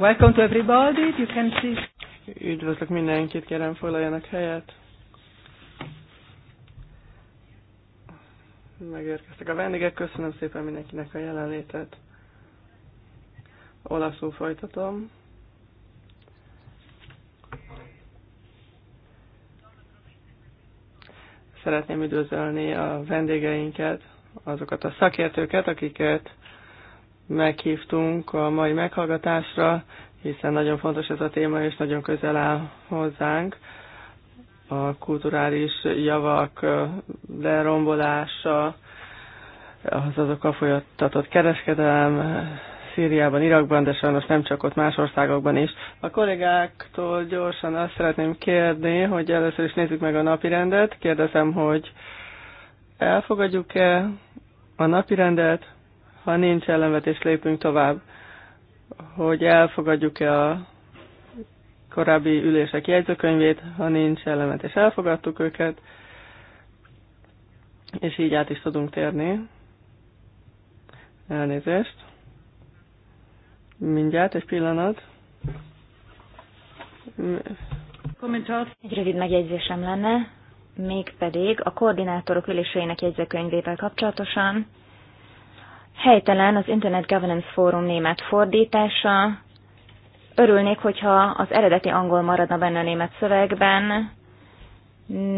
Welcome to everybody. You can see. Üdvözlök mindenkit, kérem foglaljanak helyet. Megérkeztek a vendégek, köszönöm szépen mindenkinek a jelenlétet. Olaszul folytatom. Szeretném üdvözölni a vendégeinket, azokat a szakértőket, akiket meghívtunk a mai meghallgatásra, hiszen nagyon fontos ez a téma, és nagyon közel áll hozzánk. A kulturális javak lerombolása, az azokkal folytatott kereskedelem, Szíriában, Irakban, de sajnos nem csak ott, más országokban is. A kollégáktól gyorsan azt szeretném kérni, hogy először is nézzük meg a napirendet. Kérdezem, hogy elfogadjuk-e a napirendet? Ha nincs ellenvetés, lépünk tovább, hogy elfogadjuk-e a korábbi ülések jegyzőkönyvét, ha nincs ellenvetés, elfogadtuk őket, és így át is tudunk térni. Elnézést. Mindjárt, egy pillanat. Egy rövid megjegyzésem lenne, mégpedig a koordinátorok üléseinek jegyzőkönyvével kapcsolatosan. Helytelen az Internet Governance Forum német fordítása. Örülnék, hogyha az eredeti angol maradna benne a német szövegben.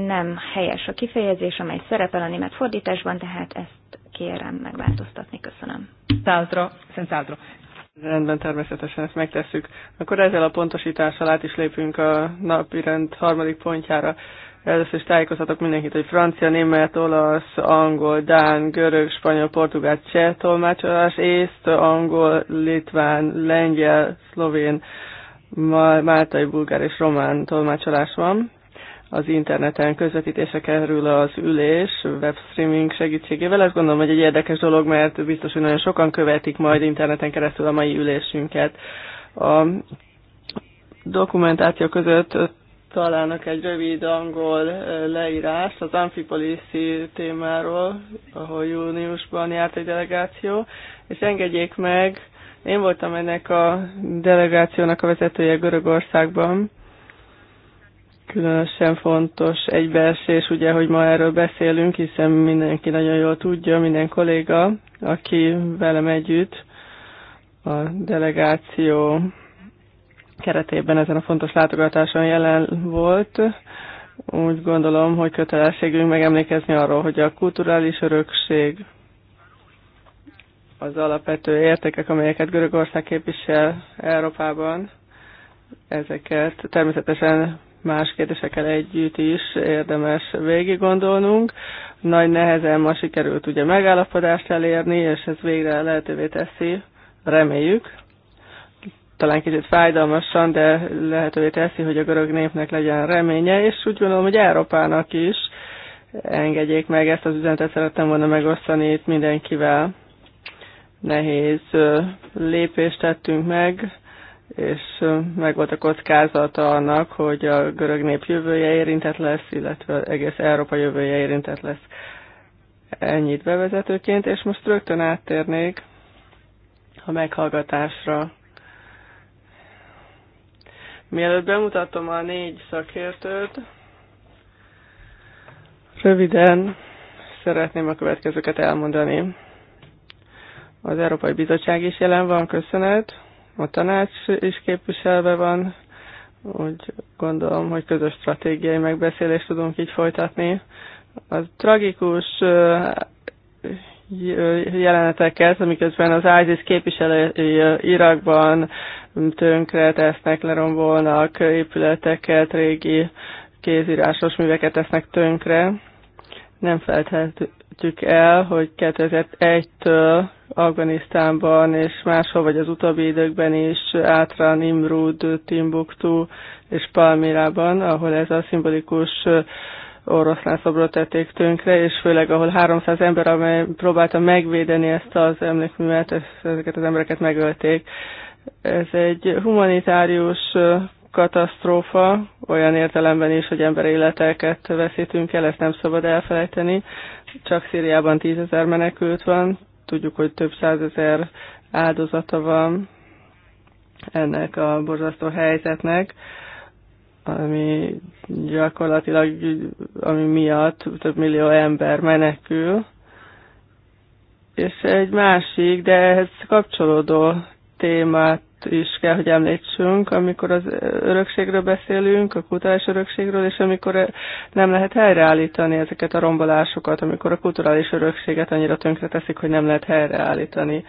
Nem helyes a kifejezés, amely szerepel a német fordításban, tehát ezt kérem megváltoztatni. Köszönöm. Száltra, szentáltra. Rendben, természetesen ezt megtesszük. Akkor ezzel a pontosítással át is lépünk a napi rend harmadik pontjára. Először is tájékoztatok mindenkit, hogy francia, német, olasz, angol, dán, görög, spanyol, portugál, cseh tolmácsolás, észt, angol, litván, lengyel, szlovén, máltai, bulgár és román tolmácsolás van. Az interneten közvetítése kerül az ülés webstreaming segítségével. Ezt gondolom, hogy egy érdekes dolog, mert biztos, hogy nagyon sokan követik majd interneten keresztül a mai ülésünket. A dokumentáció között találnak egy rövid angol leírást az Amphipolisi témáról, ahol júniusban járt egy delegáció, és engedjék meg, én voltam ennek a delegációnak a vezetője Görögországban, különösen fontos egybeesés, ugye, hogy ma erről beszélünk, hiszen mindenki nagyon jól tudja, minden kolléga, aki velem együtt a delegáció keretében ezen a fontos látogatáson jelen volt. Úgy gondolom, hogy kötelességünk megemlékezni arról, hogy a kulturális örökség, az alapvető értékek, amelyeket Görögország képvisel Európában, ezeket természetesen más kérdésekkel együtt is érdemes végig gondolnunk. Nagy nehezen ma sikerült ugye megállapodást elérni, és ez végre lehetővé teszi, reméljük, talán kicsit fájdalmasan, de lehetővé teszi, hogy a görög népnek legyen reménye, és úgy gondolom, hogy Európának is engedjék meg ezt az üzenetet, szerettem volna megosztani itt mindenkivel. Nehéz lépést tettünk meg, és meg volt a kockázata annak, hogy a görög nép jövője érintett lesz, illetve egész Európa jövője érintett lesz. Ennyit bevezetőként, és most rögtön áttérnék a meghallgatásra. Mielőtt bemutatom a négy szakértőt, röviden szeretném a következőket elmondani. Az Európai Bizottság is jelen van, köszönet. A tanács is képviselve van, úgy gondolom, hogy közös stratégiai megbeszélést tudunk így folytatni. A tragikus jeleneteket, amiközben az ISIS képviselői Irakban, tönkre tesznek, lerombolnak épületeket, régi kézírásos műveket tesznek tönkre. Nem feltehetjük el, hogy 2001-től Afganisztánban és máshol, vagy az utóbbi időkben is Átra, Nimrud, Timbuktu és Palmirában, ahol ez a szimbolikus oroszlán szobrot tették tönkre, és főleg ahol 300 ember, amely próbálta megvédeni ezt az emlékművet, ezeket az embereket megölték. Ez egy humanitárius katasztrófa, olyan értelemben is, hogy emberéleteket veszítünk el, ezt nem szabad elfelejteni. Csak Szíriában tízezer menekült van, tudjuk, hogy több százezer áldozata van ennek a borzasztó helyzetnek, ami gyakorlatilag, ami miatt több millió ember menekül. És egy másik, de ehhez kapcsolódó témát is kell, hogy említsünk, amikor az örökségről beszélünk, a kulturális örökségről, és amikor nem lehet helyreállítani ezeket a rombolásokat, amikor a kulturális örökséget annyira tönkre teszik, hogy nem lehet helyreállítani.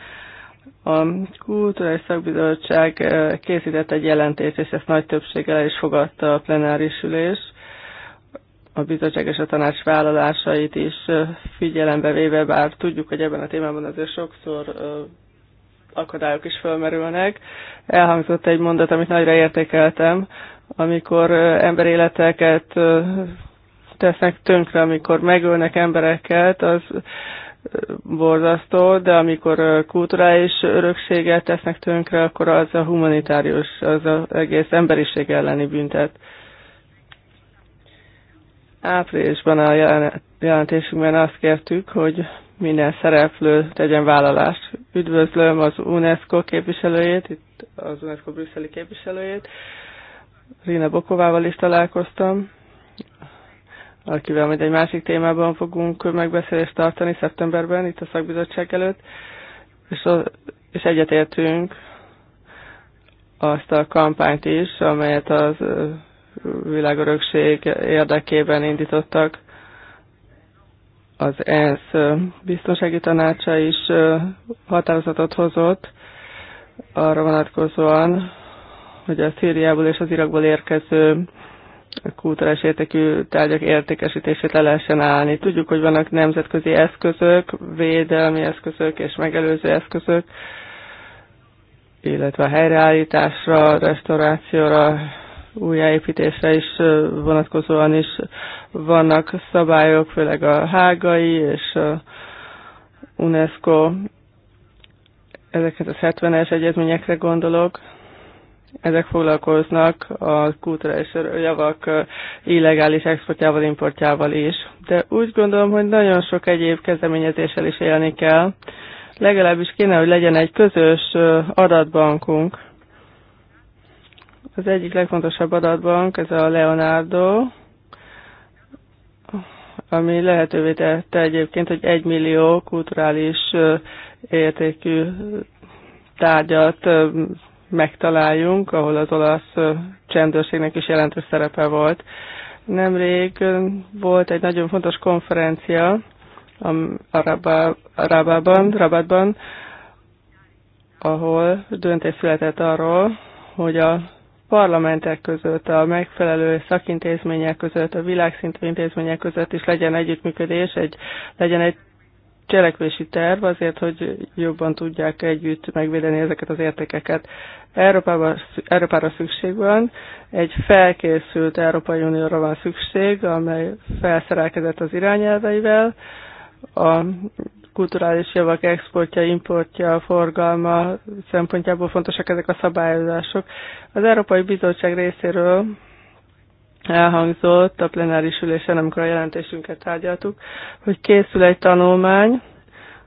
A Kulturális Szakbizottság eh, készített egy jelentést, és ezt nagy többséggel is fogadta a plenáris ülés. A bizottság és a tanács vállalásait is eh, figyelembe véve, bár tudjuk, hogy ebben a témában azért sokszor eh, akadályok is felmerülnek. Elhangzott egy mondat, amit nagyra értékeltem, amikor emberéleteket tesznek tönkre, amikor megölnek embereket, az borzasztó, de amikor kulturális örökséget tesznek tönkre, akkor az a humanitárius, az az egész emberiség elleni büntet. Áprilisban a jelentésünkben azt kértük, hogy minden szereplő tegyen vállalást. Üdvözlöm az UNESCO képviselőjét, itt az UNESCO brüsszeli képviselőjét. Rina Bokovával is találkoztam, akivel majd egy másik témában fogunk megbeszélést tartani szeptemberben, itt a szakbizottság előtt, és, a, és egyetértünk azt a kampányt is, amelyet az világörökség érdekében indítottak az ENSZ biztonsági tanácsa is határozatot hozott arra vonatkozóan, hogy a Szíriából és az Irakból érkező kulturális értékű tárgyak értékesítését le lehessen állni. Tudjuk, hogy vannak nemzetközi eszközök, védelmi eszközök és megelőző eszközök, illetve a helyreállításra, restaurációra, újjáépítésre is vonatkozóan is vannak szabályok, főleg a hágai és a UNESCO 70 es egyezményekre gondolok. Ezek foglalkoznak a kulturális javak illegális exportjával, importjával is. De úgy gondolom, hogy nagyon sok egyéb kezdeményezéssel is élni kell. Legalábbis kéne, hogy legyen egy közös adatbankunk, az egyik legfontosabb adatbank, ez a Leonardo, ami lehetővé tette egyébként, hogy egy millió kulturális értékű tárgyat megtaláljunk, ahol az olasz csendőrségnek is jelentős szerepe volt. Nemrég volt egy nagyon fontos konferencia a Rabában, Rabatban, ahol döntés született arról, hogy a parlamentek között, a megfelelő szakintézmények között, a világszintű intézmények között is legyen együttműködés, egy, legyen egy cselekvési terv azért, hogy jobban tudják együtt megvédeni ezeket az értékeket. Európában, Európára szükség van, egy felkészült Európai Unióra van szükség, amely felszerelkezett az irányelveivel, a kulturális javak exportja, importja, forgalma szempontjából fontosak ezek a szabályozások. Az Európai Bizottság részéről elhangzott a plenáris ülésen, amikor a jelentésünket tárgyaltuk, hogy készül egy tanulmány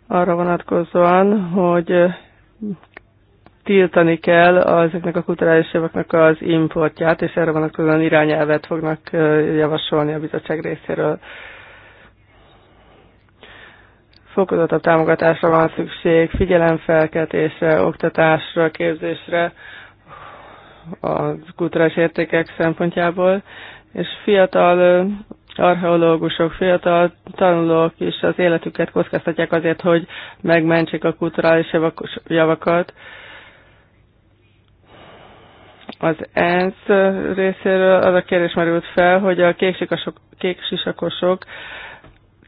arra vonatkozóan, hogy tiltani kell ezeknek a kulturális javaknak az importját, és erre vonatkozóan irányelvet fognak javasolni a bizottság részéről fokozatabb támogatásra van szükség, figyelemfelkeltésre, oktatásra, képzésre a kulturális értékek szempontjából, és fiatal archeológusok, fiatal tanulók is az életüket kockáztatják azért, hogy megmentsék a kulturális javakat. Az ENSZ részéről az a kérdés merült fel, hogy a kéksisakosok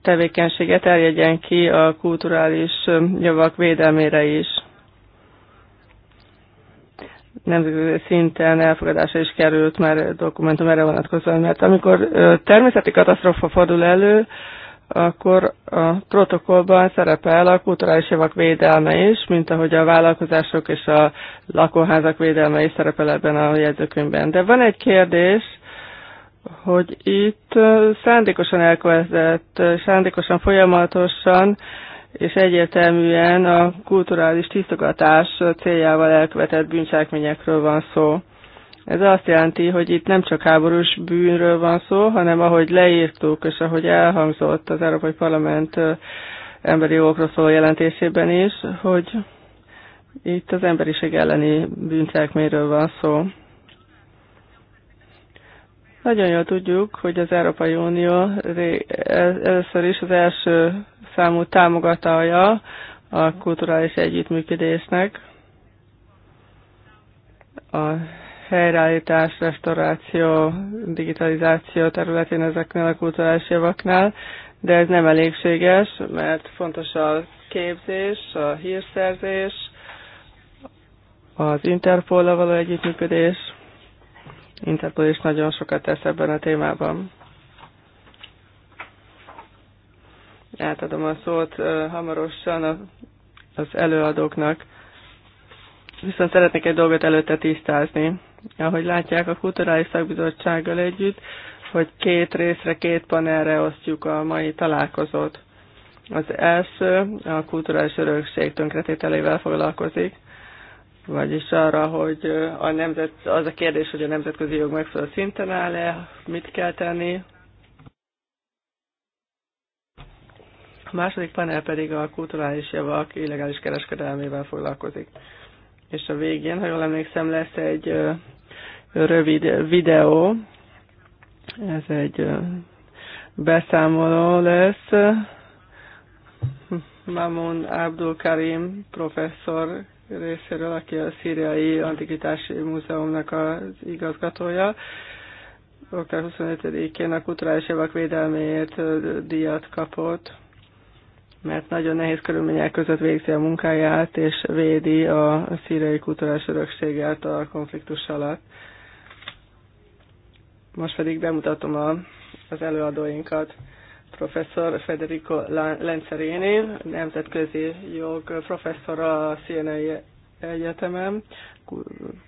tevékenysége terjedjen ki a kulturális javak védelmére is. Nemzetközi szinten elfogadása is került már dokumentum erre vonatkozóan, mert amikor természeti katasztrófa fordul elő, akkor a protokollban szerepel a kulturális javak védelme is, mint ahogy a vállalkozások és a lakóházak védelme is szerepel ebben a jegyzőkönyvben. De van egy kérdés, hogy itt szándékosan elkövetett, szándékosan, folyamatosan és egyértelműen a kulturális tisztogatás céljával elkövetett bűncselekményekről van szó. Ez azt jelenti, hogy itt nem csak háborús bűnről van szó, hanem ahogy leírtuk, és ahogy elhangzott az Európai Parlament emberi jogokról szóló jelentésében is, hogy itt az emberiség elleni bűncselekményről van szó. Nagyon jól tudjuk, hogy az Európai Unió először is az első számú támogatója a kulturális együttműködésnek, a helyreállítás, restauráció, digitalizáció területén ezeknél a kulturális javaknál, de ez nem elégséges, mert fontos a képzés, a hírszerzés, az interpol a való együttműködés, Interpol is nagyon sokat tesz ebben a témában. Átadom a szót hamarosan az előadóknak. Viszont szeretnék egy dolgot előtte tisztázni. Ahogy látják, a Kulturális Szakbizottsággal együtt, hogy két részre, két panelre osztjuk a mai találkozót. Az első a kulturális örökség tönkretételével foglalkozik, vagyis arra, hogy a nemzet, az a kérdés, hogy a nemzetközi jog megfelelő szinten áll-e, mit kell tenni. A második panel pedig a kulturális javak illegális kereskedelmével foglalkozik. És a végén, ha jól emlékszem, lesz egy rövid videó. Ez egy beszámoló lesz. Mamun Abdul Karim professzor részéről, aki a Szíriai Antikitási Múzeumnak az igazgatója. Október 25-én a kulturális javak védelméért díjat kapott, mert nagyon nehéz körülmények között végzi a munkáját, és védi a szíriai kulturális örökséget a konfliktus alatt. Most pedig bemutatom a, az előadóinkat professzor Federico Lenzerini, nemzetközi jog professzor a Sienai Egyetemen,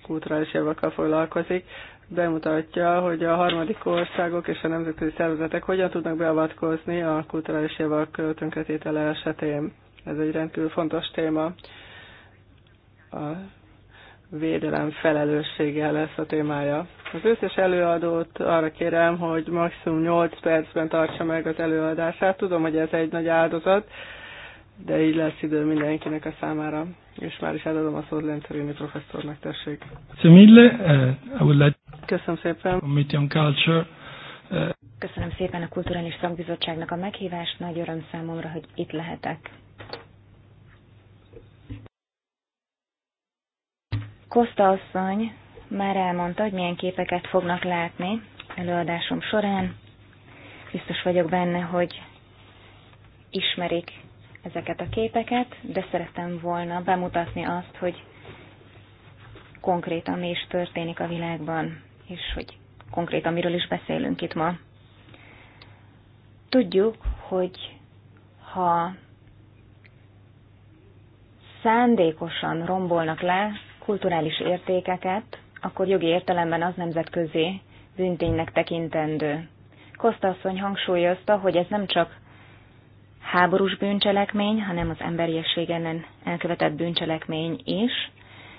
kulturális jogokkal foglalkozik, bemutatja, hogy a harmadik országok és a nemzetközi szervezetek hogyan tudnak beavatkozni a kulturális érvek tönkretétele esetén. Ez egy rendkívül fontos téma. A védelem felelősséggel lesz a témája. Az összes előadót arra kérem, hogy maximum 8 percben tartsa meg az előadását. Tudom, hogy ez egy nagy áldozat, de így lesz idő mindenkinek a számára. És már is eladom a szót Lencerini professzornak, tessék. Eh, Köszönöm szépen. Eh, Köszönöm szépen a Kulturális Szakbizottságnak a meghívást, nagy öröm számomra, hogy itt lehetek. Koszta asszony már elmondta, hogy milyen képeket fognak látni előadásom során. Biztos vagyok benne, hogy ismerik ezeket a képeket, de szerettem volna bemutatni azt, hogy konkrétan mi is történik a világban, és hogy konkrétan miről is beszélünk itt ma. Tudjuk, hogy ha szándékosan rombolnak le kulturális értékeket, akkor jogi értelemben az nemzetközi bűnténynek tekintendő. Kosta asszony hangsúlyozta, hogy ez nem csak háborús bűncselekmény, hanem az emberiesség ellen elkövetett bűncselekmény is.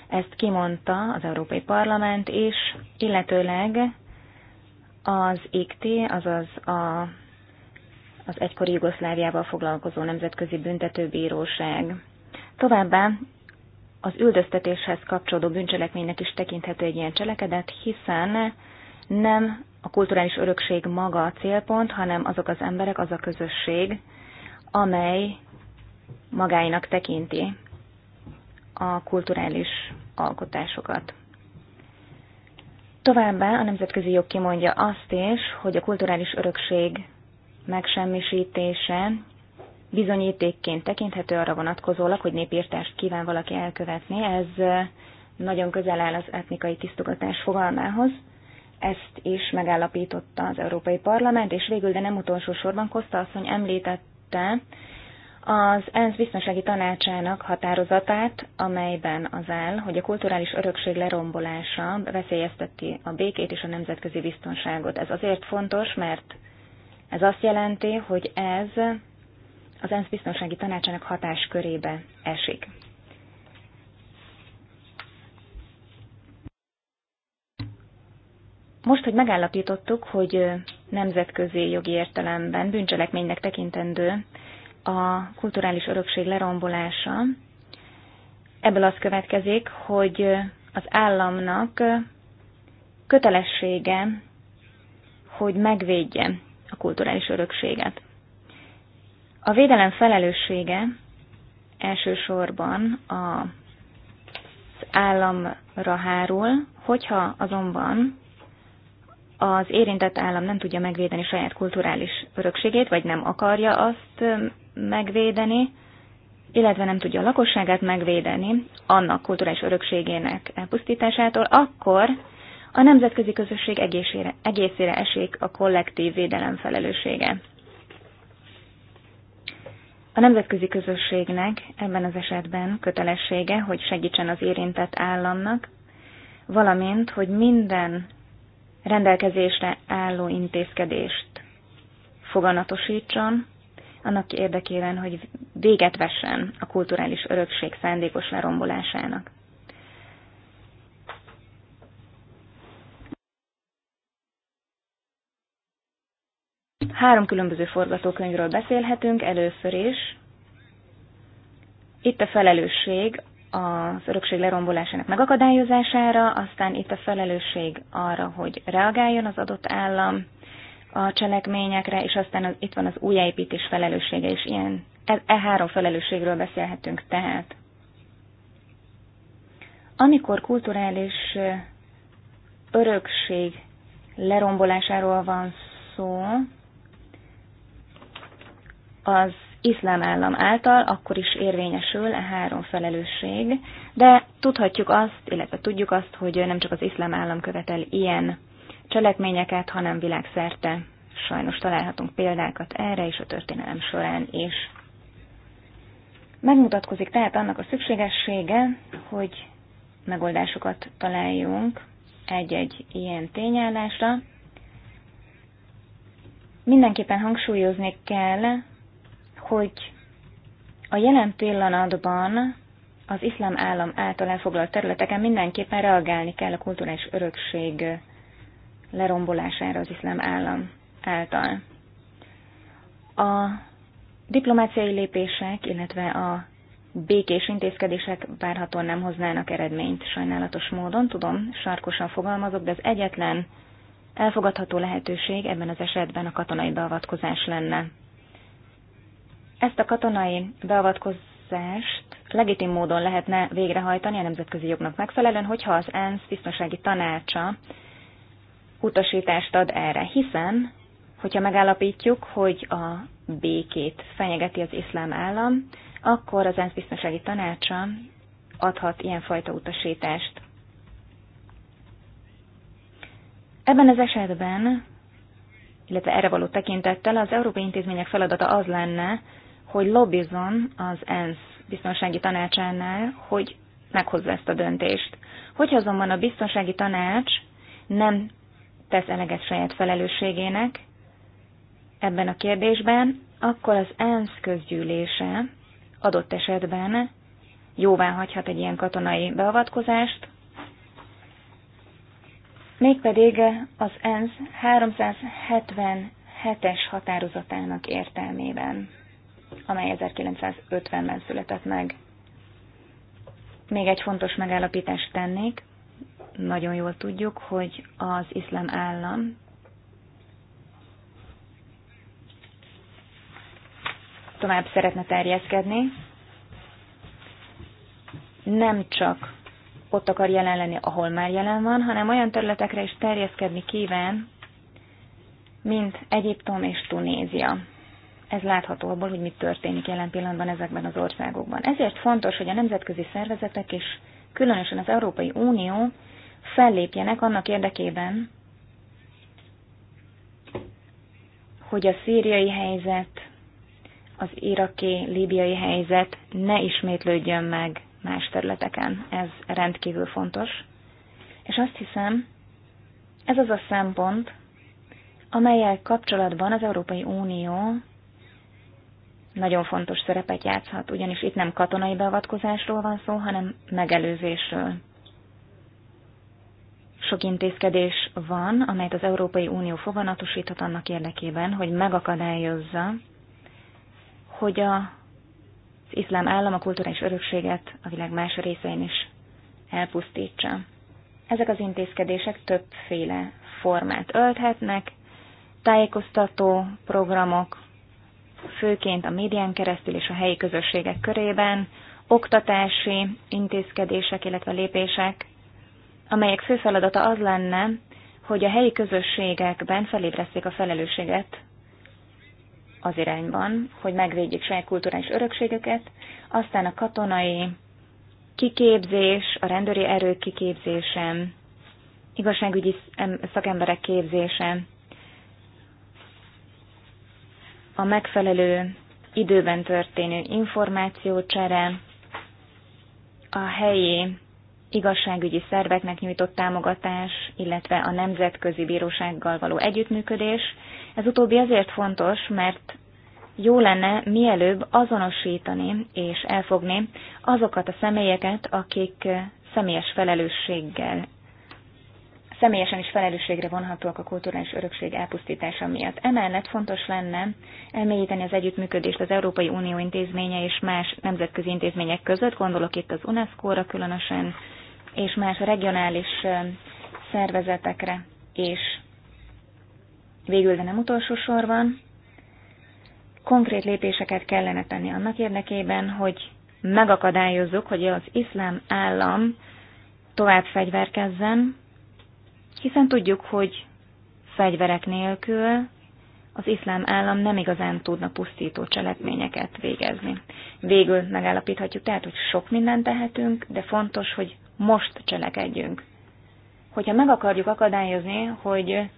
Ezt kimondta az Európai Parlament is, illetőleg az IKT, azaz a, az egykori Jugoszláviával foglalkozó Nemzetközi Büntetőbíróság. Továbbá az üldöztetéshez kapcsolódó bűncselekménynek is tekinthető egy ilyen cselekedet, hiszen nem a kulturális örökség maga a célpont, hanem azok az emberek, az a közösség, amely magáinak tekinti a kulturális alkotásokat. Továbbá a nemzetközi jog kimondja azt is, hogy a kulturális örökség megsemmisítése bizonyítékként tekinthető arra vonatkozólag, hogy népírtást kíván valaki elkövetni. Ez nagyon közel áll az etnikai tisztogatás fogalmához. Ezt is megállapította az Európai Parlament, és végül, de nem utolsó sorban Koszta asszony említette az ENSZ biztonsági tanácsának határozatát, amelyben az áll, hogy a kulturális örökség lerombolása veszélyezteti a békét és a nemzetközi biztonságot. Ez azért fontos, mert ez azt jelenti, hogy ez az ENSZ biztonsági tanácsának hatáskörébe esik. Most, hogy megállapítottuk, hogy nemzetközi jogi értelemben bűncselekménynek tekintendő a kulturális örökség lerombolása, ebből az következik, hogy az államnak kötelessége, hogy megvédje a kulturális örökséget. A védelem felelőssége elsősorban a az államra hárul, hogyha azonban az érintett állam nem tudja megvédeni saját kulturális örökségét, vagy nem akarja azt megvédeni, illetve nem tudja a lakosságát megvédeni annak kulturális örökségének elpusztításától, akkor a nemzetközi közösség egészére, egészére esik a kollektív védelem felelőssége. A nemzetközi közösségnek ebben az esetben kötelessége, hogy segítsen az érintett államnak, valamint, hogy minden rendelkezésre álló intézkedést foganatosítson, annak érdekében, hogy véget vessen a kulturális örökség szándékos lerombolásának. Három különböző forgatókönyvről beszélhetünk először is. Itt a felelősség az örökség lerombolásának megakadályozására, aztán itt a felelősség arra, hogy reagáljon az adott állam a cselekményekre, és aztán az, itt van az újjáépítés felelőssége is ilyen. E, e három felelősségről beszélhetünk tehát. Amikor kulturális örökség lerombolásáról van szó, az iszlám állam által, akkor is érvényesül a e három felelősség, de tudhatjuk azt, illetve tudjuk azt, hogy nem csak az iszlám állam követel ilyen cselekményeket, hanem világszerte sajnos találhatunk példákat erre is a történelem során is. Megmutatkozik tehát annak a szükségessége, hogy megoldásokat találjunk egy-egy ilyen tényállásra. Mindenképpen hangsúlyozni kell hogy a jelen pillanatban az iszlám állam által elfoglalt területeken mindenképpen reagálni kell a kulturális örökség lerombolására az iszlám állam által. A diplomáciai lépések, illetve a békés intézkedések várhatóan nem hoznának eredményt sajnálatos módon, tudom, sarkosan fogalmazok, de az egyetlen elfogadható lehetőség ebben az esetben a katonai beavatkozás lenne. Ezt a katonai beavatkozást legitim módon lehetne végrehajtani a nemzetközi jognak megfelelően, hogyha az ENSZ biztonsági tanácsa utasítást ad erre, hiszen, hogyha megállapítjuk, hogy a békét fenyegeti az iszlám állam, akkor az ENSZ biztonsági tanácsa adhat ilyenfajta utasítást. Ebben az esetben, illetve erre való tekintettel az európai intézmények feladata az lenne, hogy lobbizon az ENSZ biztonsági tanácsánál, hogy meghozza ezt a döntést. Hogyha azonban a biztonsági tanács nem tesz eleget saját felelősségének ebben a kérdésben, akkor az ENSZ közgyűlése adott esetben jóvá hagyhat egy ilyen katonai beavatkozást, mégpedig az ENSZ 377-es határozatának értelmében amely 1950-ben született meg. Még egy fontos megállapítást tennék. Nagyon jól tudjuk, hogy az iszlám állam tovább szeretne terjeszkedni. Nem csak ott akar jelen lenni, ahol már jelen van, hanem olyan területekre is terjeszkedni kíván, mint Egyiptom és Tunézia. Ez látható abból, hogy mi történik jelen pillanatban ezekben az országokban. Ezért fontos, hogy a nemzetközi szervezetek és különösen az Európai Unió fellépjenek annak érdekében, hogy a szíriai helyzet, az iraki, líbiai helyzet ne ismétlődjön meg más területeken. Ez rendkívül fontos. És azt hiszem, ez az a szempont, amelyel kapcsolatban az Európai Unió nagyon fontos szerepet játszhat, ugyanis itt nem katonai beavatkozásról van szó, hanem megelőzésről. Sok intézkedés van, amelyet az Európai Unió foganatosíthat annak érdekében, hogy megakadályozza, hogy a, az iszlám állam a kulturális örökséget a világ más részein is elpusztítsa. Ezek az intézkedések többféle formát ölthetnek, tájékoztató programok, főként a médián keresztül és a helyi közösségek körében, oktatási intézkedések, illetve lépések, amelyek fő feladata az lenne, hogy a helyi közösségekben felébreszték a felelősséget az irányban, hogy megvédjék saját kulturális örökségeket, aztán a katonai kiképzés, a rendőri erők kiképzése, igazságügyi szakemberek képzése, a megfelelő időben történő információcsere, a helyi igazságügyi szerveknek nyújtott támogatás, illetve a nemzetközi bírósággal való együttműködés. Ez utóbbi azért fontos, mert jó lenne mielőbb azonosítani és elfogni azokat a személyeket, akik személyes felelősséggel személyesen is felelősségre vonhatóak a kulturális örökség elpusztítása miatt. Emellett fontos lenne elmélyíteni az együttműködést az Európai Unió intézménye és más nemzetközi intézmények között, gondolok itt az UNESCO-ra különösen, és más regionális szervezetekre és Végül, de nem utolsó sorban, konkrét lépéseket kellene tenni annak érdekében, hogy megakadályozzuk, hogy az iszlám állam tovább fegyverkezzen, hiszen tudjuk, hogy fegyverek nélkül az iszlám állam nem igazán tudna pusztító cselekményeket végezni. Végül megállapíthatjuk tehát, hogy sok mindent tehetünk, de fontos, hogy most cselekedjünk. Hogyha meg akarjuk akadályozni, hogy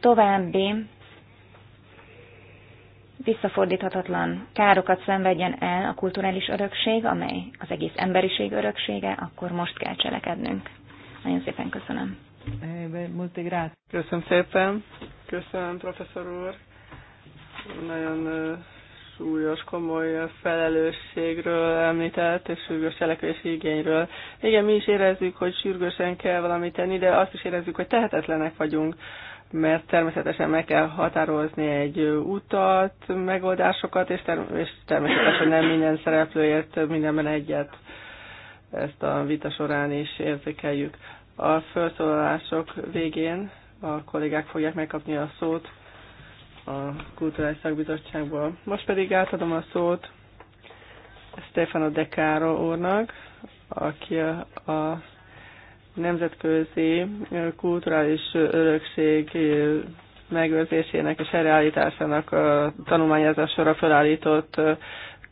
további visszafordíthatatlan károkat szenvedjen el a kulturális örökség, amely az egész emberiség öröksége, akkor most kell cselekednünk. Nagyon szépen köszönöm. Köszönöm szépen. Köszönöm, professzor úr. Nagyon súlyos, komoly felelősségről említett, és sürgős cselekvési igényről. Igen, mi is érezzük, hogy sürgősen kell valamit tenni, de azt is érezzük, hogy tehetetlenek vagyunk, mert természetesen meg kell határozni egy utat, megoldásokat, és, term- és természetesen nem minden szereplőért mindenben egyet ezt a vita során is érzékeljük. A felszólalások végén a kollégák fogják megkapni a szót a Kulturális Szakbizottságból. Most pedig átadom a szót Stefano De Caro úrnak, aki a nemzetközi kulturális örökség megőrzésének és helyreállításának tanulmányozásra felállított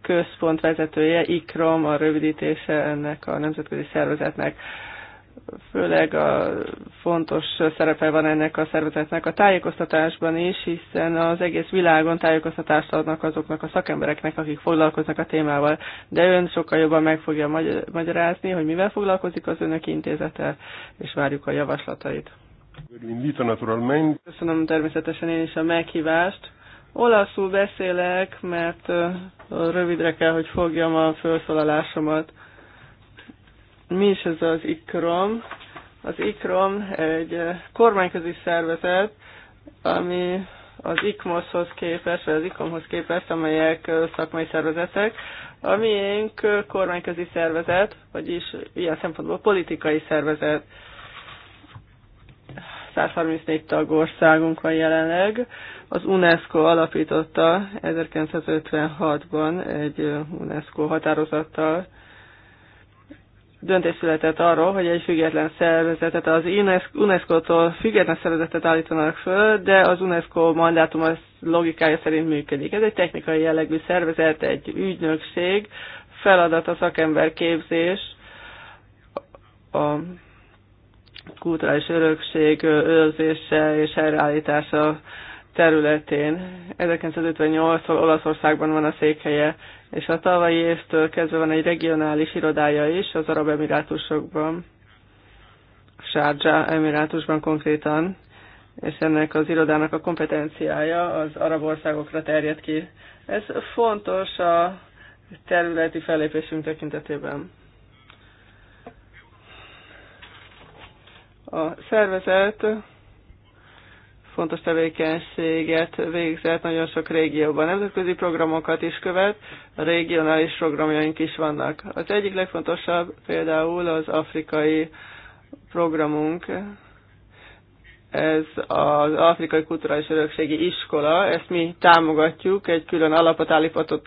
központ vezetője, IKROM, a rövidítése ennek a nemzetközi szervezetnek. Főleg a fontos szerepe van ennek a szervezetnek a tájékoztatásban is, hiszen az egész világon tájékoztatást adnak azoknak a szakembereknek, akik foglalkoznak a témával. De ön sokkal jobban meg fogja magyarázni, hogy mivel foglalkozik az önök intézete, és várjuk a javaslatait. Köszönöm természetesen én is a meghívást Olaszul beszélek, mert rövidre kell, hogy fogjam a felszólalásomat. Mi is ez az IKROM? Az IKROM egy kormányközi szervezet, ami az icmos hoz képest, vagy az icom hoz képest, amelyek szakmai szervezetek. A miénk kormányközi szervezet, vagyis ilyen szempontból politikai szervezet. 134 tagországunk van jelenleg. Az UNESCO alapította 1956-ban egy UNESCO határozattal döntés született arról, hogy egy független szervezetet, az UNESCO-tól független szervezetet állítanak föl, de az UNESCO mandátum az logikája szerint működik. Ez egy technikai jellegű szervezet, egy ügynökség, feladat a szakemberképzés, a kulturális örökség őrzése és helyreállítása területén. 1958 Olaszországban van a székhelye, és a tavalyi évtől kezdve van egy regionális irodája is az Arab Emirátusokban, Sárdzsá Emirátusban konkrétan, és ennek az irodának a kompetenciája az arab országokra terjed ki. Ez fontos a területi fellépésünk tekintetében. A szervezet fontos tevékenységet végzett nagyon sok régióban. Nemzetközi programokat is követ, regionális programjaink is vannak. Az egyik legfontosabb például az afrikai programunk, ez az Afrikai Kulturális Örökségi Iskola, ezt mi támogatjuk, egy külön alapot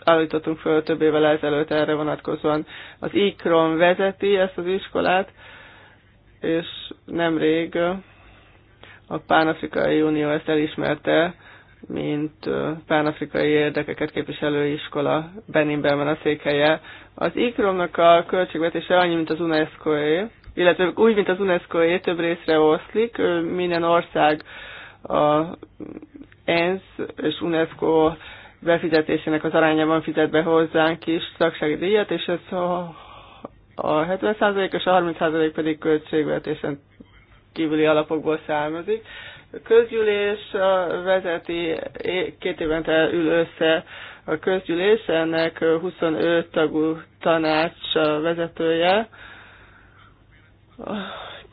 állítottunk föl több évvel ezelőtt erre vonatkozóan. Az IKRON vezeti ezt az iskolát, és nemrég a Pánafrikai Unió ezt elismerte, mint pánafrikai érdekeket képviselő iskola Beninben van a székhelye. Az ICROM-nak a költségvetése annyi, mint az UNESCO-é, illetve úgy, mint az UNESCO-é, több részre oszlik, minden ország a ENSZ és UNESCO befizetésének az arányában fizet be hozzánk is szaksági díjat, és ez a 70% és a 30% pedig költségvetésen kívüli alapokból származik. A közgyűlés vezeti, két évente ül össze a közgyűlés, ennek 25 tagú tanács vezetője.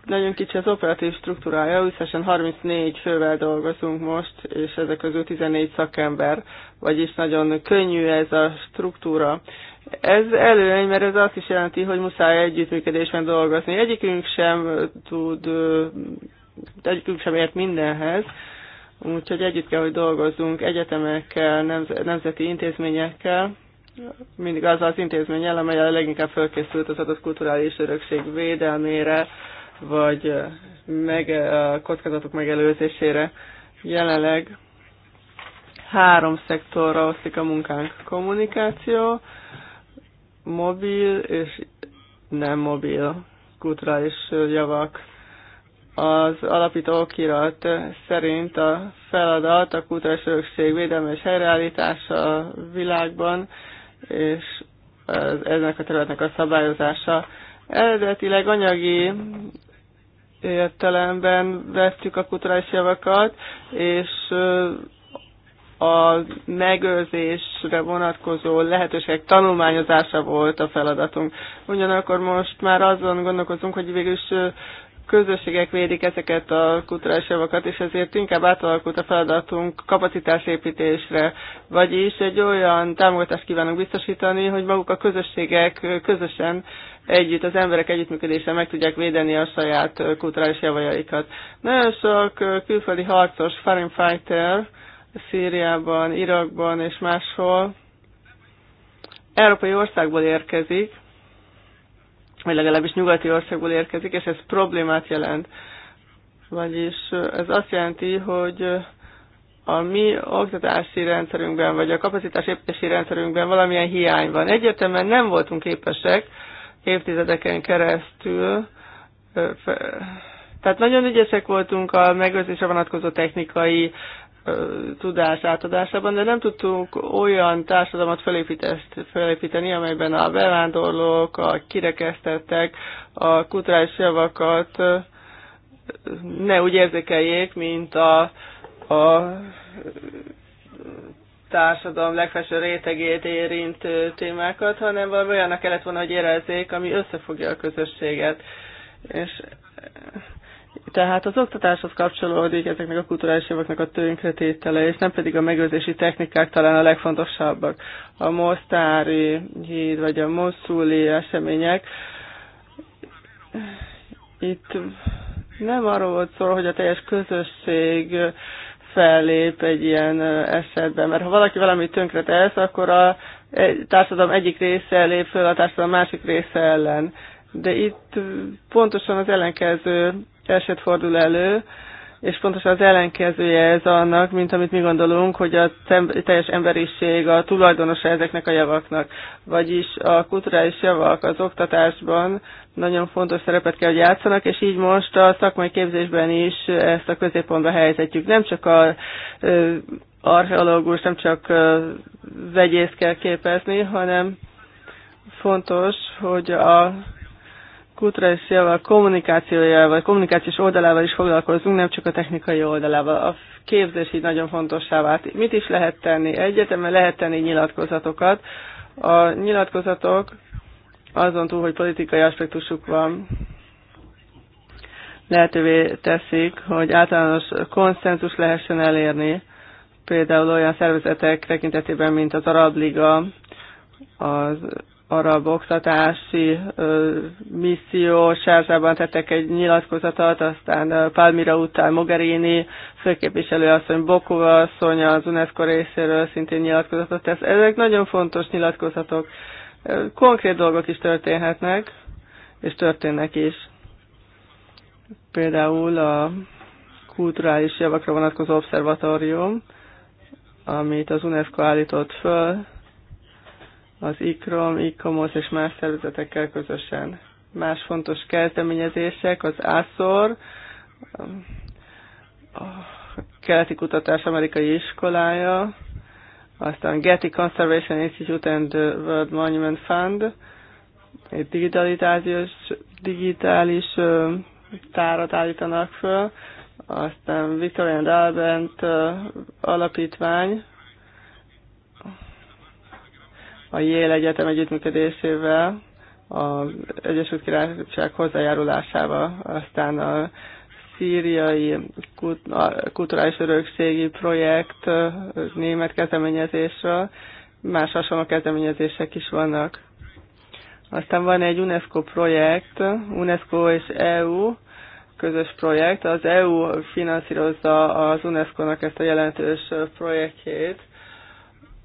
Nagyon kicsi az operatív struktúrája, összesen 34 fővel dolgozunk most, és ezek közül 14 szakember, vagyis nagyon könnyű ez a struktúra. Ez előny, mert ez azt is jelenti, hogy muszáj együttműködésben dolgozni. Egyikünk sem tud, egyikünk sem ért mindenhez, úgyhogy együtt kell, hogy dolgozzunk egyetemekkel, nemzeti intézményekkel, mindig az az intézmény amely a leginkább fölkészült az adott kulturális örökség védelmére, vagy meg, a kockázatok megelőzésére. Jelenleg három szektorra oszlik a munkánk. Kommunikáció, mobil és nem mobil kulturális javak. Az alapító okirat szerint a feladat a kulturális örökség védelme és helyreállítása a világban, és az, ennek a területnek a szabályozása. Eredetileg anyagi értelemben vettük a kulturális javakat, és a megőrzésre vonatkozó lehetőségek tanulmányozása volt a feladatunk. Ugyanakkor most már azon gondolkozunk, hogy végül is közösségek védik ezeket a kulturális javakat, és ezért inkább átalakult a feladatunk kapacitásépítésre, vagyis egy olyan támogatást kívánunk biztosítani, hogy maguk a közösségek közösen együtt, az emberek együttműködése meg tudják védeni a saját kulturális javajaikat. Nagyon sok külföldi harcos, foreign fighter, Szíriában, Irakban és máshol európai országból érkezik, vagy legalábbis nyugati országból érkezik, és ez problémát jelent. Vagyis ez azt jelenti, hogy a mi oktatási rendszerünkben, vagy a építési rendszerünkben valamilyen hiány van. Egyértelműen nem voltunk képesek évtizedeken keresztül, tehát nagyon ügyesek voltunk a megőrzésre vonatkozó technikai tudás átadásában, de nem tudtunk olyan társadalmat felépíteni, amelyben a bevándorlók, a kirekesztettek, a kulturális javakat ne úgy érzékeljék, mint a, a társadalom legfelső rétegét érintő témákat, hanem valami olyannak kellett volna, hogy érezzék, ami összefogja a közösséget. És tehát az oktatáshoz kapcsolódik ezeknek a kulturális javaknak a tönkretétele, és nem pedig a megőrzési technikák talán a legfontosabbak. A Mostári híd vagy a Moszuli események. Itt nem arról volt szó, hogy a teljes közösség fellép egy ilyen esetben, mert ha valaki valami tönkre tesz, akkor a társadalom egyik része lép föl a társadalom másik része ellen. De itt pontosan az ellenkező keveset fordul elő, és pontosan az ellenkezője ez annak, mint amit mi gondolunk, hogy a teljes emberiség a tulajdonosa ezeknek a javaknak. Vagyis a kulturális javak az oktatásban nagyon fontos szerepet kell, hogy játszanak, és így most a szakmai képzésben is ezt a középpontba helyzetjük. Nem csak a archeológus, nem csak vegyész kell képezni, hanem fontos, hogy a kulturális jával, kommunikációjával, kommunikációs oldalával is foglalkozunk, nem csak a technikai oldalával. A képzés így nagyon fontossá vált. Mit is lehet tenni? Egyetemen lehet tenni nyilatkozatokat. A nyilatkozatok azon túl, hogy politikai aspektusuk van, lehetővé teszik, hogy általános konszenzus lehessen elérni, például olyan szervezetek tekintetében, mint az Arab Liga, az arab oktatási misszió sárzában tettek egy nyilatkozatot, aztán Palmira után Mogherini, főképviselő asszony Bokova asszony az UNESCO részéről szintén nyilatkozatot tesz. Ezek nagyon fontos nyilatkozatok. Konkrét dolgok is történhetnek, és történnek is. Például a kulturális javakra vonatkozó obszervatórium, amit az UNESCO állított föl, az ICROM, ICOMOS és más szervezetekkel közösen. Más fontos kezdeményezések az ASZOR, a Keleti Kutatás Amerikai Iskolája, aztán Getty Conservation Institute and World Monument Fund, egy digitalizációs, digitális tárat állítanak föl, aztán Victoria and Albert alapítvány, a Yale Egyetem együttműködésével, az Egyesült Királyság hozzájárulásával, aztán a szíriai kulturális örökségi projekt német kezdeményezésről, más hasonló kezdeményezések is vannak. Aztán van egy UNESCO projekt, UNESCO és EU közös projekt. Az EU finanszírozza az UNESCO-nak ezt a jelentős projektjét,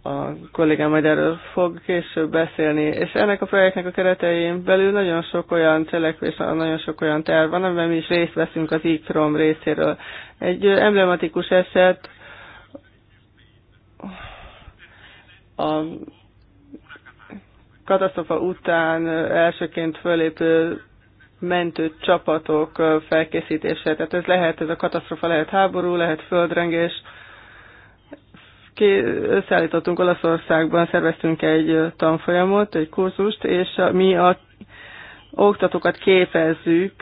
a kollégám majd erről fog később beszélni. És ennek a projektnek a keretein belül nagyon sok olyan cselekvés, nagyon sok olyan terv van, amiben mi is részt veszünk az ICROM részéről. Egy emblematikus eset a katasztrofa után elsőként fölépő mentő csapatok felkészítése. Tehát ez lehet, ez a katasztrofa lehet háború, lehet földrengés, ki összeállítottunk Olaszországban, szerveztünk egy tanfolyamot, egy kurzust, és mi a oktatókat képezzük,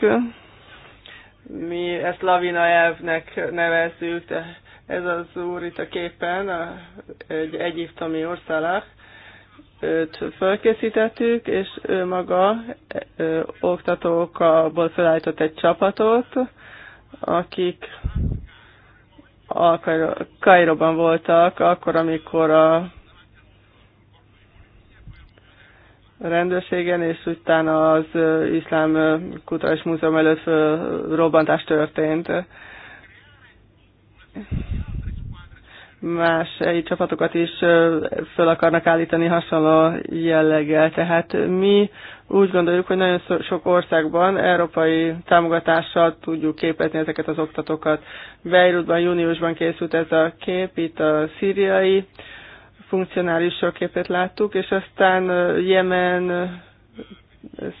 mi ezt lavina elvnek nevezzük, de ez az úr itt a képen, a, egy egyiptomi orszálák, őt fölkészítettük, és ő maga ö, oktatókból felállított egy csapatot, akik a Kairóban voltak, akkor, amikor a rendőrségen, és utána az Iszlám kutatás Múzeum előtt robbantás történt. Más egy csapatokat is föl akarnak állítani hasonló jelleggel. Tehát mi úgy gondoljuk, hogy nagyon sok országban európai támogatással tudjuk képezni ezeket az oktatókat. Beirutban júniusban készült ez a kép, itt a szíriai funkcionálisok képet láttuk, és aztán Jemen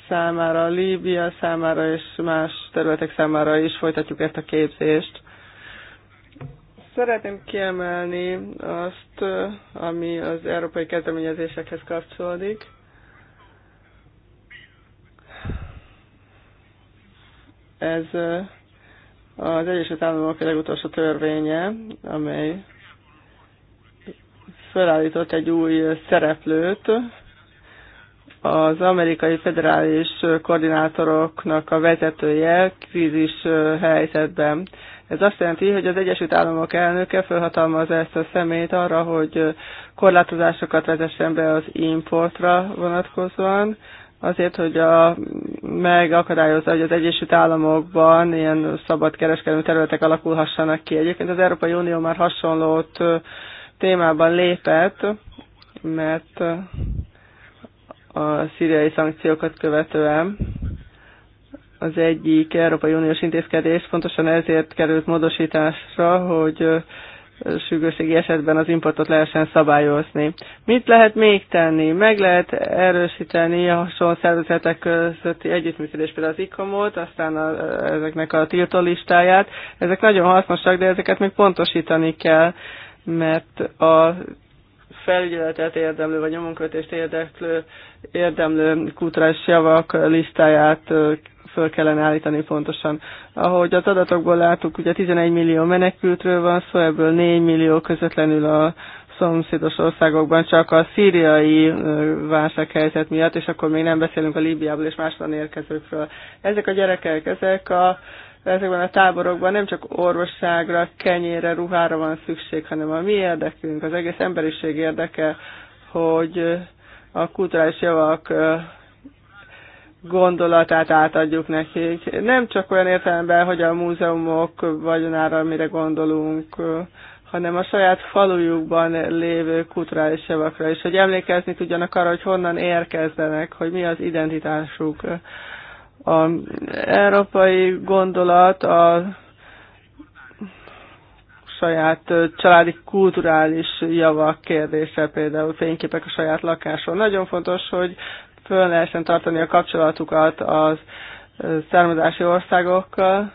számára, Líbia számára és más területek számára is folytatjuk ezt a képzést. Szeretném kiemelni azt, ami az európai kezdeményezésekhez kapcsolódik. Ez az Egyesült Államok legutolsó törvénye, amely felállított egy új szereplőt, az amerikai federális koordinátoroknak a vezetője krízis helyzetben. Ez azt jelenti, hogy az Egyesült Államok elnöke felhatalmazza ezt a szemét arra, hogy korlátozásokat vezessen be az importra vonatkozóan, azért, hogy a, megakadályozza, hogy az Egyesült Államokban ilyen szabad kereskedelmi területek alakulhassanak ki. Egyébként az Európai Unió már hasonlót témában lépett, mert a szíriai szankciókat követően az egyik Európai Uniós intézkedés pontosan ezért került módosításra, hogy sürgőségi esetben az importot lehessen szabályozni. Mit lehet még tenni? Meg lehet erősíteni a hasonló szervezetek közötti együttműködés, például az ICOM-ot, aztán a, ezeknek a tiltó listáját. Ezek nagyon hasznosak, de ezeket még pontosítani kell, mert a felügyeletet érdemlő, vagy nyomonkötést érdeklő, érdemlő kulturális javak listáját föl kellene állítani pontosan. Ahogy az adatokból láttuk, ugye 11 millió menekültről van szó, ebből 4 millió közvetlenül a szomszédos országokban csak a szíriai válsághelyzet miatt, és akkor még nem beszélünk a Líbiából és másban érkezőkről. Ezek a gyerekek, ezek a ezekben a táborokban nem csak orvosságra, kenyére, ruhára van szükség, hanem a mi érdekünk, az egész emberiség érdeke, hogy a kulturális javak gondolatát átadjuk nekik. Nem csak olyan értelemben, hogy a múzeumok vagyonára mire gondolunk, hanem a saját falujukban lévő kulturális javakra is, hogy emlékezni tudjanak arra, hogy honnan érkezdenek, hogy mi az identitásuk. A európai gondolat a saját családi kulturális javak kérdése, például fényképek a saját lakáson. Nagyon fontos, hogy föl lehessen tartani a kapcsolatukat az származási országokkal,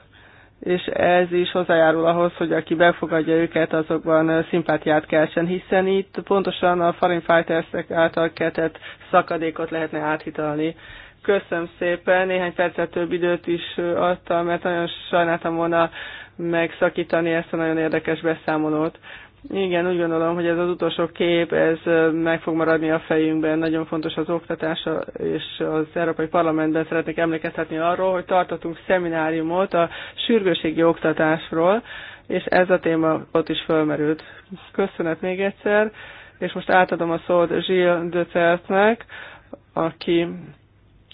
és ez is hozzájárul ahhoz, hogy aki befogadja őket, azokban szimpátiát keltsen, hiszen itt pontosan a foreign fighters által keltett szakadékot lehetne áthitalni. Köszönöm szépen, néhány percet több időt is adtam, mert nagyon sajnáltam volna megszakítani ezt a nagyon érdekes beszámolót. Igen, úgy gondolom, hogy ez az utolsó kép, ez meg fog maradni a fejünkben. Nagyon fontos az oktatás, és az Európai Parlamentben szeretnék emlékeztetni arról, hogy tartottunk szemináriumot a sürgőségi oktatásról, és ez a téma ott is fölmerült. Köszönet még egyszer, és most átadom a szót Gilles de aki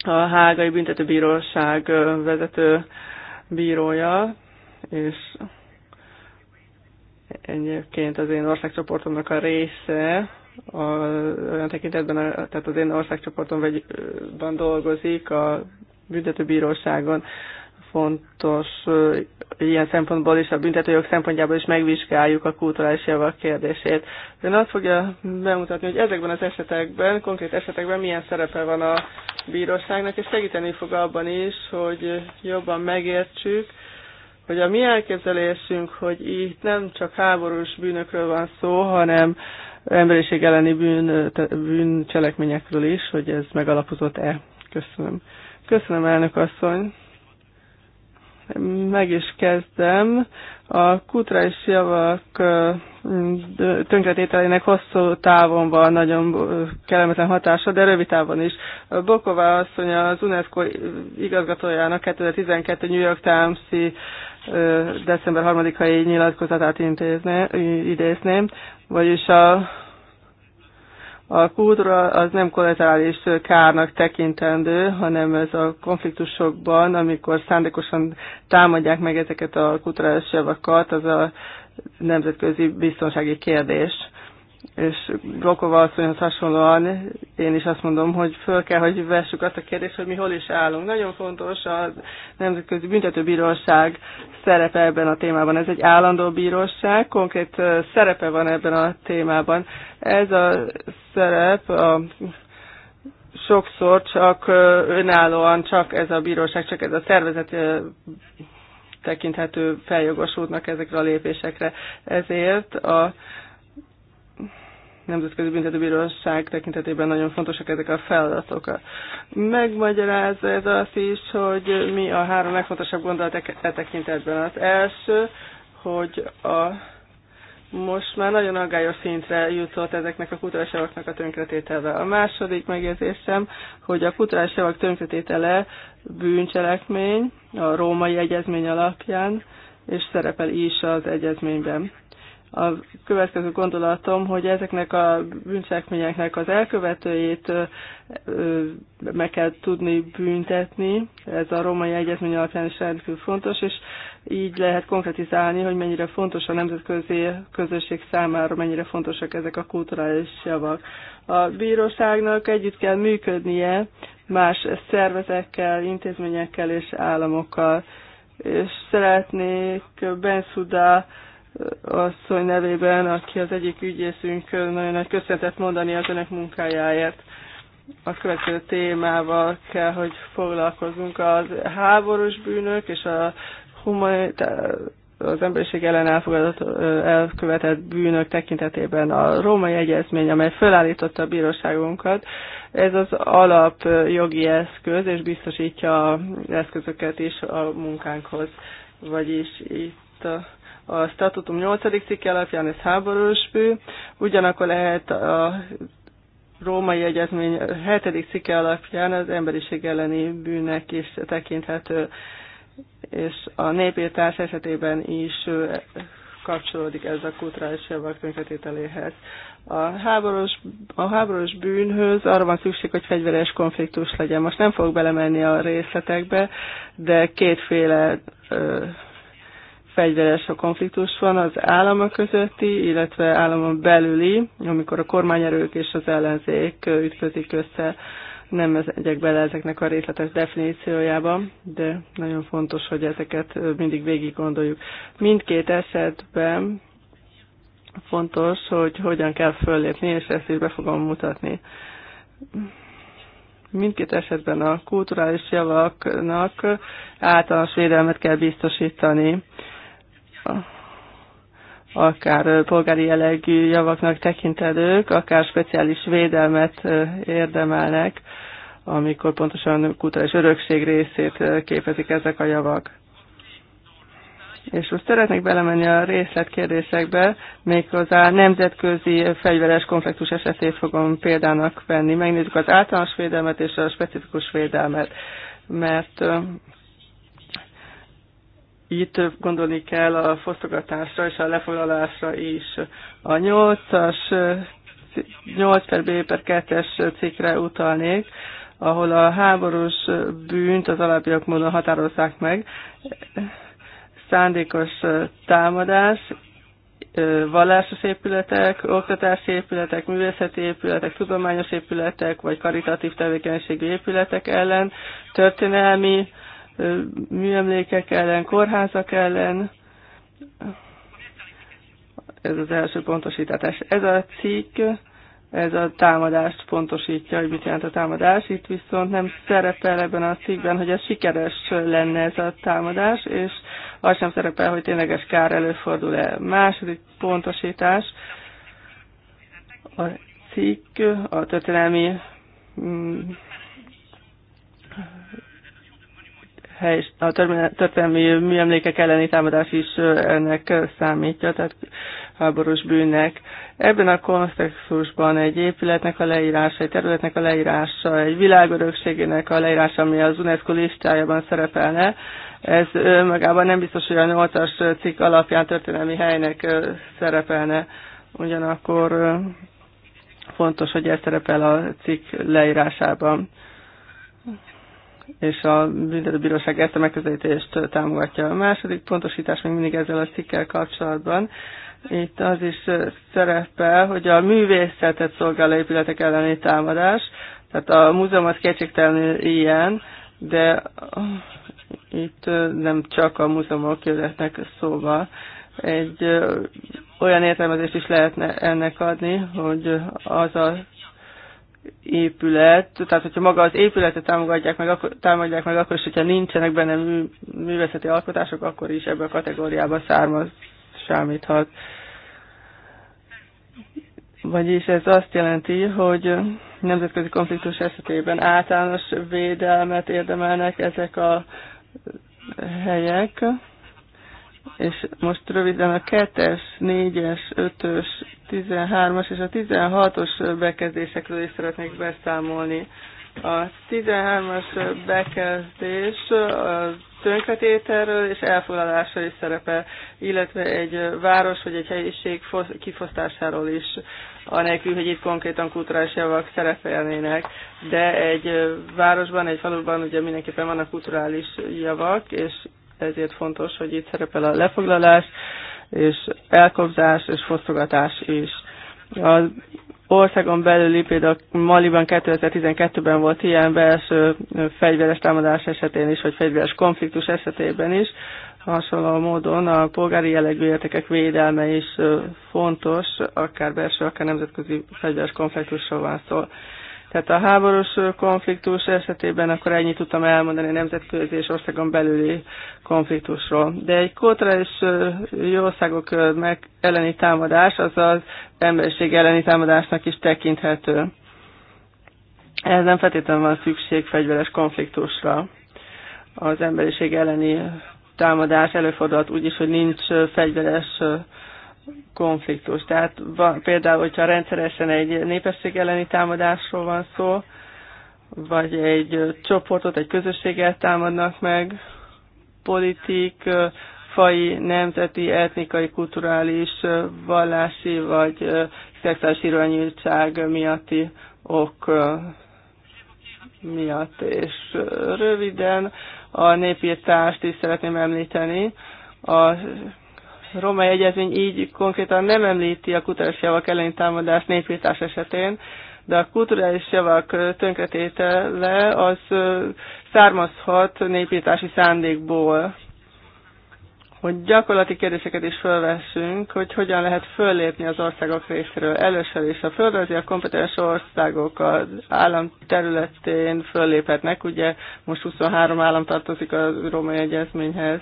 a Hágai Büntetőbíróság vezető bírója, és Egyébként az én országcsoportomnak a része, a, olyan tekintetben, a, tehát az én országcsoportomban dolgozik a büntetőbíróságon, fontos ilyen szempontból is, a büntetőjog szempontjából is megvizsgáljuk a kulturális javak kérdését. Ön azt fogja bemutatni, hogy ezekben az esetekben, konkrét esetekben milyen szerepe van a bíróságnak, és segíteni fog abban is, hogy jobban megértsük, hogy a mi elképzelésünk, hogy itt nem csak háborús bűnökről van szó, hanem emberiség elleni bűn, bűncselekményekről is, hogy ez megalapozott-e. Köszönöm. Köszönöm, elnök asszony. Meg is kezdem. A kutra és javak tönkretételének hosszú távon van nagyon kellemetlen hatása, de rövid távon is. Bokova asszony az UNESCO igazgatójának 2012 New York Times-i december 3-ai nyilatkozatát intézne, idézném, vagyis a, a kultúra az nem kollaterális kárnak tekintendő, hanem ez a konfliktusokban, amikor szándékosan támadják meg ezeket a kulturális javakat, az a nemzetközi biztonsági kérdés és Brokova asszonyhoz hasonlóan én is azt mondom, hogy föl kell, hogy vessük azt a kérdést, hogy mi hol is állunk. Nagyon fontos a Nemzetközi Büntetőbíróság szerepe ebben a témában. Ez egy állandó bíróság, konkrét szerepe van ebben a témában. Ez a szerep a sokszor csak önállóan, csak ez a bíróság, csak ez a szervezet tekinthető feljogosultnak ezekre a lépésekre. Ezért a Nemzetközi Büntetőbíróság tekintetében nagyon fontosak ezek a feladatok. Megmagyaráz ez azt is, hogy mi a három legfontosabb gondolat e-, e tekintetben. Az első, hogy a most már nagyon aggályos szintre jutott ezeknek a kulturális javaknak a tönkretétele. A második megjegyzésem, hogy a kulturális javak tönkretétele bűncselekmény a római egyezmény alapján, és szerepel is az egyezményben. A következő gondolatom, hogy ezeknek a bűncselekményeknek az elkövetőjét meg kell tudni büntetni. Ez a római egyezmény alapján is rendkívül fontos, és így lehet konkretizálni, hogy mennyire fontos a nemzetközi közösség számára, mennyire fontosak ezek a kulturális javak. A bíróságnak együtt kell működnie más szervezekkel, intézményekkel és államokkal. És szeretnék Benszuda asszony nevében, aki az egyik ügyészünk, nagyon nagy köszöntet mondani az önök munkájáért. A következő témával kell, hogy foglalkozunk az háborús bűnök és a humanitár az emberiség ellen elfogadott, elkövetett bűnök tekintetében a római egyezmény, amely felállította a bíróságunkat, ez az alap jogi eszköz, és biztosítja az eszközöket is a munkánkhoz. Vagyis itt a a statutum 8. cikke alapján ez háborús bű, ugyanakkor lehet a római egyezmény 7. cikke alapján az emberiség elleni bűnnek is tekinthető, és a népírtás esetében is kapcsolódik ez a kulturális javak tönkretételéhez. A háborús, a háborús bűnhöz arra van szükség, hogy fegyveres konfliktus legyen. Most nem fogok belemenni a részletekbe, de kétféle ö, fegyveres a konfliktus van az államok közötti, illetve államon belüli, amikor a kormányerők és az ellenzék ütközik össze. Nem megyek bele ezeknek a részletes definíciójába, de nagyon fontos, hogy ezeket mindig végig gondoljuk. Mindkét esetben fontos, hogy hogyan kell föllépni, és ezt is be fogom mutatni. Mindkét esetben a kulturális javaknak általános védelmet kell biztosítani akár polgári jellegű javaknak tekintelők, akár speciális védelmet érdemelnek, amikor pontosan kulturális örökség részét képezik ezek a javak. És most szeretnék belemenni a részletkérdésekbe, méghozzá nemzetközi fegyveres konfliktus esetét fogom példának venni. Megnézzük az általános védelmet és a specifikus védelmet, mert itt gondolni kell a fosztogatásra és a lefoglalásra is. A 8-as, 8 per B per 2-es cikkre utalnék, ahol a háborús bűnt az alapjak módon határozzák meg. Szándékos támadás, vallásos épületek, oktatási épületek, művészeti épületek, tudományos épületek, vagy karitatív tevékenységű épületek ellen, történelmi műemlékek ellen, kórházak ellen. Ez az első pontosítás. Ez a cikk, ez a támadást pontosítja, hogy mit jelent a támadás. Itt viszont nem szerepel ebben a cikkben, hogy ez sikeres lenne ez a támadás, és az sem szerepel, hogy tényleges kár előfordul-e. Második pontosítás. A cikk a történelmi mm, hely, a történelmi műemlékek elleni támadás is ennek számítja, tehát háborús bűnnek. Ebben a kontextusban egy épületnek a leírása, egy területnek a leírása, egy világörökségének a leírása, ami az UNESCO listájában szerepelne, ez magában nem biztos, hogy a 8-as cikk alapján történelmi helynek szerepelne. Ugyanakkor fontos, hogy ez szerepel a cikk leírásában és a büntetőbíróság ezt a megközelítést támogatja. A második pontosítás még mindig ezzel a cikkel kapcsolatban. Itt az is szerepel, hogy a művészetet szolgáló épületek elleni támadás, tehát a múzeum az kétségtelenül ilyen, de itt nem csak a múzeumok jöhetnek szóba. Egy olyan értelmezést is lehetne ennek adni, hogy az a épület, tehát hogyha maga az épületet támogatják meg, akkor, támogatják meg, akkor is, hogyha nincsenek benne mű, művészeti alkotások, akkor is ebbe a kategóriába származ, számíthat. Vagyis ez azt jelenti, hogy nemzetközi konfliktus esetében általános védelmet érdemelnek ezek a helyek, és most röviden a kettes, négyes, ötös. 13-as és a 16-os bekezdésekről is szeretnék beszámolni. A 13-as bekezdés a tönkretételről és elfoglalásra is szerepel, illetve egy város vagy egy helyiség kifosztásáról is, anélkül, hogy itt konkrétan kulturális javak szerepelnének. De egy városban, egy faluban ugye mindenképpen vannak kulturális javak, és ezért fontos, hogy itt szerepel a lefoglalás, és elkobzás és fosztogatás is. Az országon belüli, például Maliban 2012-ben volt ilyen belső fegyveres támadás esetén is, vagy fegyveres konfliktus esetében is. Hasonló módon a polgári jellegű értékek védelme is fontos, akár belső, akár nemzetközi fegyveres konfliktusról van szó. Tehát a háborús konfliktus esetében akkor ennyit tudtam elmondani nemzetközi és országon belüli konfliktusról. De egy kulturális országok meg elleni támadás, az az emberiség elleni támadásnak is tekinthető. Ez nem feltétlenül van szükség fegyveres konfliktusra. Az emberiség elleni támadás előfordulhat úgy is, hogy nincs fegyveres konfliktus. Tehát van, például, hogyha rendszeresen egy népesség elleni támadásról van szó, vagy egy csoportot, egy közösséget támadnak meg, politik, fai, nemzeti, etnikai, kulturális, vallási vagy szexuális irányultság miatti ok miatt. És röviden a népírtást is szeretném említeni. A romai egyezmény így konkrétan nem említi a kulturális javak elleni támadást népírtás esetén, de a kulturális javak tönkretétele az származhat népírtási szándékból. Hogy gyakorlati kérdéseket is felvessünk, hogy hogyan lehet föllépni az országok részéről. Először is a földrajzi a kompetens országok az állam területén fölléphetnek, ugye most 23 állam tartozik a római egyezményhez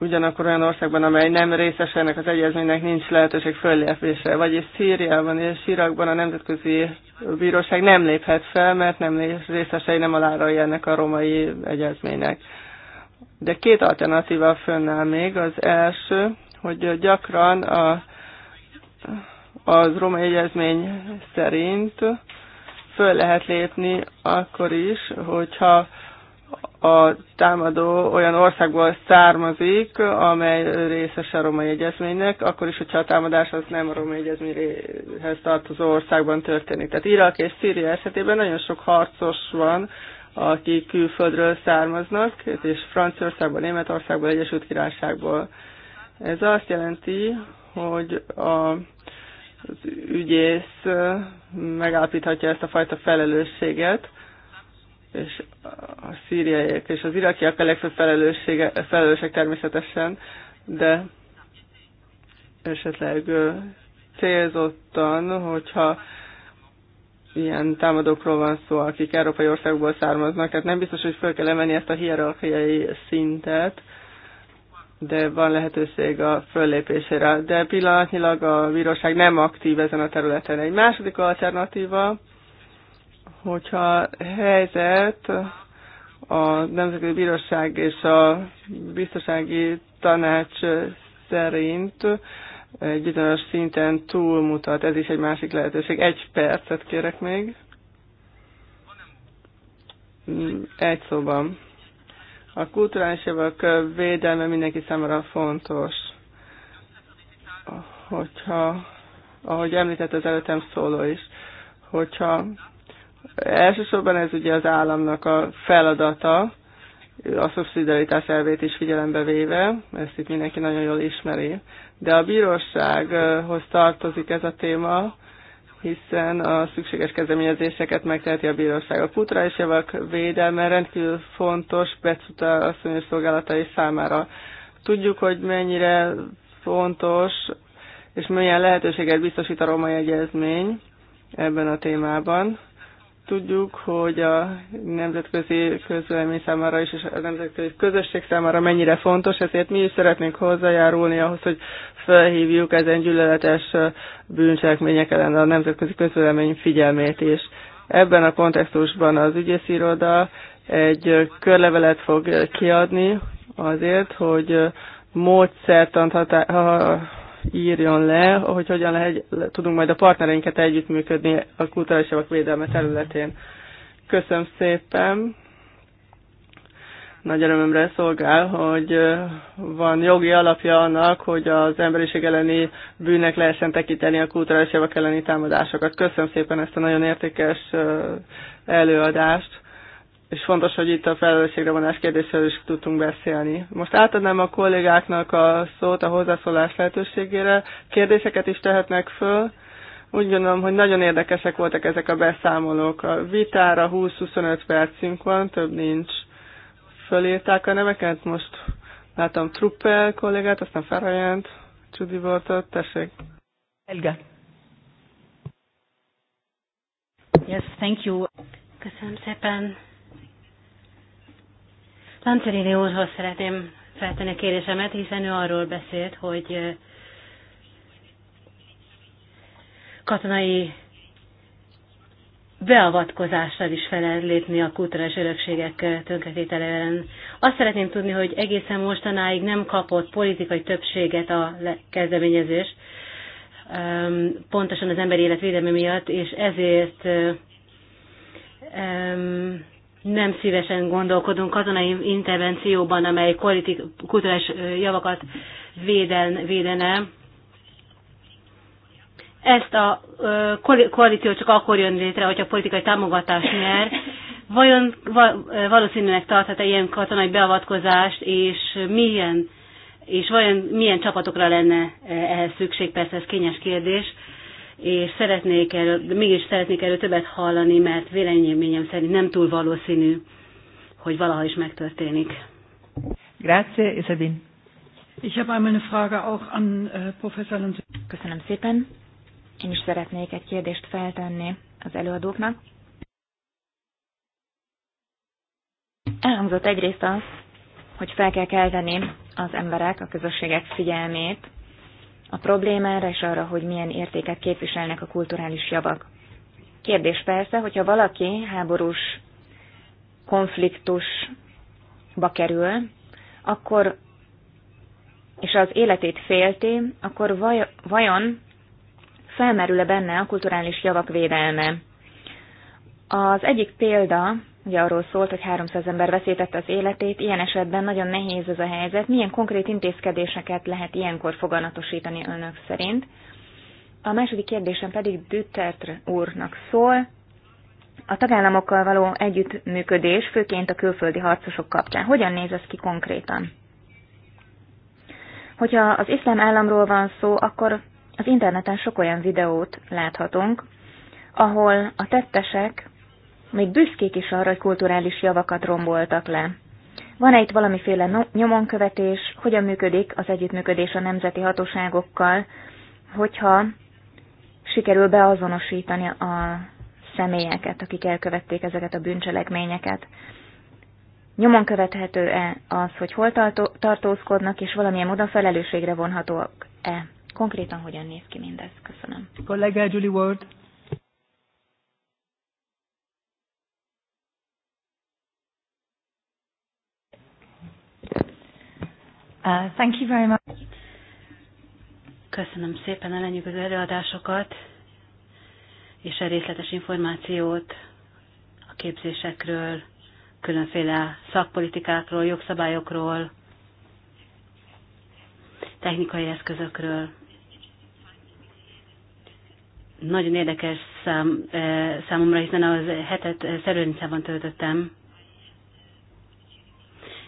ugyanakkor olyan országban, amely nem részes ennek az egyezménynek, nincs lehetőség föllépésre. Vagyis Szíriában és Irakban a Nemzetközi Bíróság nem léphet fel, mert nem részesei nem alárai ennek a romai egyezménynek. De két alternatíva fönnáll még. Az első, hogy gyakran a, az romai egyezmény szerint föl lehet lépni akkor is, hogyha a támadó olyan országból származik, amely részes a romai egyezménynek, akkor is, hogyha a támadás az nem a romai egyezményhez tartozó országban történik. Tehát Irak és Szíria esetében nagyon sok harcos van, akik külföldről származnak, és Franciaországból, Németországból, Egyesült Királyságból. Ez azt jelenti, hogy a az ügyész megállapíthatja ezt a fajta felelősséget, és a szíriaiak és az irakiak a legfőbb felelősek természetesen, de esetleg célzottan, hogyha ilyen támadókról van szó, akik európai országból származnak, tehát nem biztos, hogy föl kell emelni ezt a hierarchiai szintet, de van lehetőség a föllépésére. De pillanatnyilag a bíróság nem aktív ezen a területen. Egy második alternatíva, hogyha a helyzet a Nemzetközi Bíróság és a Biztosági Tanács szerint egy bizonyos szinten túlmutat. Ez is egy másik lehetőség. Egy percet kérek még. Egy szóban. A kulturális jövök védelme mindenki számára fontos. Hogyha, ahogy említett az előttem szóló is, hogyha Elsősorban ez ugye az államnak a feladata, a szubszidiaritás elvét is figyelembe véve, ezt itt mindenki nagyon jól ismeri. De a bírósághoz tartozik ez a téma, hiszen a szükséges kezdeményezéseket megteheti a bíróság. A és javak védelme rendkívül fontos Becuta szönyös szolgálatai számára. Tudjuk, hogy mennyire fontos és milyen lehetőséget biztosít a római egyezmény ebben a témában. Tudjuk, hogy a nemzetközi közvélemény számára is, és a nemzetközi közösség számára mennyire fontos, ezért mi is szeretnénk hozzájárulni ahhoz, hogy felhívjuk ezen gyűlöletes bűncselekmények ellen a nemzetközi közvélemény figyelmét is. Ebben a kontextusban az ügyésziroda egy körlevelet fog kiadni azért, hogy módszertant írjon le, hogy hogyan lehet, tudunk majd a partnereinket együttműködni a kulturális javak védelme területén. Köszönöm szépen! Nagy örömömre szolgál, hogy van jogi alapja annak, hogy az emberiség elleni bűnnek lehessen tekinteni a kulturális javak elleni támadásokat. Köszönöm szépen ezt a nagyon értékes előadást és fontos, hogy itt a felelősségre vonás kérdéssel is tudtunk beszélni. Most átadnám a kollégáknak a szót a hozzászólás lehetőségére. Kérdéseket is tehetnek föl. Úgy gondolom, hogy nagyon érdekesek voltak ezek a beszámolók. A vitára 20-25 percünk van, több nincs. Fölírták a neveket, most láttam Truppel kollégát, aztán Ferajent, volt ott, tessék. Helga. Yes, thank you. Köszönöm szépen. Pancerini úrhoz szeretném feltenni a kérésemet, hiszen ő arról beszélt, hogy katonai beavatkozással is felel lépni a kulturális örökségek tönkretétele ellen. Azt szeretném tudni, hogy egészen mostanáig nem kapott politikai többséget a kezdeményezés, pontosan az emberi élet védelme miatt, és ezért nem szívesen gondolkodunk azon a intervencióban, amely politik, kulturális javakat véden, védene. Ezt a koalíció csak akkor jön létre, hogyha politikai támogatást nyer. Vajon valószínűleg tarthat-e ilyen katonai beavatkozást, és milyen, és vajon milyen csapatokra lenne ehhez szükség? Persze ez kényes kérdés és szeretnék erről, mégis szeretnék erről többet hallani, mert véleményem szerint nem túl valószínű, hogy valaha is megtörténik. Grazie, Isabin. Ich habe einmal eine Frage auch an äh, Professor Köszönöm szépen. Én is szeretnék egy kérdést feltenni az előadóknak. Elhangzott egyrészt az, hogy fel kell kelteni az emberek, a közösségek figyelmét a problémára és arra, hogy milyen értéket képviselnek a kulturális javak. Kérdés persze, hogyha valaki háborús konfliktusba kerül, akkor és az életét félti, akkor vaj, vajon felmerül-e benne a kulturális javak védelme? Az egyik példa ugye arról szólt, hogy 300 ember veszítette az életét, ilyen esetben nagyon nehéz ez a helyzet. Milyen konkrét intézkedéseket lehet ilyenkor foganatosítani önök szerint? A második kérdésem pedig Duterte úrnak szól. A tagállamokkal való együttműködés, főként a külföldi harcosok kapcsán, hogyan néz ez ki konkrétan? Hogyha az iszlám államról van szó, akkor az interneten sok olyan videót láthatunk, ahol a tettesek még büszkék is arra, hogy kulturális javakat romboltak le. Van-e itt valamiféle nyomonkövetés, hogyan működik az együttműködés a nemzeti hatóságokkal, hogyha sikerül beazonosítani a személyeket, akik elkövették ezeket a bűncselekményeket. Nyomon követhető-e az, hogy hol tartózkodnak, és valamilyen módon felelősségre vonhatóak-e? Konkrétan hogyan néz ki mindez? Köszönöm. Kollega Julie Ward. Uh, thank you very much. Köszönöm szépen a lenyűgöző előadásokat és a részletes információt a képzésekről, különféle szakpolitikákról, jogszabályokról, technikai eszközökről. Nagyon érdekes szám, eh, számomra, hiszen az hetet Szerőnicában töltöttem,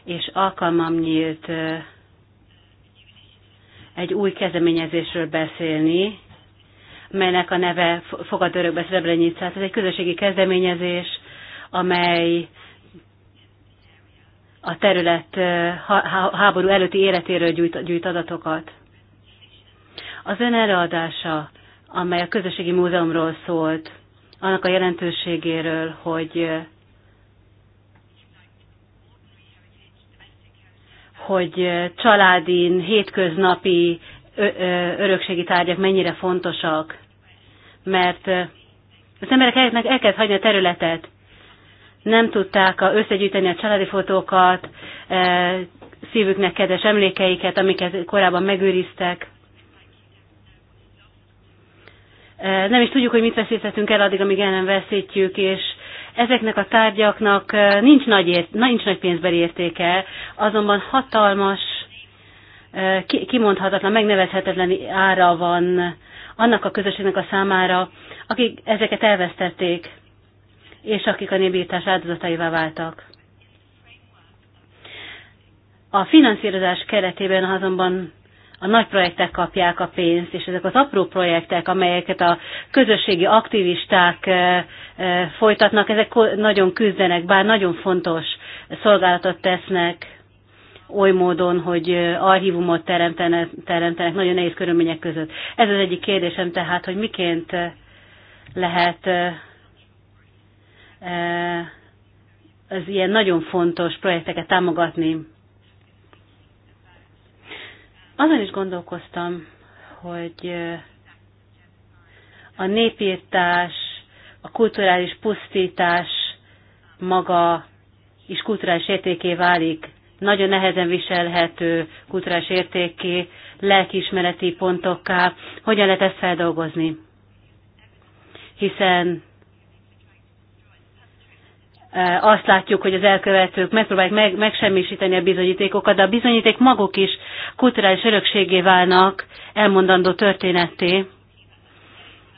és alkalmam nyílt eh, egy új kezdeményezésről beszélni, melynek a neve Fogad Örökbe Srebrenicát. Ez egy közösségi kezdeményezés, amely a terület háború előtti életéről gyűjt, gyűjt adatokat. Az ön előadása, amely a közösségi múzeumról szólt, annak a jelentőségéről, hogy hogy családin, hétköznapi örökségi tárgyak mennyire fontosak, mert az embereknek el kellett hagyni a területet. Nem tudták összegyűjteni a családi fotókat, e, szívüknek kedves emlékeiket, amiket korábban megőriztek. E, nem is tudjuk, hogy mit veszítettünk el addig, amíg el nem veszítjük, és Ezeknek a tárgyaknak nincs nagy, ért, nincs nagy pénzbeli értéke, azonban hatalmas, kimondhatatlan, megnevezhetetlen ára van annak a közösségnek a számára, akik ezeket elvesztették, és akik a népírtás áldozataivá váltak. A finanszírozás keretében azonban a nagy projektek kapják a pénzt, és ezek az apró projektek, amelyeket a közösségi aktivisták eh, eh, folytatnak, ezek nagyon küzdenek, bár nagyon fontos szolgálatot tesznek oly módon, hogy eh, archívumot teremtenek, teremtenek nagyon nehéz körülmények között. Ez az egyik kérdésem tehát, hogy miként lehet az ilyen nagyon fontos projekteket támogatni azon is gondolkoztam, hogy a népírtás, a kulturális pusztítás maga is kulturális értéké válik, nagyon nehezen viselhető kulturális értéké, lelkiismereti pontokká, hogyan lehet ezt feldolgozni. Hiszen azt látjuk, hogy az elkövetők megpróbálják meg, megsemmisíteni a bizonyítékokat, de a bizonyíték maguk is kulturális örökségé válnak elmondandó történetté.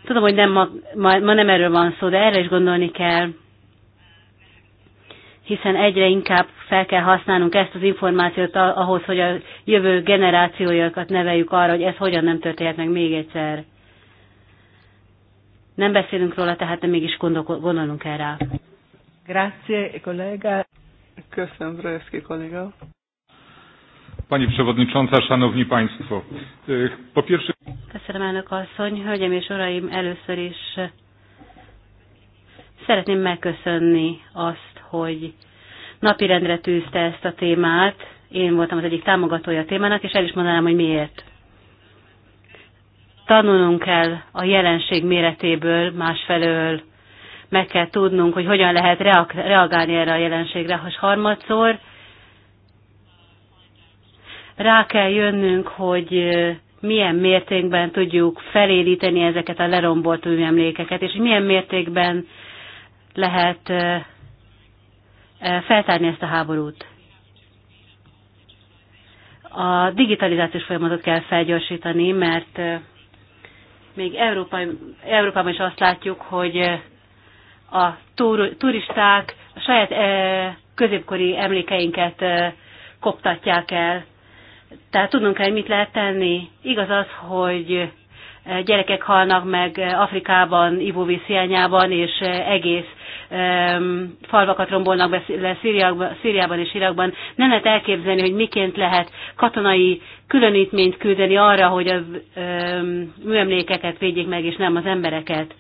Tudom, hogy nem ma, ma, ma nem erről van szó, de erre is gondolni kell, hiszen egyre inkább fel kell használnunk ezt az információt ahhoz, hogy a jövő generációjakat neveljük arra, hogy ez hogyan nem történhet meg még egyszer. Nem beszélünk róla, tehát mégis gondolunk gondolnunk kell rá. Grazie, Köszönöm, Zdrojewski kollega. Pani Przewodnicząca, Szanowni Państwo. E, po pierwsze... Köszönöm, elnök asszony, hölgyeim és uraim, először is e, szeretném megköszönni azt, hogy napirendre tűzte ezt a témát. Én voltam az egyik támogatója a témának, és el is mondanám, hogy miért. Tanulnunk kell a jelenség méretéből, másfelől meg kell tudnunk, hogy hogyan lehet reagálni erre a jelenségre. És harmadszor rá kell jönnünk, hogy milyen mértékben tudjuk felélíteni ezeket a lerombolt emlékeket, és milyen mértékben lehet feltárni ezt a háborút. A digitalizációs folyamatot kell felgyorsítani, mert még Európa, Európában is azt látjuk, hogy a turisták a saját e, középkori emlékeinket e, koptatják el. Tehát tudnunk kell, mit lehet tenni. Igaz az, hogy e, gyerekek halnak meg Afrikában, ivóvíz hiányában, és egész um, falvakat rombolnak be le Szíriában, Szíriában és Irakban. Nem lehet elképzelni, hogy miként lehet katonai különítményt küldeni arra, hogy a um, műemlékeket védjék meg, és nem az embereket.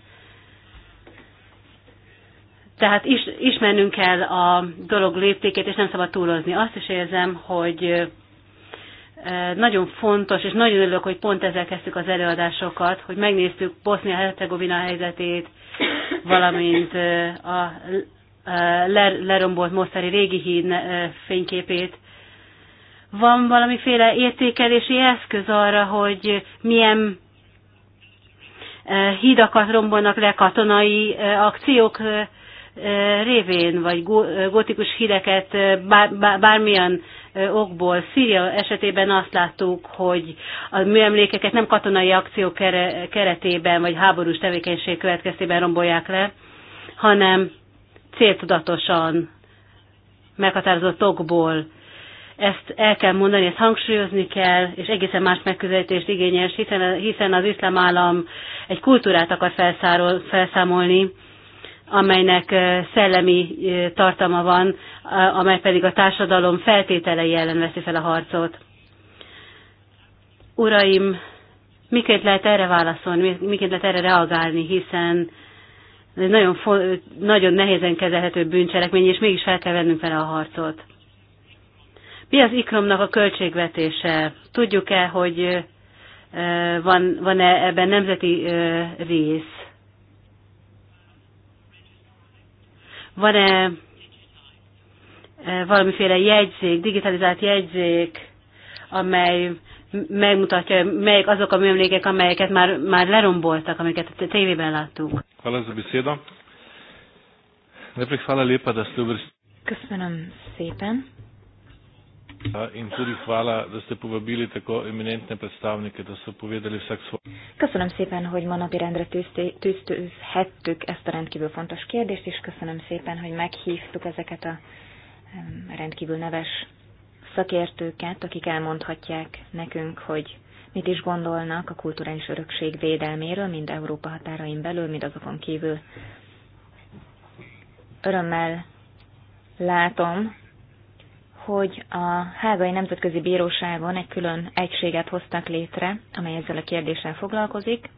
Tehát is, ismernünk kell a dolog léptékét, és nem szabad túlozni. Azt is érzem, hogy nagyon fontos, és nagyon örülök, hogy pont ezzel kezdtük az előadásokat, hogy megnéztük Bosznia-Hercegovina helyzetét, valamint a lerombolt moszteri régi híd fényképét. Van valamiféle értékelési eszköz arra, hogy milyen hídakat rombolnak le katonai akciók révén, vagy gotikus híreket bár, bármilyen okból. Szíria esetében azt láttuk, hogy a műemlékeket nem katonai akció keretében, vagy háborús tevékenység következtében rombolják le, hanem céltudatosan meghatározott okból. Ezt el kell mondani, ezt hangsúlyozni kell, és egészen más megközelítést igényes, hiszen, hiszen az iszlám állam egy kultúrát akar felszámolni, amelynek szellemi tartama van, amely pedig a társadalom feltételei ellen veszi fel a harcot. Uraim, miként lehet erre válaszolni, miként lehet erre reagálni, hiszen ez nagyon, nagyon nehézen kezelhető bűncselekmény, és mégis fel kell vennünk vele a harcot. Mi az ikromnak a költségvetése? Tudjuk-e, hogy van-e ebben nemzeti rész? Van-e eh, valamiféle jegyzék, digitalizált jegyzék, amely megmutatja, melyek azok a műemlékek, amelyeket már, már leromboltak, amiket a tévében láttunk. Köszönöm szépen. In tudi hvala, da ste povabili tako eminentne predstavnike, da so povedali vsak svoj. Köszönöm szépen, hogy ma napirendre tűztőzhettük ezt a rendkívül fontos kérdést, és köszönöm szépen, hogy meghívtuk ezeket a rendkívül neves szakértőket, akik elmondhatják nekünk, hogy mit is gondolnak a kulturális örökség védelméről, mind Európa határain belül, mind azokon kívül. Örömmel látom, hogy a Hágai Nemzetközi Bíróságon egy külön egységet hoztak létre, amely ezzel a kérdéssel foglalkozik,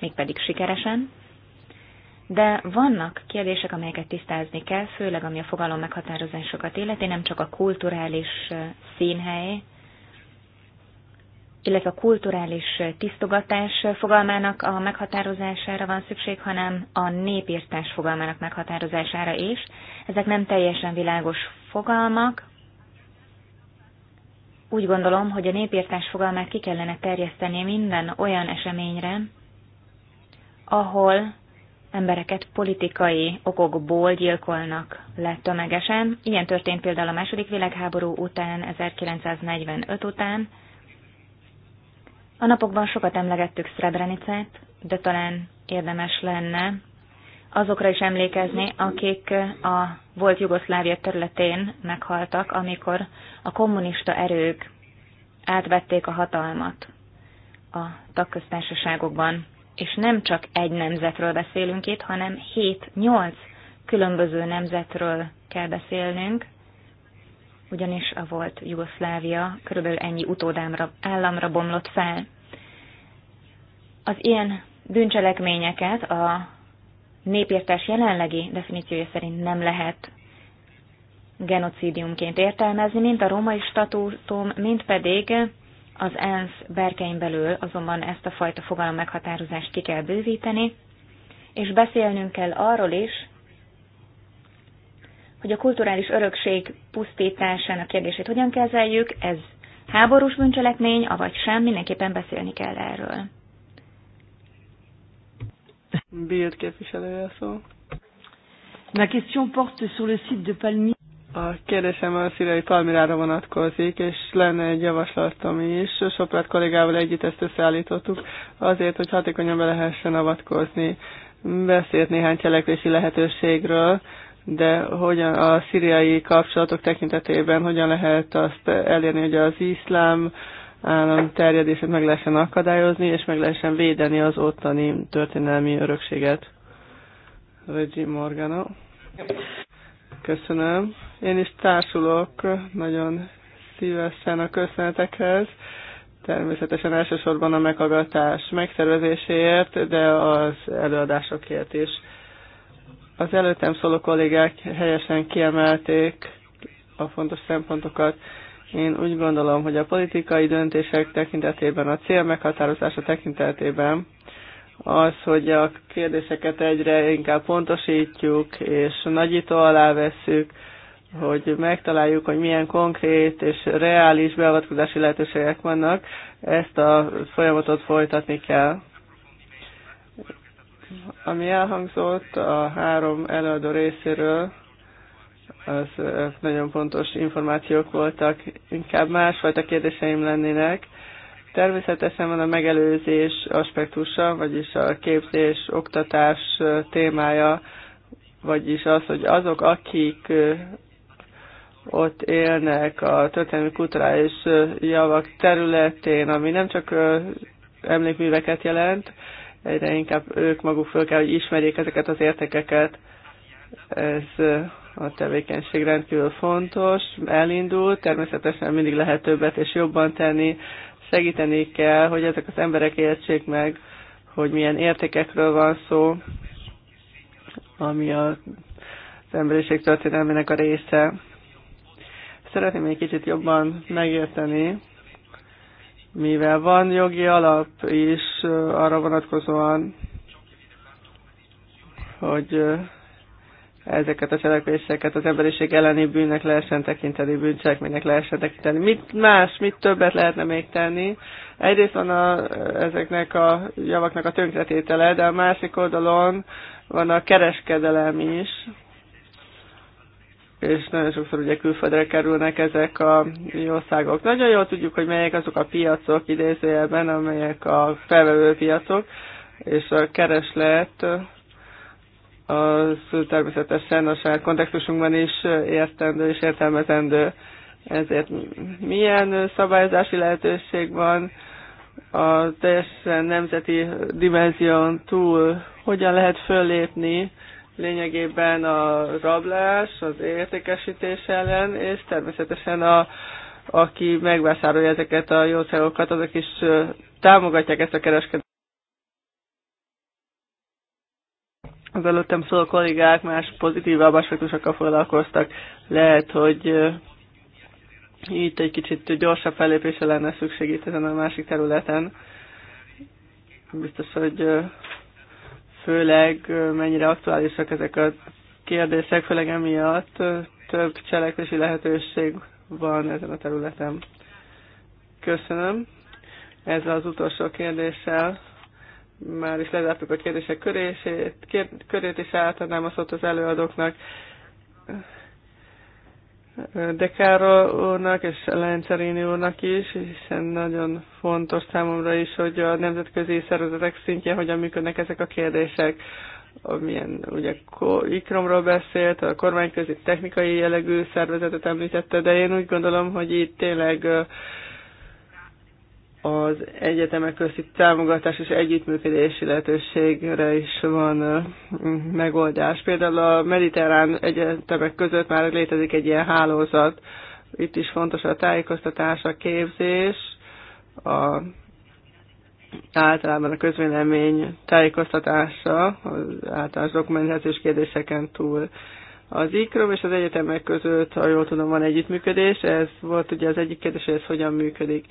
mégpedig sikeresen, de vannak kérdések, amelyeket tisztázni kell, főleg ami a fogalom meghatározásokat illeti, nem csak a kulturális színhely, illetve a kulturális tisztogatás fogalmának a meghatározására van szükség, hanem a népírtás fogalmának meghatározására is. Ezek nem teljesen világos fogalmak, úgy gondolom, hogy a népírtás fogalmát ki kellene terjeszteni minden olyan eseményre, ahol embereket politikai okokból gyilkolnak le tömegesen. Ilyen történt például a második világháború után, 1945 után. A napokban sokat emlegettük Srebrenicát, de talán érdemes lenne azokra is emlékezni, akik a volt Jugoszlávia területén meghaltak, amikor a kommunista erők átvették a hatalmat a tagköztársaságokban. És nem csak egy nemzetről beszélünk itt, hanem 7-8 különböző nemzetről kell beszélnünk, ugyanis a volt Jugoszlávia körülbelül ennyi utódámra, államra bomlott fel. Az ilyen bűncselekményeket a népírtás jelenlegi definíciója szerint nem lehet genocidiumként értelmezni, mint a római statútum, mint pedig az ENSZ berkein belül azonban ezt a fajta fogalom meghatározást ki kell bővíteni, és beszélnünk kell arról is, hogy a kulturális örökség pusztításának kérdését hogyan kezeljük, ez háborús bűncselekmény, avagy sem, mindenképpen beszélni kell erről. Bild képviselője szó. Ma question porte sur le site de Palmi. A kérdésem a szíriai Palmirára vonatkozik, és lenne egy javaslatom is. Soprát kollégával együtt ezt összeállítottuk, azért, hogy hatékonyan be lehessen avatkozni. Beszélt néhány cselekvési lehetőségről, de hogyan a szíriai kapcsolatok tekintetében hogyan lehet azt elérni, hogy az iszlám állam terjedését meg lehessen akadályozni, és meg lehessen védeni az ottani történelmi örökséget. Reggie Morgano. Köszönöm. Én is társulok nagyon szívesen a köszönetekhez. Természetesen elsősorban a meghallgatás megszervezéséért, de az előadásokért is. Az előttem szóló kollégák helyesen kiemelték a fontos szempontokat. Én úgy gondolom, hogy a politikai döntések tekintetében, a cél meghatározása tekintetében az, hogy a kérdéseket egyre inkább pontosítjuk és nagyító alá vesszük, hogy megtaláljuk, hogy milyen konkrét és reális beavatkozási lehetőségek vannak, ezt a folyamatot folytatni kell. Ami elhangzott a három előadó részéről, az nagyon fontos információk voltak, inkább másfajta kérdéseim lennének. Természetesen van a megelőzés aspektusa, vagyis a képzés, oktatás témája, vagyis az, hogy azok, akik ott élnek a történelmi kulturális javak területén, ami nem csak emlékműveket jelent, egyre inkább ők maguk föl kell, hogy ismerjék ezeket az értékeket. Ez a tevékenység rendkívül fontos, elindult, természetesen mindig lehet többet és jobban tenni, segíteni kell, hogy ezek az emberek értsék meg, hogy milyen értékekről van szó, ami az emberiség történelmének a része. Szeretném egy kicsit jobban megérteni, mivel van jogi alap is arra vonatkozóan, hogy ezeket a cselekvéseket az emberiség elleni bűnnek lehessen tekinteni, bűncselekménynek lehessen tekinteni. Mit más, mit többet lehetne még tenni? Egyrészt van a, ezeknek a javaknak a tönkretétele, de a másik oldalon van a kereskedelem is, és nagyon sokszor ugye külföldre kerülnek ezek a országok. Nagyon jól tudjuk, hogy melyek azok a piacok idézőjelben, amelyek a felvevő piacok, és a kereslet az természetesen a saját kontextusunkban is értendő és értelmezendő. Ezért milyen szabályozási lehetőség van a teljesen nemzeti dimenzión túl, hogyan lehet föllépni lényegében a rablás, az értékesítés ellen, és természetesen a, aki megvásárolja ezeket a jószágokat, azok is támogatják ezt a kereskedést. az előttem szóló kollégák más pozitívabb aspektusokkal foglalkoztak. Lehet, hogy itt egy kicsit gyorsabb fellépése lenne szükség itt ezen a másik területen. Biztos, hogy főleg mennyire aktuálisak ezek a kérdések, főleg emiatt több cselekvési lehetőség van ezen a területen. Köszönöm. Ez az utolsó kérdéssel már is lezártuk a kérdések körését, kér, körét, és átadnám a szót az előadóknak. De úrnak és Lencerini úrnak is, hiszen nagyon fontos számomra is, hogy a nemzetközi szervezetek szintjén hogyan működnek ezek a kérdések. Milyen, ugye ikromról beszélt, a kormányközi technikai jellegű szervezetet említette, de én úgy gondolom, hogy itt tényleg az egyetemek közti támogatás és együttműködési lehetőségre is van megoldás. Például a mediterrán egyetemek között már létezik egy ilyen hálózat. Itt is fontos a tájékoztatás, a képzés, a, általában a közvélemény tájékoztatása az általános dokumentációs kérdéseken túl. Az IKROM és az egyetemek között, ha jól tudom, van együttműködés, ez volt ugye az egyik kérdés, hogy ez hogyan működik.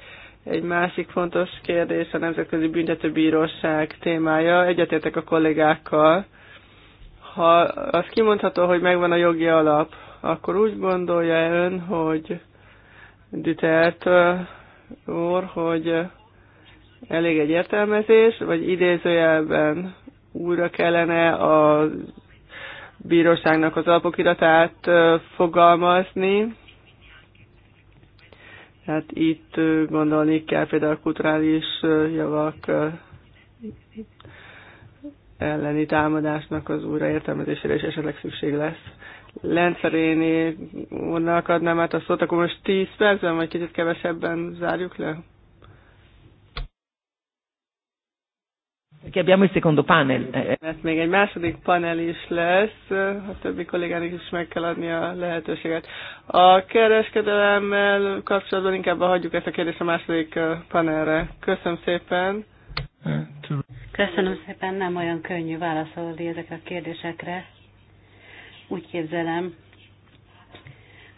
Egy másik fontos kérdés a Nemzetközi Büntetőbíróság témája. Egyetértek a kollégákkal. Ha az kimondható, hogy megvan a jogi alap, akkor úgy gondolja ön, hogy Dütert úr, hogy elég egy értelmezés, vagy idézőjelben újra kellene a bíróságnak az alapokiratát fogalmazni, Hát itt gondolni kell például a kulturális javak elleni támadásnak az újraértelmezésére is esetleg szükség lesz. Lenceréni úrnak akadnám át a szót, akkor most 10 percben, vagy kicsit kevesebben zárjuk le? abbiamo il secondo panel. Mert még egy második panel is lesz, a többi kollégának is meg kell adni a lehetőséget. A kereskedelemmel kapcsolatban inkább hagyjuk ezt a kérdést a második panelre. Köszönöm szépen. Köszönöm szépen, nem olyan könnyű válaszolni ezekre a kérdésekre. Úgy képzelem,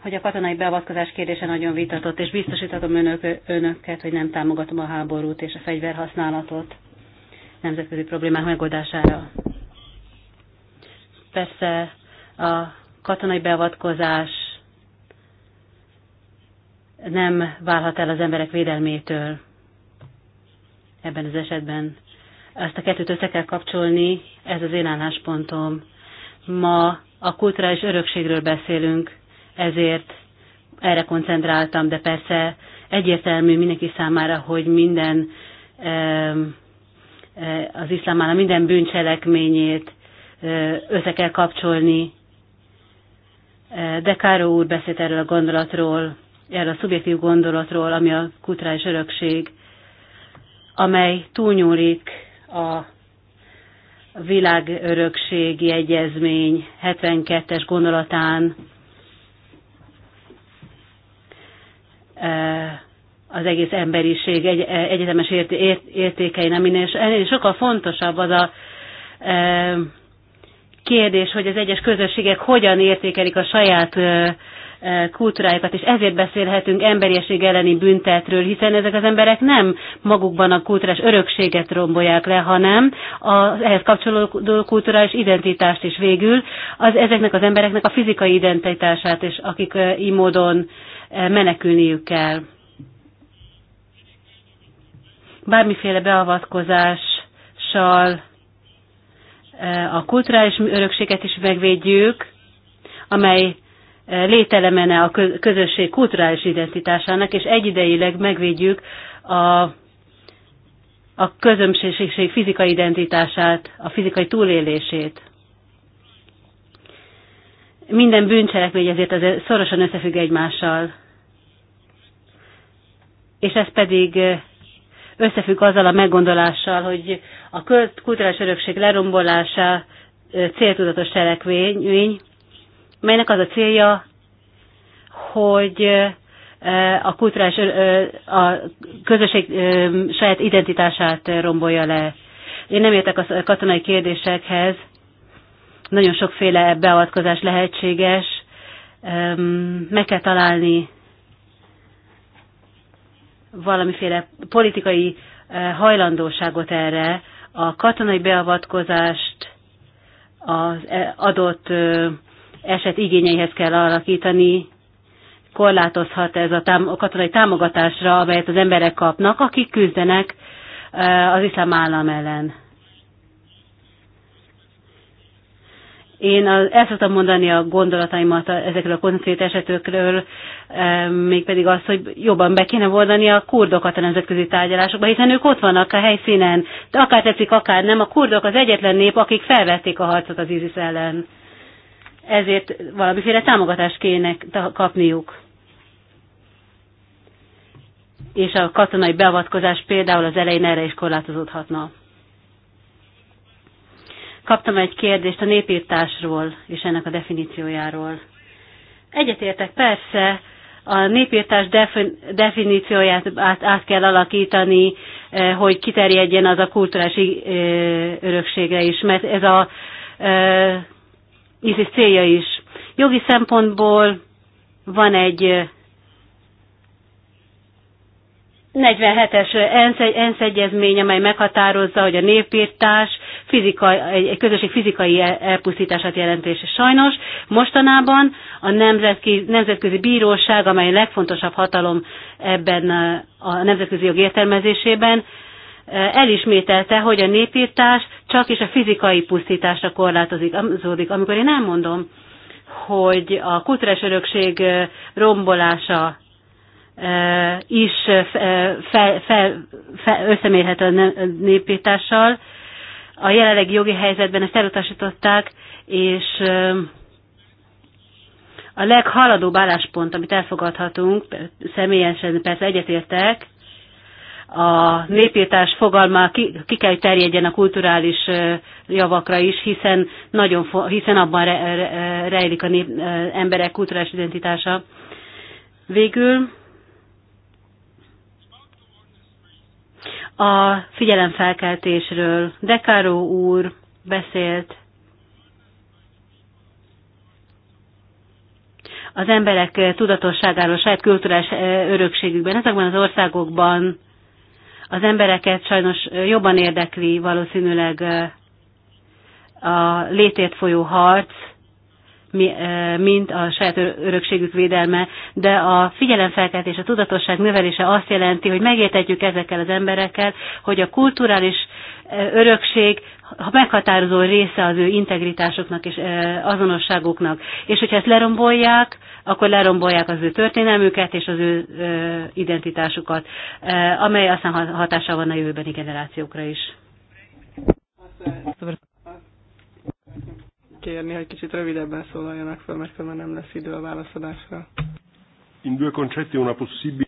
hogy a katonai beavatkozás kérdése nagyon vitatott, és biztosítatom önök, önöket, hogy nem támogatom a háborút és a fegyverhasználatot nemzetközi problémák megoldására. Persze a katonai beavatkozás nem válhat el az emberek védelmétől ebben az esetben. Ezt a kettőt össze kell kapcsolni, ez az én álláspontom. Ma a kulturális örökségről beszélünk, ezért erre koncentráltam, de persze egyértelmű mindenki számára, hogy minden Eh, az iszlám állam minden bűncselekményét eh, össze kell kapcsolni. Eh, de Káro úr beszélt erről a gondolatról, erről a szubjektív gondolatról, ami a kulturális örökség, amely túlnyúlik a világörökségi egyezmény 72-es gondolatán az egész emberiség egy, e, egyetemes ért, ért, értékein, minél, ennél sokkal fontosabb az a e, kérdés, hogy az egyes közösségek hogyan értékelik a saját e, e, kultúrájukat, és ezért beszélhetünk emberiesség elleni büntetről, hiszen ezek az emberek nem magukban a kultúrás örökséget rombolják le, hanem az ehhez kapcsolódó kulturális identitást is végül, az ezeknek az embereknek a fizikai identitását, és akik e, így módon menekülniük kell bármiféle beavatkozással e, a kulturális örökséget is megvédjük, amely e, lételemene a közösség kulturális identitásának, és egyidejileg megvédjük a, a közömségség fizikai identitását, a fizikai túlélését. Minden bűncselekmény ezért az szorosan összefügg egymással. És ez pedig e, összefügg azzal a meggondolással, hogy a kulturális örökség lerombolása céltudatos cselekvény, melynek az a célja, hogy a kulturális a közösség saját identitását rombolja le. Én nem értek a katonai kérdésekhez, nagyon sokféle beavatkozás lehetséges, meg kell találni valamiféle politikai eh, hajlandóságot erre, a katonai beavatkozást az eh, adott eh, eset igényeihez kell alakítani, korlátozhat ez a, tám- a katonai támogatásra, amelyet az emberek kapnak, akik küzdenek az iszlám állam ellen. Én az, el szoktam mondani a gondolataimat ezekről a konkrét esetekről, e, mégpedig azt, hogy jobban be kéne oldani a kurdokat a nemzetközi tárgyalásokba, hiszen ők ott vannak a helyszínen, de akár tetszik, akár nem, a kurdok az egyetlen nép, akik felvették a harcot az ISIS ellen. Ezért valamiféle támogatást kéne kapniuk. És a katonai beavatkozás például az elején erre is korlátozódhatna. Kaptam egy kérdést a népírtásról és ennek a definíciójáról. Egyetértek, persze, a népírtás definícióját át, át kell alakítani, eh, hogy kiterjedjen az a kulturális eh, örökségre is, mert ez a eh, is célja is. Jogi szempontból van egy 47-es ENSZ egyezmény, amely meghatározza, hogy a népírtás fizikai, egy közösség fizikai e, elpusztítását jelentés. sajnos mostanában a nemzetközi, nemzetközi bíróság, amely a legfontosabb hatalom ebben e, a nemzetközi jog értelmezésében, e, elismételte, hogy a népírtás csak is a fizikai pusztításra korlátozódik. Amikor én elmondom, hogy a kulturális örökség rombolása is fel, fel, fel, összemérhető a népítással. A jelenlegi jogi helyzetben ezt elutasították, és a leghaladóbb álláspont, amit elfogadhatunk, személyesen persze egyetértek, a népírtás fogalma ki, ki kell, hogy terjedjen a kulturális javakra is, hiszen, nagyon, hiszen abban re, re, rejlik a nép, emberek kulturális identitása. Végül a figyelemfelkeltésről. Dekáró úr beszélt az emberek tudatosságáról saját kulturális örökségükben. Ezekben az országokban az embereket sajnos jobban érdekli valószínűleg a létét folyó harc, Eh, mint a saját örökségük védelme, de a figyelemfelkeltés, a tudatosság növelése azt jelenti, hogy megértetjük ezekkel az emberekkel, hogy a kulturális eh, örökség meghatározó része az ő integritásoknak és eh, azonosságuknak. És hogyha ezt lerombolják, akkor lerombolják az ő történelmüket és az ő identitásukat, amely aztán hatással van a jövőbeni generációkra is kérni, hogy kicsit rövidebben szólaljanak fel, mert különben nem lesz idő a válaszadásra. In due concetti una possibile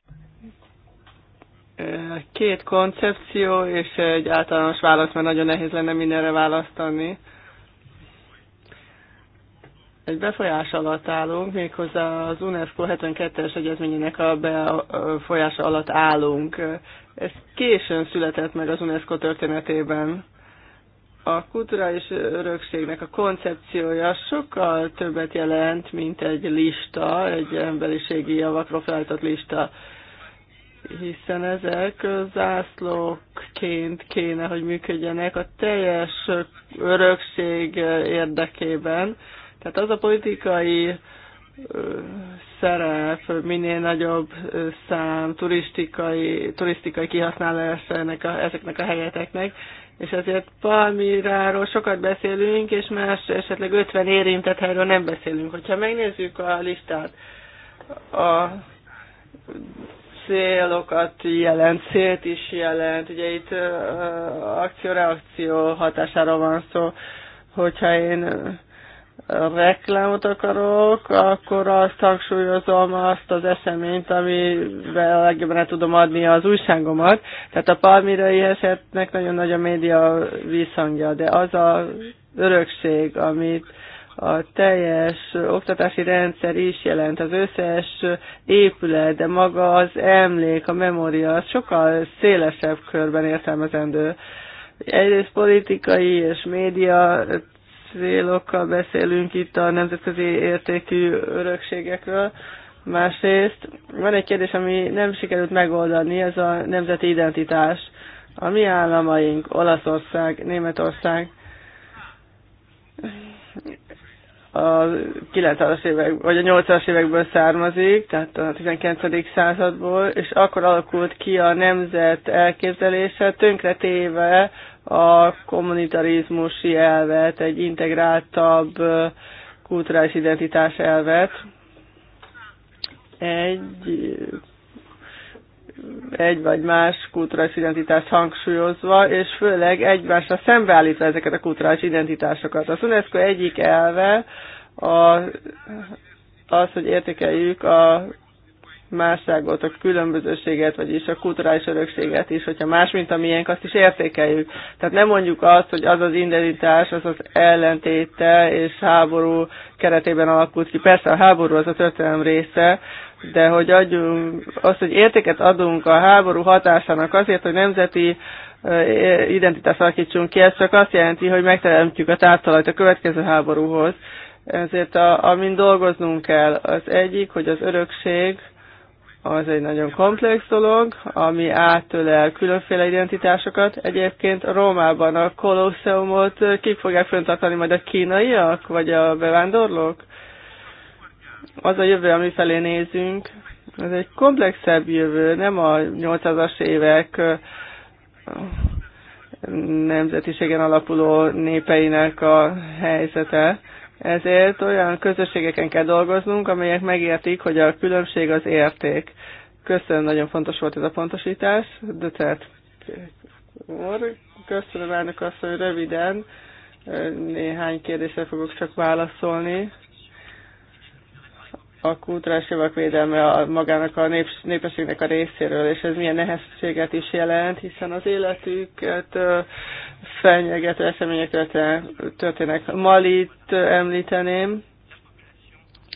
két koncepció és egy általános válasz, mert nagyon nehéz lenne mindenre választani. Egy befolyás alatt állunk, méghozzá az UNESCO 72-es egyezményének a befolyása alatt állunk. Ez későn született meg az UNESCO történetében a kulturális örökségnek a koncepciója sokkal többet jelent, mint egy lista, egy emberiségi javakról feltett lista, hiszen ezek zászlókként kéne, hogy működjenek a teljes örökség érdekében. Tehát az a politikai szerep, minél nagyobb szám turistikai, turisztikai kihasználása ennek a, ezeknek a helyeteknek, és azért Palmiráról sokat beszélünk, és más esetleg 50 érintett helyről nem beszélünk. Hogyha megnézzük a listát, a célokat jelent, célt is jelent, ugye itt akció-reakció hatására van szó, hogyha én reklámot akarok, akkor azt hangsúlyozom azt az eseményt, amivel legjobban el tudom adni az újságomat. Tehát a palmirai esetnek nagyon nagy a média visszhangja, de az a örökség, amit a teljes oktatási rendszer is jelent, az összes épület, de maga az emlék, a memória, az sokkal szélesebb körben értelmezendő. Egyrészt politikai és média célokkal beszélünk itt a nemzetközi értékű örökségekről. Másrészt van egy kérdés, ami nem sikerült megoldani, ez a nemzeti identitás. A mi államaink, Olaszország, Németország, a 90-as évek, vagy a 80-as évekből származik, tehát a 19. századból, és akkor alakult ki a nemzet elképzelése, tönkretéve a kommunitarizmusi elvet, egy integráltabb kulturális identitás elvet. Egy, egy vagy más kulturális identitást hangsúlyozva, és főleg egymásra szembeállítva ezeket a kulturális identitásokat. Az UNESCO egyik elve a, az, hogy értékeljük a másságot, a különbözőséget, vagyis a kulturális örökséget is, hogyha más, mint a miénk, azt is értékeljük. Tehát nem mondjuk azt, hogy az az identitás, az az ellentéte és háború keretében alakult ki. Persze a háború az a történelem része, de hogy adjunk, azt, hogy értéket adunk a háború hatásának azért, hogy nemzeti identitást alakítsunk ki, ez csak azt jelenti, hogy megteremtjük a tártalajt a következő háborúhoz. Ezért a, amin dolgoznunk kell, az egyik, hogy az örökség, az egy nagyon komplex dolog, ami átölel különféle identitásokat. Egyébként Rómában a Kolosseumot kik fogják föntartani, majd a kínaiak, vagy a bevándorlók? Az a jövő, ami felé nézünk, ez egy komplexebb jövő, nem a 800-as évek nemzetiségen alapuló népeinek a helyzete, ezért olyan közösségeken kell dolgoznunk, amelyek megértik, hogy a különbség az érték. Köszönöm, nagyon fontos volt ez a pontosítás. De tehát, köszönöm elnök azt, hogy röviden néhány kérdésre fogok csak válaszolni a kulturális javak védelme a, magának a nép, népességnek a részéről, és ez milyen nehézséget is jelent, hiszen az életüket fenyegető események történnek. Malit említeném,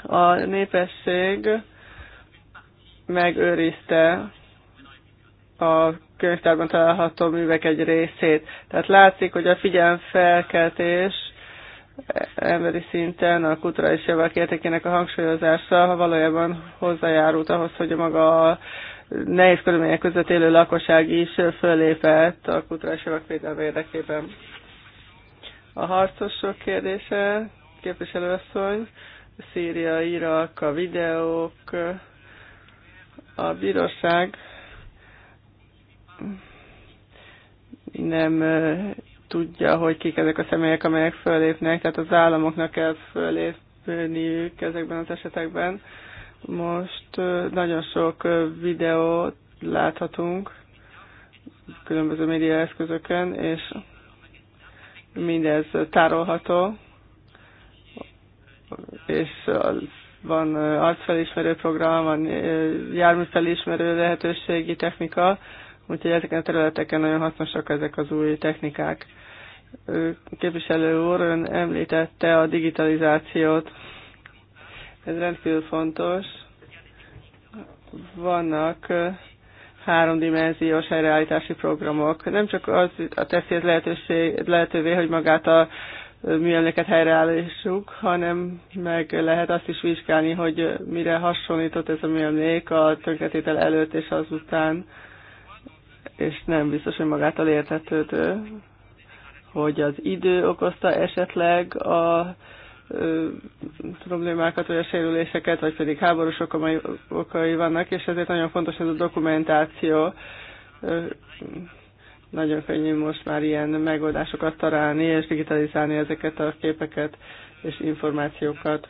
a népesség megőrizte a könyvtárban található művek egy részét. Tehát látszik, hogy a figyelmfelkeltés emberi szinten a kulturális javak értékének a hangsúlyozása valójában hozzájárult ahhoz, hogy a maga a nehéz körülmények között élő lakosság is fölépett a kulturális javak védelme érdekében. A harcosok kérdése, képviselőasszony, Szíria, Irak, a videók, a bíróság nem tudja, hogy kik ezek a személyek, amelyek fölépnek, tehát az államoknak kell fölépniük ezekben az esetekben. Most nagyon sok videót láthatunk különböző média eszközöken, és mindez tárolható, és van arcfelismerő program, van járműfelismerő lehetőségi technika, úgyhogy ezeken a területeken nagyon hasznosak ezek az új technikák képviselő úr, ön említette a digitalizációt. Ez rendkívül fontos. Vannak háromdimenziós helyreállítási programok. Nem csak az a teszi ez lehetőség, lehetővé, hogy magát a műemléket helyreállítsuk, hanem meg lehet azt is vizsgálni, hogy mire hasonlított ez a műemlék a tönkretétel előtt és azután, és nem biztos, hogy magától értetődő hogy az idő okozta esetleg a ö, problémákat, vagy a sérüléseket, vagy pedig háborús okai, okai vannak, és ezért nagyon fontos ez a dokumentáció. Ö, nagyon könnyű most már ilyen megoldásokat találni, és digitalizálni ezeket a képeket és információkat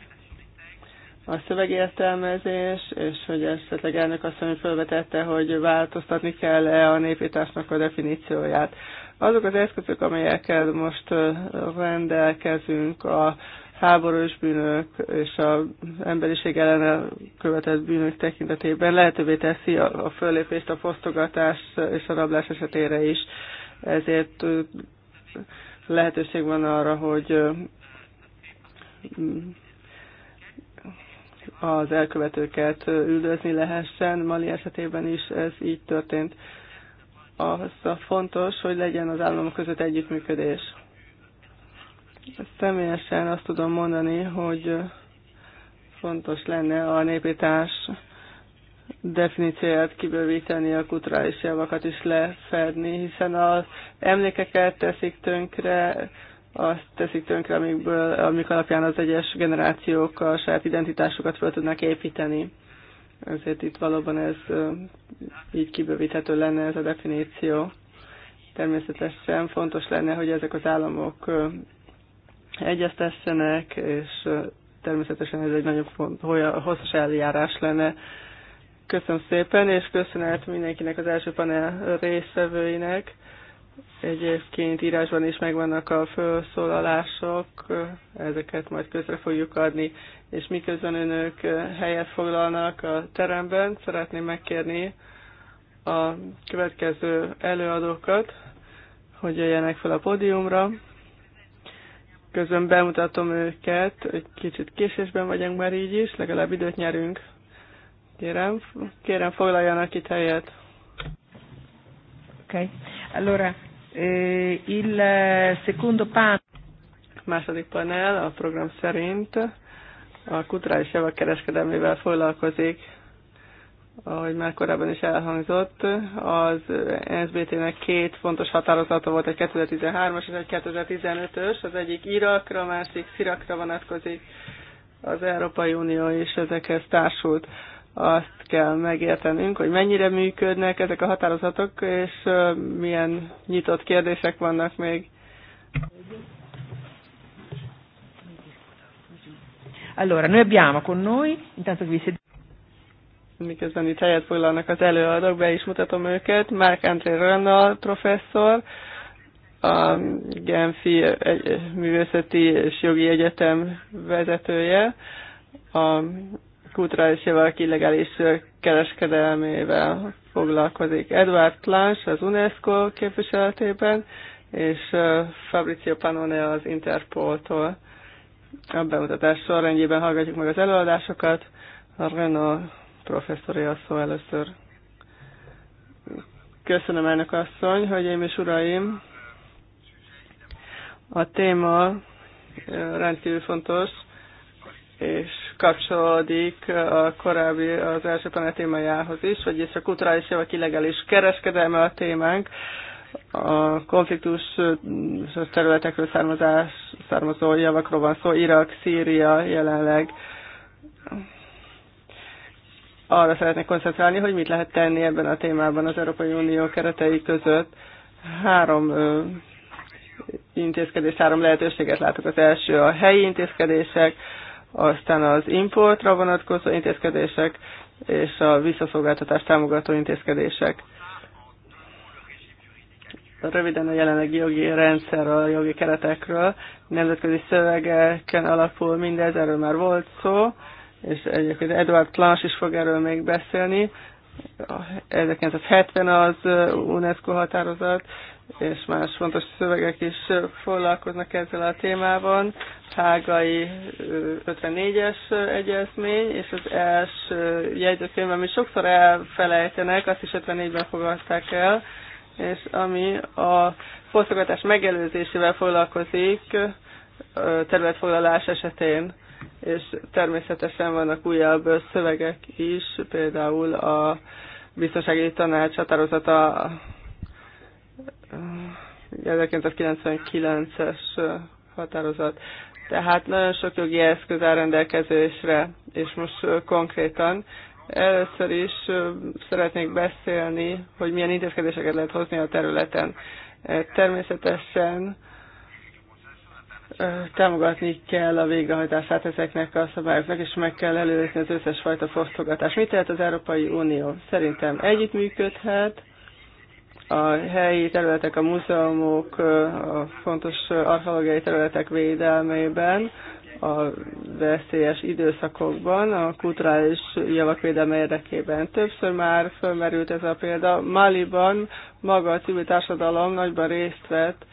a szövegértelmezés, és hogy esetleg elnök asszony felvetette, hogy változtatni kell-e a népításnak a definícióját. Azok az eszközök, amelyekkel most rendelkezünk, a háborús bűnök és az emberiség ellen követett bűnök tekintetében lehetővé teszi a föllépést a fosztogatás és a rablás esetére is. Ezért lehetőség van arra, hogy az elkövetőket üldözni lehessen. Mali esetében is ez így történt. Az a fontos, hogy legyen az államok között együttműködés. Személyesen azt tudom mondani, hogy fontos lenne a népítás definícióját kibővíteni, a kulturális javakat is lefedni, hiszen az emlékeket teszik tönkre, azt teszik tönkre, amikből, amik alapján az egyes generációk a saját identitásukat fel tudnak építeni. Ezért itt valóban ez így kibővíthető lenne ez a definíció. Természetesen fontos lenne, hogy ezek az államok egyeztessenek, és természetesen ez egy nagyon hosszas eljárás lenne. Köszönöm szépen, és köszönet mindenkinek az első panel részvevőinek. Egyébként írásban is megvannak a felszólalások, ezeket majd közre fogjuk adni, és miközben önök helyet foglalnak a teremben, szeretném megkérni a következő előadókat, hogy jöjjenek fel a pódiumra. Közben bemutatom őket, egy kicsit késésben vagyunk már így is, legalább időt nyerünk. Kérem, kérem foglaljanak itt helyet. Okay. Allora, eh, il secondo panel. Második panel a program szerint a kulturális javak kereskedelmével foglalkozik, ahogy már korábban is elhangzott. Az nsbt nek két fontos határozata volt, egy 2013-as és egy 2015-ös. Az egyik Irakra, a másik Szirakra vonatkozik. Az Európai Unió is ezekhez társult. Azt kell megértenünk, hogy mennyire működnek ezek a határozatok, és milyen nyitott kérdések vannak még. Allora, noi abbiamo con noi, intanto vi siete... Miközben itt helyet foglalnak az előadók, be is mutatom őket. Mark André Rönnal professzor, a Genfi Művészeti és Jogi Egyetem vezetője, a kulturális javak illegális kereskedelmével foglalkozik. Edward Lans az UNESCO képviseletében, és Fabrizio Panone az Interpol-tól. Interpol-tól. A bemutatás sorrendjében hallgatjuk meg az előadásokat. A Renault professzori a szó először. Köszönöm elnök asszony, hölgyeim és uraim! A téma rendkívül fontos, és kapcsolódik a korábbi, az első panel témájához is, vagyis a kulturális javak illegális kereskedelme a témánk, a konfliktus területekről származás, származó javakról van szó, Irak, Szíria jelenleg. Arra szeretnék koncentrálni, hogy mit lehet tenni ebben a témában az Európai Unió keretei között. Három intézkedés, három lehetőséget látok. Az első a helyi intézkedések, aztán az importra vonatkozó intézkedések és a visszaszolgáltatás támogató intézkedések. Röviden a jelenlegi jogi rendszer, a jogi keretekről, nemzetközi szövegeken alapul mindez, erről már volt szó, és egyébként Edward Klans is fog erről még beszélni. 1970 az UNESCO határozat, és más fontos szövegek is foglalkoznak ezzel a témában. Hágai 54-es egyezmény, és az első jegyzőkönyv, amit sokszor elfelejtenek, azt is 54-ben fogadták el, és ami a fosztogatás megelőzésével foglalkozik területfoglalás esetén, és természetesen vannak újabb szövegek is, például a biztonsági tanács határozata 1999-es határozat. Tehát nagyon sok jogi eszköz áll rendelkezésre, és most konkrétan először is szeretnék beszélni, hogy milyen intézkedéseket lehet hozni a területen. Természetesen támogatni kell a végrehajtását ezeknek a szabályoknak, és meg kell előzni az összes fajta fosztogatást. Mit tehet az Európai Unió? Szerintem együttműködhet, a helyi területek, a múzeumok, a fontos archeológiai területek védelmében, a veszélyes időszakokban, a kulturális javak védelme érdekében. Többször már fölmerült ez a példa. Maliban maga a civil társadalom nagyban részt vett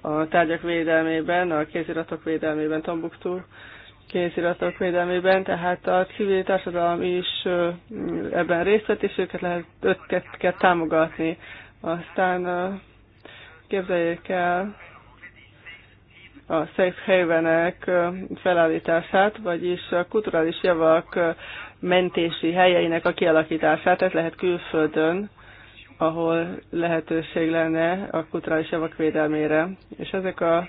a tárgyak védelmében, a kéziratok védelmében, Tombuktu kéziratok védelmében, tehát a civil társadalom is ebben részt vett, és őket lehet ötket, kell támogatni. Aztán képzeljék el a safe havenek felállítását, vagyis a kulturális javak mentési helyeinek a kialakítását, ez lehet külföldön, ahol lehetőség lenne a kulturális javak védelmére. És ezek a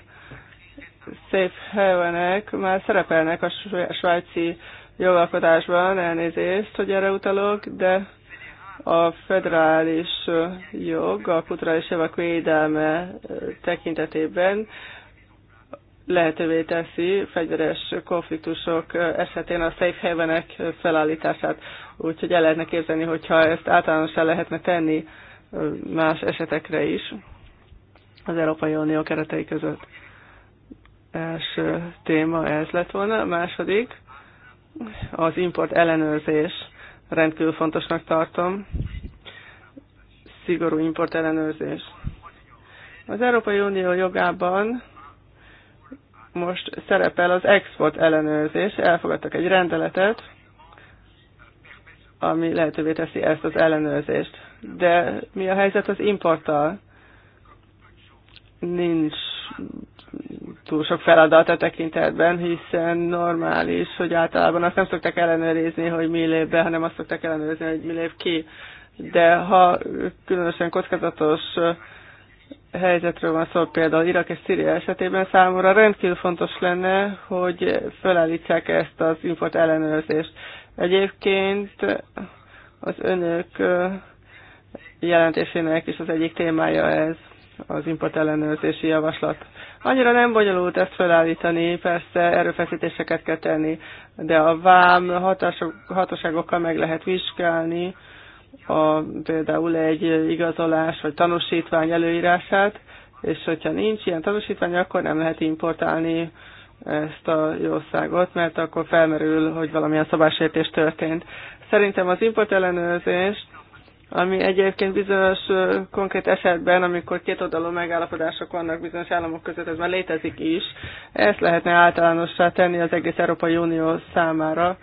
safe havenek már szerepelnek a svájci jogalkotásban, elnézést, hogy erre utalok, de a federális jog a kulturális javak védelme tekintetében lehetővé teszi fegyveres konfliktusok esetén a safe havenek felállítását. Úgyhogy el lehetne képzelni, hogyha ezt általánosan lehetne tenni más esetekre is az Európai Unió keretei között. Első téma ez lett volna. A második az import ellenőrzés rendkívül fontosnak tartom. Szigorú import ellenőrzés Az Európai Unió jogában most szerepel az export ellenőrzés. Elfogadtak egy rendeletet, ami lehetővé teszi ezt az ellenőrzést. De mi a helyzet az importtal? Nincs túl sok feladat a tekintetben, hiszen normális, hogy általában azt nem szoktak ellenőrizni, hogy mi lép be, hanem azt szokták ellenőrizni, hogy mi lép ki. De ha különösen kockázatos eh, helyzetről van szó, például Irak és Szíria esetében számomra rendkívül fontos lenne, hogy felállítsák ezt az import ellenőrzést. Egyébként az önök eh, jelentésének is az egyik témája ez az import ellenőrzési javaslat. Annyira nem bonyolult ezt felállítani, persze erőfeszítéseket kell tenni, de a vám hatóságokkal meg lehet vizsgálni, a, például egy igazolás vagy tanúsítvány előírását, és hogyha nincs ilyen tanúsítvány, akkor nem lehet importálni ezt a jószágot, mert akkor felmerül, hogy valamilyen szabásértés történt. Szerintem az ellenőrzést ami egyébként bizonyos konkrét esetben, amikor két oldalú megállapodások vannak bizonyos államok között, ez már létezik is. Ezt lehetne általánossá tenni az egész Európai Unió számára,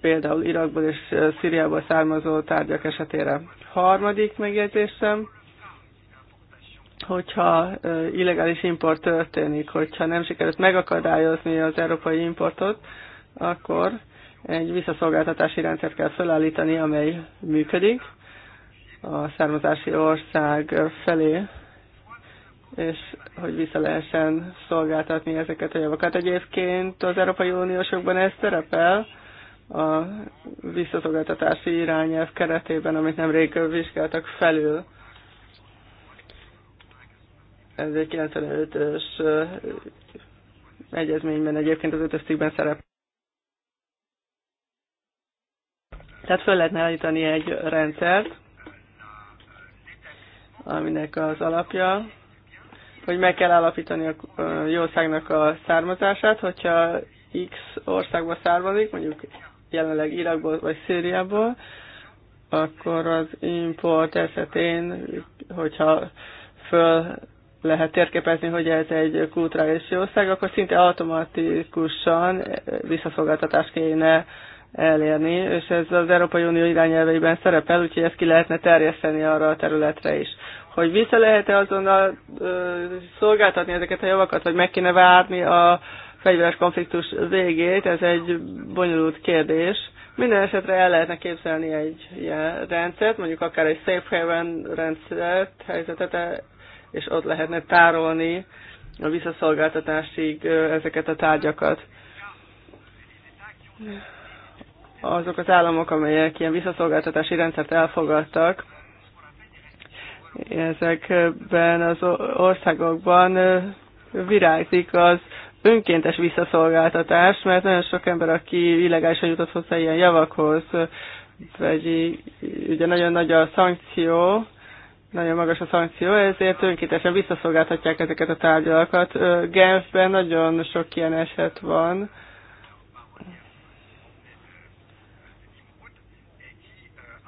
például Irakból és Szíriából származó tárgyak esetére. Harmadik megjegyzésem, hogyha illegális import történik, hogyha nem sikerült megakadályozni az európai importot, akkor egy visszaszolgáltatási rendszert kell felállítani, amely működik, a származási ország felé, és hogy vissza lehessen szolgáltatni ezeket a javakat. Egyébként az Európai Uniósokban ez szerepel a visszaszolgáltatási irányelv keretében, amit nemrég vizsgáltak felül. Ez egy 95-ös egyezményben egyébként az ötös cikkben szerepel. Tehát föl lehetne állítani egy rendszert, aminek az alapja, hogy meg kell állapítani a jószágnak a származását, hogyha X országba származik, mondjuk jelenleg Irakból vagy Szíriából, akkor az import esetén, hogyha föl lehet térképezni, hogy ez egy kulturális jószág, akkor szinte automatikusan visszaszolgáltatást kéne elérni, és ez az Európai Unió irányelveiben szerepel, úgyhogy ezt ki lehetne terjeszteni arra a területre is. Hogy vissza lehet-e azonnal ö, szolgáltatni ezeket a javakat, vagy meg kéne várni a fegyveres konfliktus végét, ez egy bonyolult kérdés. Minden esetre el lehetne képzelni egy ilyen rendszert, mondjuk akár egy safe haven rendszert, helyzetet, e, és ott lehetne tárolni a visszaszolgáltatásig ezeket a tárgyakat. Yeah azok az államok, amelyek ilyen visszaszolgáltatási rendszert elfogadtak, ezekben az országokban virágzik az önkéntes visszaszolgáltatás, mert nagyon sok ember, aki illegálisan jutott hozzá ilyen javakhoz, vagy ugye nagyon nagy a szankció, nagyon magas a szankció, ezért önkéntesen visszaszolgáltatják ezeket a tárgyalakat. Genfben nagyon sok ilyen eset van,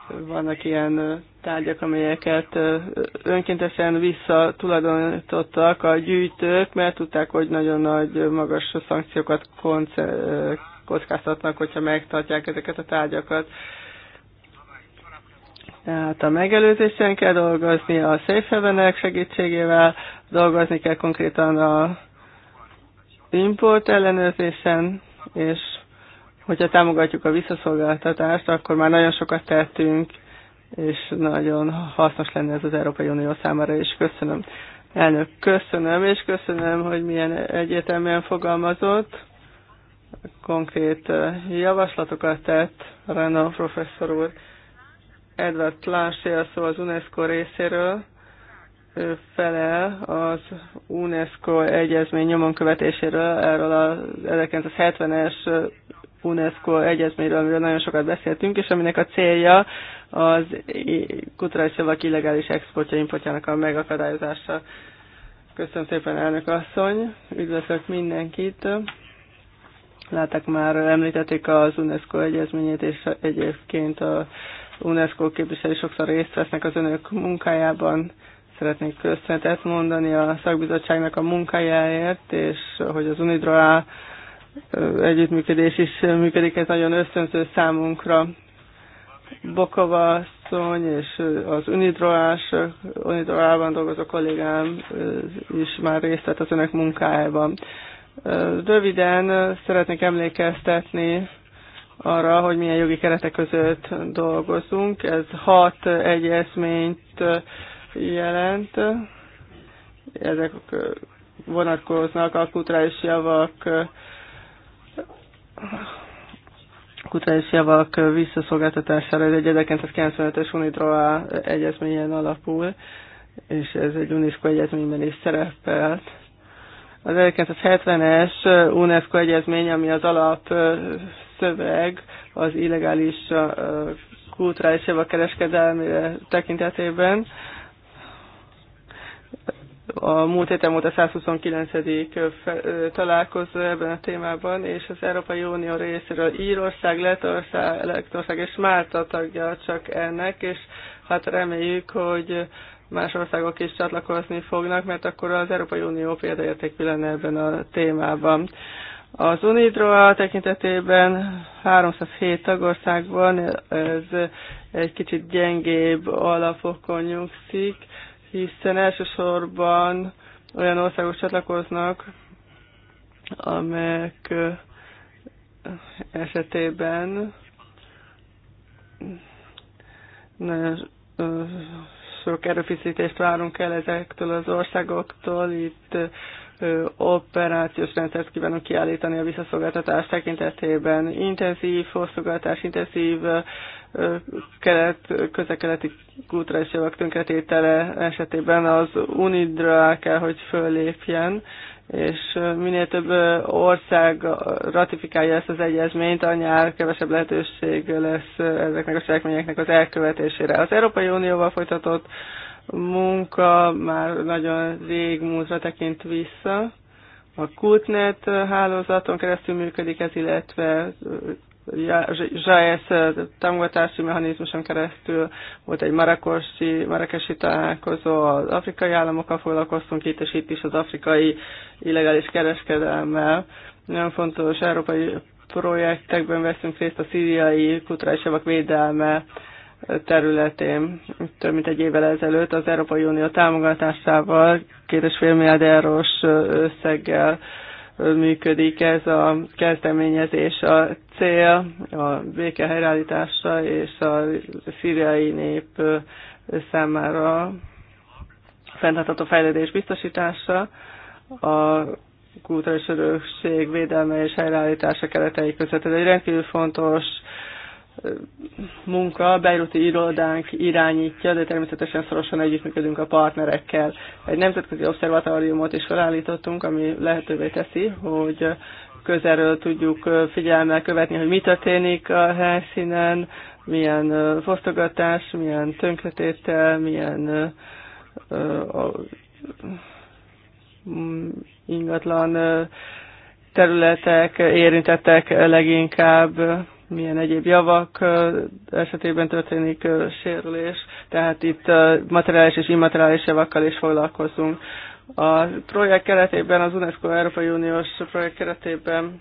vannak ilyen tárgyak, amelyeket önkéntesen vissza a gyűjtők, mert tudták, hogy nagyon nagy, magas szankciókat kockáztatnak, hogyha megtartják ezeket a tárgyakat. Tehát a megelőzésen kell dolgozni, a safe segítségével dolgozni kell konkrétan a import ellenőrzésen, és Hogyha támogatjuk a visszaszolgáltatást, akkor már nagyon sokat tettünk, és nagyon hasznos lenne ez az Európai Unió számára, és köszönöm. Elnök, köszönöm, és köszönöm, hogy milyen egyértelműen fogalmazott, konkrét eh, javaslatokat tett Rana professzor úr. Edward Lánsél szó az UNESCO részéről, ő felel az UNESCO egyezmény nyomon követéséről, erről az 1970-es UNESCO egyezményről, amiről nagyon sokat beszéltünk, és aminek a célja az kulturális javak illegális exportja, importjának a megakadályozása. Köszönöm szépen, elnök asszony, üdvözlök mindenkit. Látták már, említették az UNESCO egyezményét, és egyébként a UNESCO képviselő sokszor részt vesznek az önök munkájában. Szeretnék köszönetet mondani a szakbizottságnak a munkájáért, és hogy az UNIDROA együttműködés is működik, ez nagyon ösztönző számunkra. Bokova asszony és az Unidroás, Unidroában dolgozó kollégám is már részt vett az önök munkájában. Röviden szeretnék emlékeztetni arra, hogy milyen jogi keretek között dolgozunk. Ez hat egyezményt jelent. Ezek vonatkoznak a kulturális javak kutatási javak visszaszolgáltatására, ez egy 1995 es UNITROA egyezményen alapul, és ez egy UNESCO egyezményben is szerepelt. Az 1970-es UNESCO egyezmény, ami az alap szöveg az illegális kulturális javak kereskedelmére tekintetében, a múlt héten volt a 129. találkozó ebben a témában, és az Európai Unió részéről Írország, Letország, Lettország és Málta tagja csak ennek, és hát reméljük, hogy más országok is csatlakozni fognak, mert akkor az Európai Unió példaértékű lenne ebben a témában. Az UNIDROA tekintetében 307 van ez egy kicsit gyengébb alapokon nyugszik, hiszen elsősorban olyan országok csatlakoznak, amelyek esetében nagyon sok erőfeszítést várunk el ezektől az országoktól. Itt operációs rendszert kívánok kiállítani a visszaszolgáltatás tekintetében. Intenzív hosszogatás, intenzív kelet, közekeleti keleti kulturális javak tönkretétele esetében az UNIDRA kell, hogy föllépjen, és minél több ország ratifikálja ezt az egyezményt, annál kevesebb lehetőség lesz ezeknek a cselekményeknek az elkövetésére. Az Európai Unióval folytatott munka már nagyon rég múltra tekint vissza. A Kultnet hálózaton keresztül működik ez, illetve JAESZ eh, támogatási mechanizmuson keresztül, volt egy marakosi, marakesi találkozó, az afrikai államokkal foglalkoztunk itt, és itt is az afrikai illegális kereskedelmmel. Nagyon fontos európai projektekben veszünk részt a szíriai kulturális javak védelme eh, területén. Több mint egy évvel ezelőtt az Európai Unió támogatásával 2,5 milliárd eurós eh, összeggel működik ez a kezdeményezés. A cél a béke helyreállítása és a szíriai nép számára fenntartható fejlődés biztosítása, a kultúrás örökség védelme és helyreállítása keretei között. Ez egy rendkívül fontos munka, Beiruti irodánk irányítja, de természetesen szorosan együttműködünk a partnerekkel. Egy nemzetközi obszervatóriumot is felállítottunk, ami lehetővé teszi, hogy közelről tudjuk figyelmel követni, hogy mi történik a helyszínen, milyen fosztogatás, milyen tönkretétel, milyen mm, ingatlan területek érintettek leginkább milyen egyéb javak esetében történik sérülés, tehát itt materiális és immateriális javakkal is foglalkozunk. A projekt keretében, az UNESCO Európai Uniós projekt keretében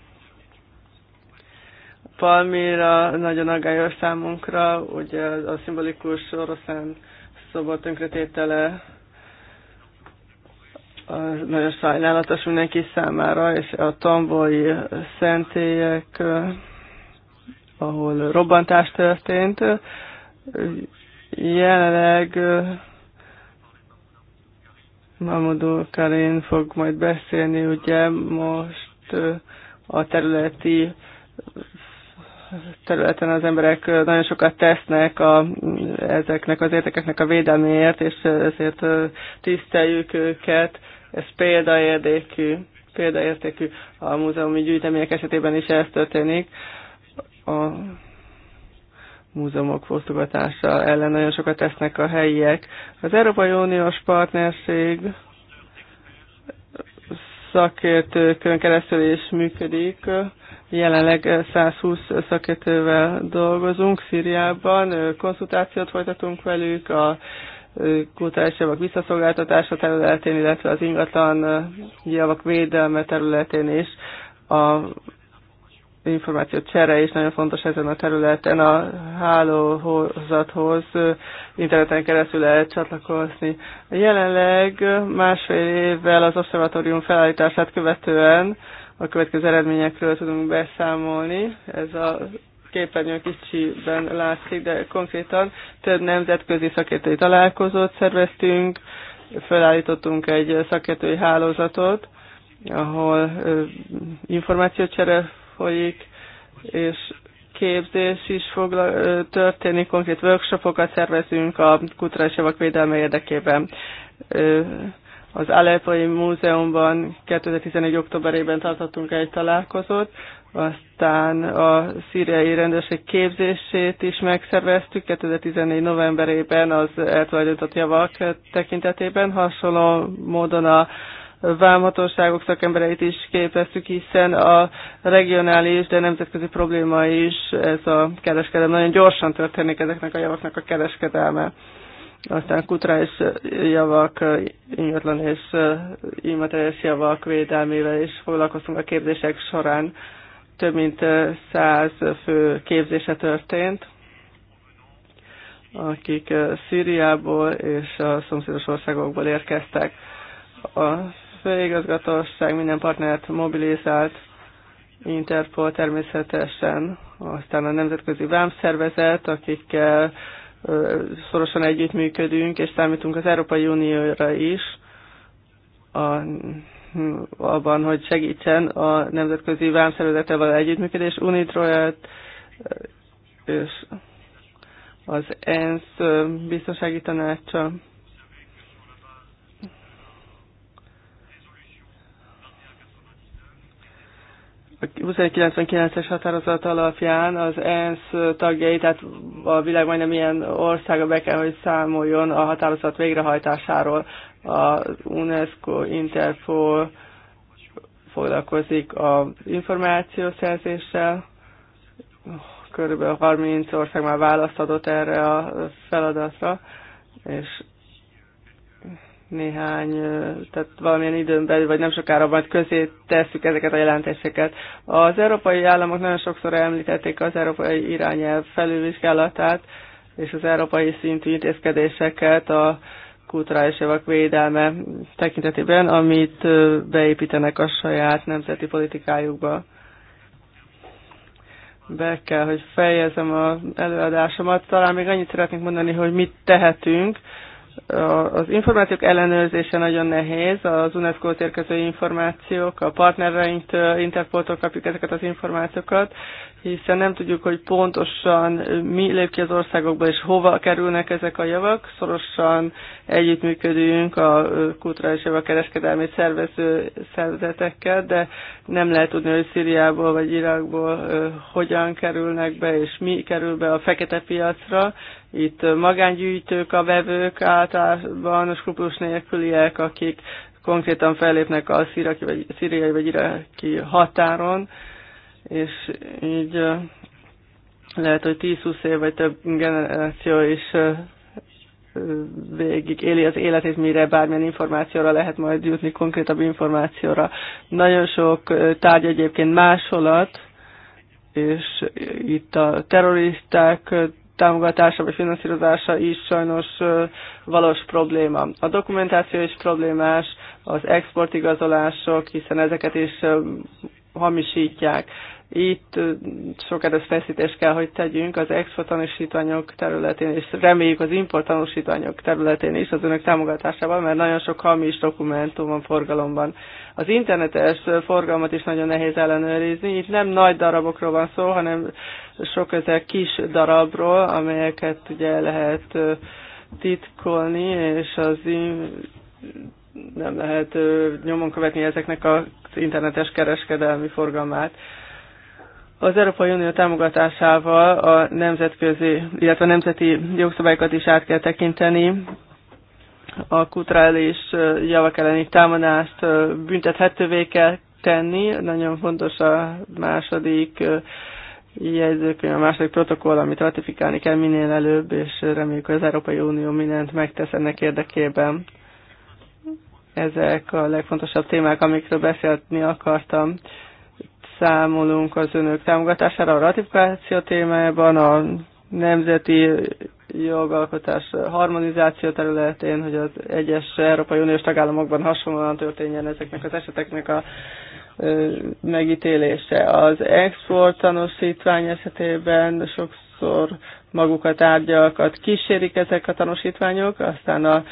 Palmira nagyon aggályos számunkra, ugye a szimbolikus oroszán szobor tönkretétele nagyon sajnálatos mindenki számára, és a tombói szentélyek ahol robbantás történt. Jelenleg eh, Mamadou Karin fog majd beszélni, ugye most eh, a területi területen az emberek eh, nagyon sokat tesznek a, ezeknek az értékeknek a védelméért, és ezért tiszteljük őket. Ez példaértékű, példaértékű a múzeumi gyűjtemények esetében is ez történik a múzeumok fosztogatása ellen nagyon sokat tesznek a helyiek. Az Európai Uniós Partnerség szakértőkön keresztül is működik. Jelenleg 120 szakértővel dolgozunk Szíriában, konszultációt folytatunk velük, a kulturális javak visszaszolgáltatása területén, illetve az ingatlan javak védelme területén is. A információ csere is nagyon fontos ezen a területen a hálózathoz interneten keresztül lehet csatlakozni. Jelenleg másfél évvel az observatórium felállítását követően a következő eredményekről tudunk beszámolni. Ez a képernyő kicsiben látszik, de konkrétan több nemzetközi szakértői találkozót szerveztünk, felállítottunk egy szakértői hálózatot, ahol információcsere folyik, és képzés is fog történni, konkrét workshopokat szervezünk a kulturális javak védelme érdekében. Az Aleppo Múzeumban 2011. októberében tartottunk egy találkozót, aztán a szíriai rendőrség képzését is megszerveztük 2014. novemberében az eltulajdonított javak tekintetében, hasonló módon a vámhatóságok szakembereit is képeztük, hiszen a regionális, de nemzetközi probléma is ez a kereskedelem. Nagyon gyorsan történik ezeknek a javaknak a kereskedelme. Aztán kulturális javak, ingatlan és immateriális javak védelmével is foglalkoztunk a képzések során. Több mint száz fő képzése történt akik Szíriából és a szomszédos országokból érkeztek. A főigazgatóság minden partnert mobilizált, Interpol természetesen, aztán a Nemzetközi Vámszervezet, akikkel szorosan együttműködünk, és számítunk az Európai Unióra is, a, abban, hogy segítsen a Nemzetközi Vámszervezettel való együttműködés, Unitroelt és az ENSZ biztonsági tanácsa a 2099-es határozat alapján az ENSZ tagjai, tehát a világ majdnem ilyen országa be kell, hogy számoljon a határozat végrehajtásáról. A UNESCO, Interpol foglalkozik az információszerzéssel. Körülbelül 30 ország már választ adott erre a feladatra, és néhány, tehát valamilyen időn belül, vagy nem sokára majd közé tesszük ezeket a jelentéseket. Az európai államok nagyon sokszor említették az európai irányelv felülvizsgálatát, és az európai szintű intézkedéseket a kulturális javak védelme tekintetében, amit beépítenek a saját nemzeti politikájukba. Be kell, hogy fejezem az előadásomat. Talán még annyit szeretnék mondani, hogy mit tehetünk az információk ellenőrzése nagyon nehéz, az UNESCO érkező információk, a partnereinktől, Interpoltól kapjuk ezeket az információkat, hiszen nem tudjuk, hogy pontosan eh, mi lép ki az országokba, és hova kerülnek ezek a javak. Szorosan együttműködünk a eh, kulturális javakkereskedelmi szervező szervezetekkel, de nem lehet tudni, hogy Szíriából vagy Irakból eh, hogyan kerülnek be, és mi kerül be a fekete piacra. Itt magángyűjtők, a vevők általában, a skrupulus nélküliek, akik konkrétan fellépnek a vagy, szíriai vagy iraki határon, és így lehet, hogy 10-20 év vagy több generáció is végig éli az életét, mire bármilyen információra lehet majd jutni, konkrétabb információra. Nagyon sok tárgy egyébként másolat, és itt a terroristák támogatása vagy finanszírozása is sajnos valós probléma. A dokumentáció is problémás, az exportigazolások, hiszen ezeket is hamisítják. Itt sok erőfeszítést kell, hogy tegyünk az expo tanúsítványok területén, és reméljük az import tanúsítványok területén is az önök támogatásával, mert nagyon sok hamis dokumentum van forgalomban. Az internetes forgalmat is nagyon nehéz ellenőrizni. Itt nem nagy darabokról van szó, hanem sok ezer kis darabról, amelyeket ugye lehet titkolni, és az nem lehet nyomon követni ezeknek az internetes kereskedelmi forgalmát az Európai Unió támogatásával a nemzetközi, illetve a nemzeti jogszabályokat is át kell tekinteni, a kulturális javak elleni támadást büntethetővé kell tenni. Nagyon fontos a második jegyzőkönyv, a második protokoll, amit ratifikálni kell minél előbb, és reméljük, hogy az Európai Unió mindent megtesz ennek érdekében. Ezek a legfontosabb témák, amikről beszélni akartam számolunk az önök támogatására a ratifikáció témájában, a nemzeti jogalkotás harmonizáció területén, hogy az egyes Európai Uniós tagállamokban hasonlóan történjen ezeknek az eseteknek a megítélése. Az export tanúsítvány esetében sokszor magukat tárgyakat kísérik ezek a tanúsítványok, aztán a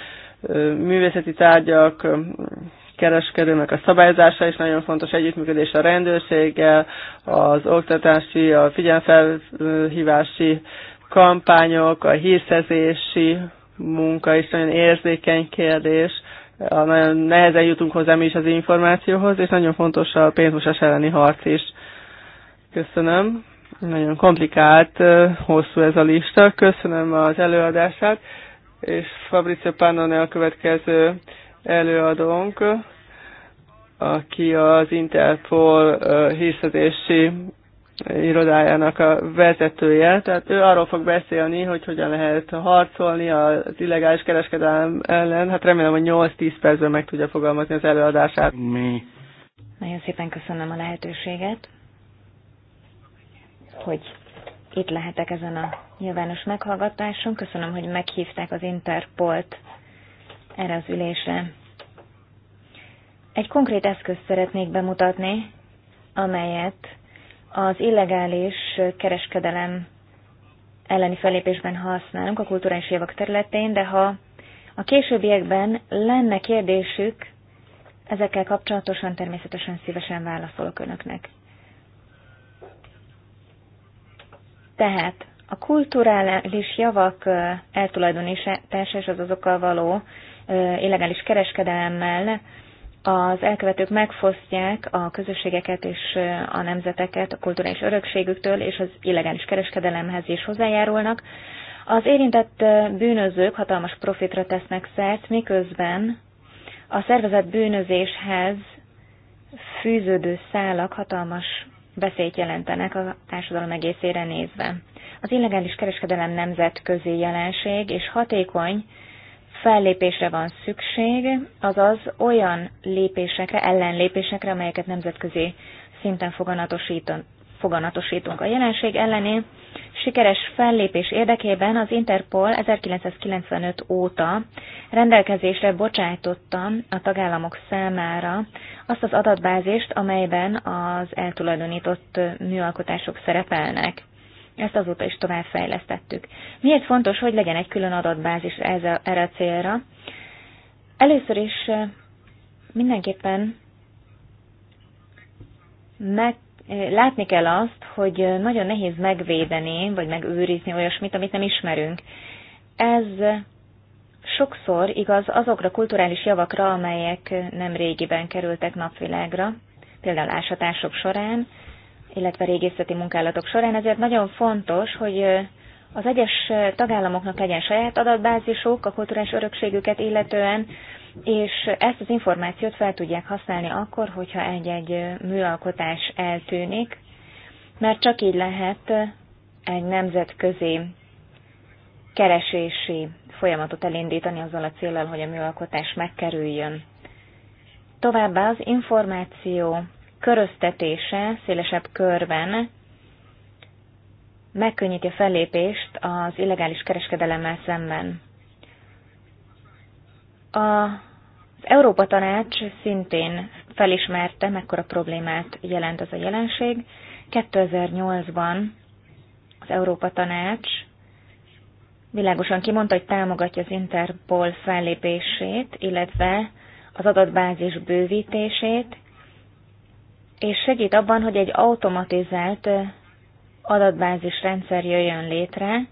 művészeti tárgyak kereskedőnek a szabályzása is nagyon fontos együttműködés a rendőrséggel, az oktatási, a figyelmfelhívási kampányok, a hírszerzési munka is nagyon érzékeny kérdés. Nagyon nehezen jutunk hozzá mi is az információhoz, és nagyon fontos a pénzmosás elleni harc is. Köszönöm. Nagyon komplikált, hosszú ez a lista. Köszönöm az előadását, és Fabrizio Pannone a következő előadónk, aki az Interpol hírszerzési irodájának a vezetője. Tehát ő arról fog beszélni, hogy hogyan lehet harcolni az illegális kereskedelem ellen. Hát remélem, hogy 8-10 percben meg tudja fogalmazni az előadását. Mi? Nagyon szépen köszönöm a lehetőséget, hogy itt lehetek ezen a nyilvános meghallgatáson. Köszönöm, hogy meghívták az Interpolt erre az ülésre. Egy konkrét eszközt szeretnék bemutatni, amelyet az illegális kereskedelem elleni felépésben használunk a kulturális javak területén, de ha a későbbiekben lenne kérdésük, ezekkel kapcsolatosan természetesen szívesen válaszolok önöknek. Tehát a kulturális javak eh, eltulajdonítása és az azokkal való illegális kereskedelemmel az elkövetők megfosztják a közösségeket és a nemzeteket a kulturális örökségüktől, és az illegális kereskedelemhez is hozzájárulnak. Az érintett bűnözők hatalmas profitra tesznek szert, miközben a szervezett bűnözéshez fűződő szálak hatalmas veszélyt jelentenek a társadalom egészére nézve. Az illegális kereskedelem nemzetközi jelenség, és hatékony fellépésre van szükség, azaz olyan lépésekre, ellenlépésekre, amelyeket nemzetközi szinten foganatosítunk a jelenség elleni. Sikeres fellépés érdekében az Interpol 1995 óta rendelkezésre bocsájtotta a tagállamok számára azt az adatbázist, amelyben az eltulajdonított műalkotások szerepelnek. Ezt azóta is továbbfejlesztettük. Miért fontos, hogy legyen egy külön adatbázis erre a célra? Először is mindenképpen meg, látni kell azt, hogy nagyon nehéz megvédeni, vagy megőrizni olyasmit, amit nem ismerünk. Ez sokszor igaz azokra kulturális javakra, amelyek nem régiben kerültek napvilágra, például ásatások során, illetve régészeti munkálatok során, ezért nagyon fontos, hogy az egyes tagállamoknak legyen saját adatbázisuk a kulturális örökségüket illetően, és ezt az információt fel tudják használni akkor, hogyha egy-egy műalkotás eltűnik, mert csak így lehet egy nemzetközi keresési folyamatot elindítani azzal a célral, hogy a műalkotás megkerüljön. Továbbá az információ köröztetése szélesebb körben megkönnyíti a fellépést az illegális kereskedelemmel szemben. A az Európa Tanács szintén felismerte, mekkora problémát jelent ez a jelenség. 2008-ban az Európa Tanács világosan kimondta, hogy támogatja az Interpol fellépését, illetve az adatbázis bővítését, és segít abban, hogy egy automatizált adatbázis rendszer jöjjön létre,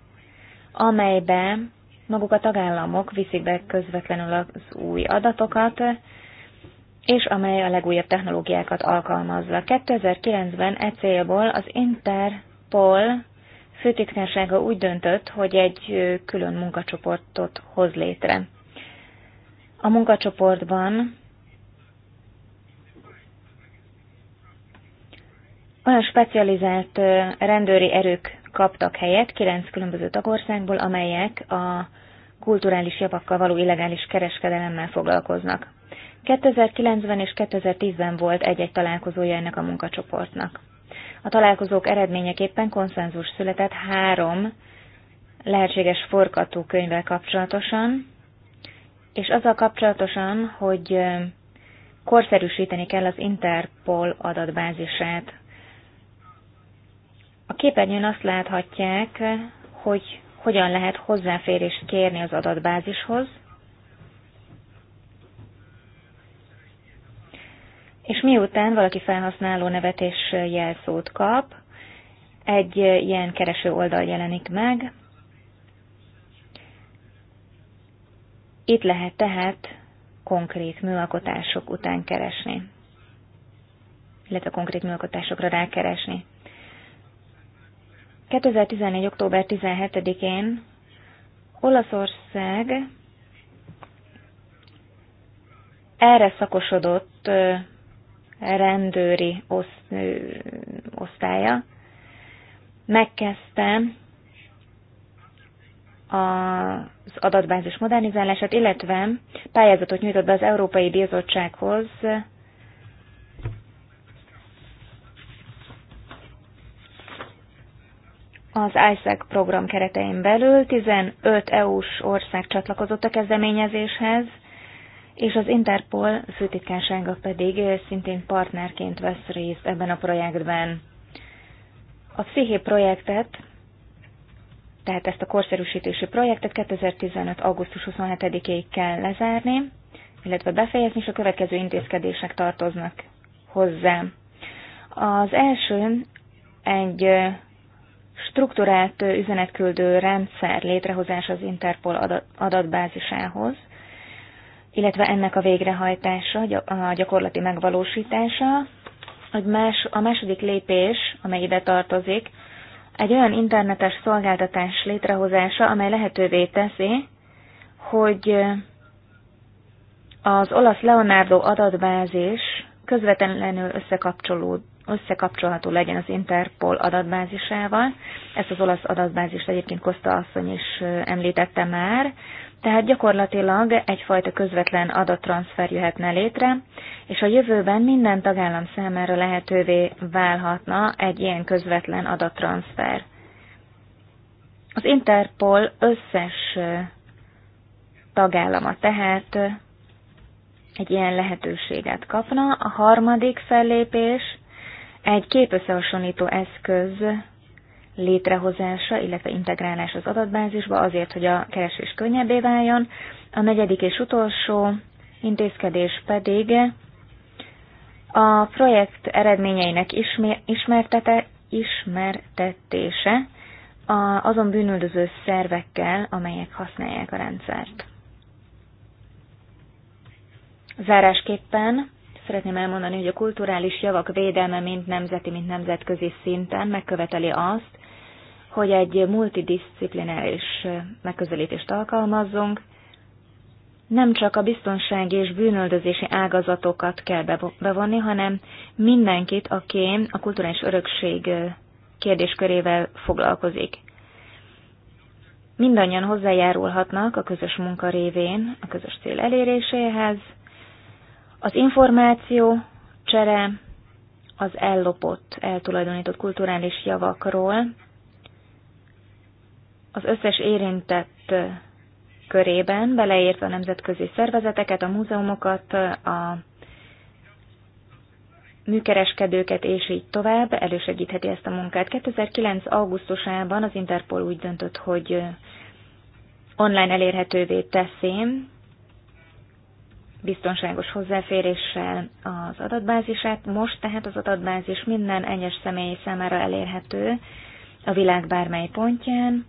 amelybe maguk a tagállamok viszik be közvetlenül az új adatokat, és amely a legújabb technológiákat alkalmazza. 2009-ben e célból az Interpol főtitkársága úgy döntött, hogy egy külön munkacsoportot hoz létre. A munkacsoportban Olyan specializált rendőri erők kaptak helyet kilenc különböző tagországból, amelyek a kulturális javakkal való illegális kereskedelemmel foglalkoznak. 2009-ben és 2010-ben volt egy-egy találkozója ennek a munkacsoportnak. A találkozók eredményeképpen konszenzus született három lehetséges forgatókönyvvel kapcsolatosan, és azzal kapcsolatosan, hogy korszerűsíteni kell az Interpol adatbázisát. A képernyőn azt láthatják, hogy hogyan lehet hozzáférést kérni az adatbázishoz, és miután valaki felhasználó nevet és jelszót kap, egy ilyen kereső oldal jelenik meg. Itt lehet tehát konkrét műalkotások után keresni, illetve konkrét műalkotásokra rákeresni. 2014. október 17-én Olaszország erre szakosodott rendőri osztálya megkezdte az adatbázis modernizálását, illetve pályázatot nyújtott be az Európai Bizottsághoz Az ISAC e program keretein belül 15 EU-s ország csatlakozott a kezdeményezéshez, és az Interpol főtitkársága pedig szintén partnerként vesz részt ebben a projektben. A Psziché projektet, tehát ezt a korszerűsítési projektet 2015. augusztus 27-ig kell lezárni, illetve befejezni, és a következő intézkedések tartoznak hozzá. Az első egy strukturált üzenetküldő rendszer létrehozása az Interpol adatbázisához, illetve ennek a végrehajtása, a gyakorlati megvalósítása, hogy más, a második lépés, amely ide tartozik, egy olyan internetes szolgáltatás létrehozása, amely lehetővé teszi, hogy az olasz Leonardo adatbázis közvetlenül összekapcsolód, összekapcsolható legyen az Interpol adatbázisával. Ezt az olasz adatbázist egyébként Kosta asszony is említette már. Tehát gyakorlatilag egyfajta közvetlen adattranszfer jöhetne létre, és a jövőben minden tagállam számára lehetővé válhatna egy ilyen közvetlen adattranszfer. Az Interpol összes tagállama tehát egy ilyen lehetőséget kapna. A harmadik fellépés egy képösszehasonlító eszköz létrehozása, illetve integrálás az adatbázisba azért, hogy a keresés könnyebbé váljon. A negyedik és utolsó intézkedés pedig a projekt eredményeinek ismertete, ismertetése azon bűnöldöző szervekkel, amelyek használják a rendszert. Zárásképpen szeretném elmondani, hogy a kulturális javak védelme mind nemzeti, mind nemzetközi szinten megköveteli azt, hogy egy multidisciplináris megközelítést alkalmazzunk, nem csak a biztonsági és bűnöldözési ágazatokat kell bevonni, hanem mindenkit, aki a kulturális örökség kérdéskörével foglalkozik. Mindannyian hozzájárulhatnak a közös munka révén a közös cél eléréséhez, az információ csere az ellopott, eltulajdonított kulturális javakról az összes érintett körében, beleértve a nemzetközi szervezeteket, a múzeumokat, a műkereskedőket és így tovább elősegítheti ezt a munkát. 2009. augusztusában az Interpol úgy döntött, hogy online elérhetővé teszi biztonságos hozzáféréssel az adatbázisát. Most tehát az adatbázis minden egyes személy számára elérhető a világ bármely pontján.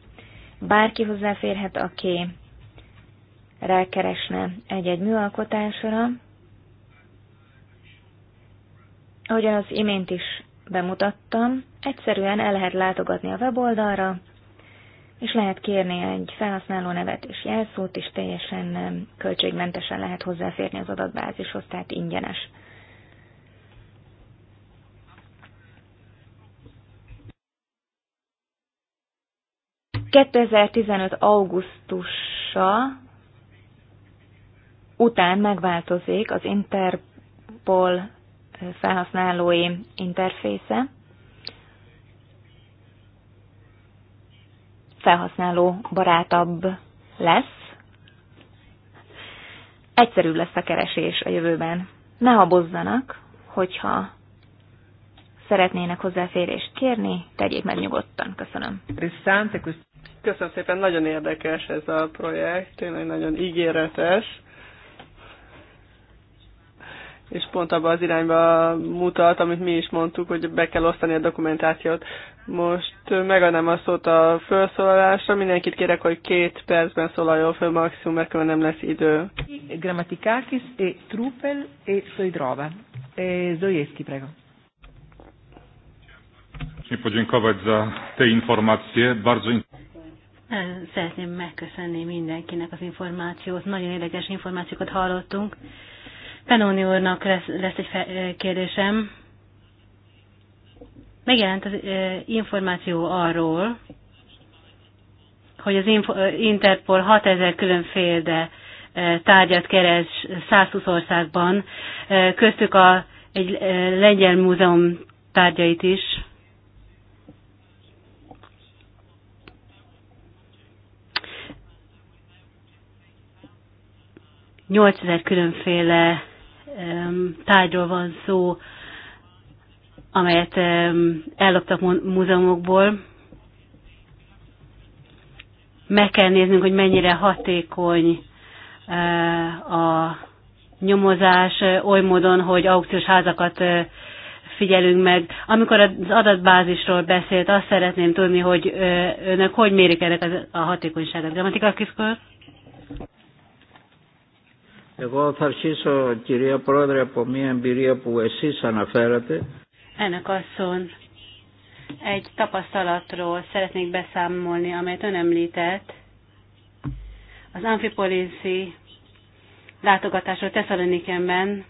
Bárki hozzáférhet, aki rákeresne egy-egy műalkotásra. Ahogyan az imént is bemutattam, egyszerűen el lehet látogatni a weboldalra, és lehet kérni egy felhasználó nevet és jelszót, és teljesen költségmentesen lehet hozzáférni az adatbázishoz, tehát ingyenes. ...2015. augusztusa után megváltozik az Interpol eh, felhasználói interfésze, felhasználó barátabb lesz, egyszerűbb lesz a keresés a jövőben. Ne habozzanak, hogyha szeretnének hozzáférést kérni, tegyék meg nyugodtan. Köszönöm. Köszönöm szépen, nagyon érdekes ez a projekt, tényleg nagyon ígéretes és pont abba az irányba mutat, amit mi is mondtuk, hogy be kell osztani a dokumentációt. Most megadnám a szót a felszólalásra, mindenkit kérek, hogy két percben szólaljon föl maximum, mert nem lesz idő. Grammatikákis, e Trupel, e Sojdrova. E Zojewski, prego. Szeretném megköszönni mindenkinek az információt. Nagyon érdekes információkat hallottunk. Penóni úrnak lesz, lesz egy kérdésem. Megjelent az információ arról, hogy az Interpol 6000 különféle tárgyat keres 120 országban, köztük a, egy lengyel múzeum tárgyait is. Nyolcezer különféle tárgyról van szó, amelyet elloptak múzeumokból. Meg kell néznünk, hogy mennyire hatékony e, a nyomozás e, oly módon, hogy aukciós házakat e, figyelünk meg. Amikor az adatbázisról beszélt, azt szeretném tudni, hogy önök hogy mérik ennek a hatékonyságát. Grammatika Kiszkör? Εγώ θα αρχίσω, κυρία Πρόεδρε, από μια εμπειρία που εσείς αναφέρατε. Ένα κασόν. egy tapasztalatról szeretnék beszámolni, amelyet ön említett. Az Amfipolinszi látogatásról Tesszalonikenben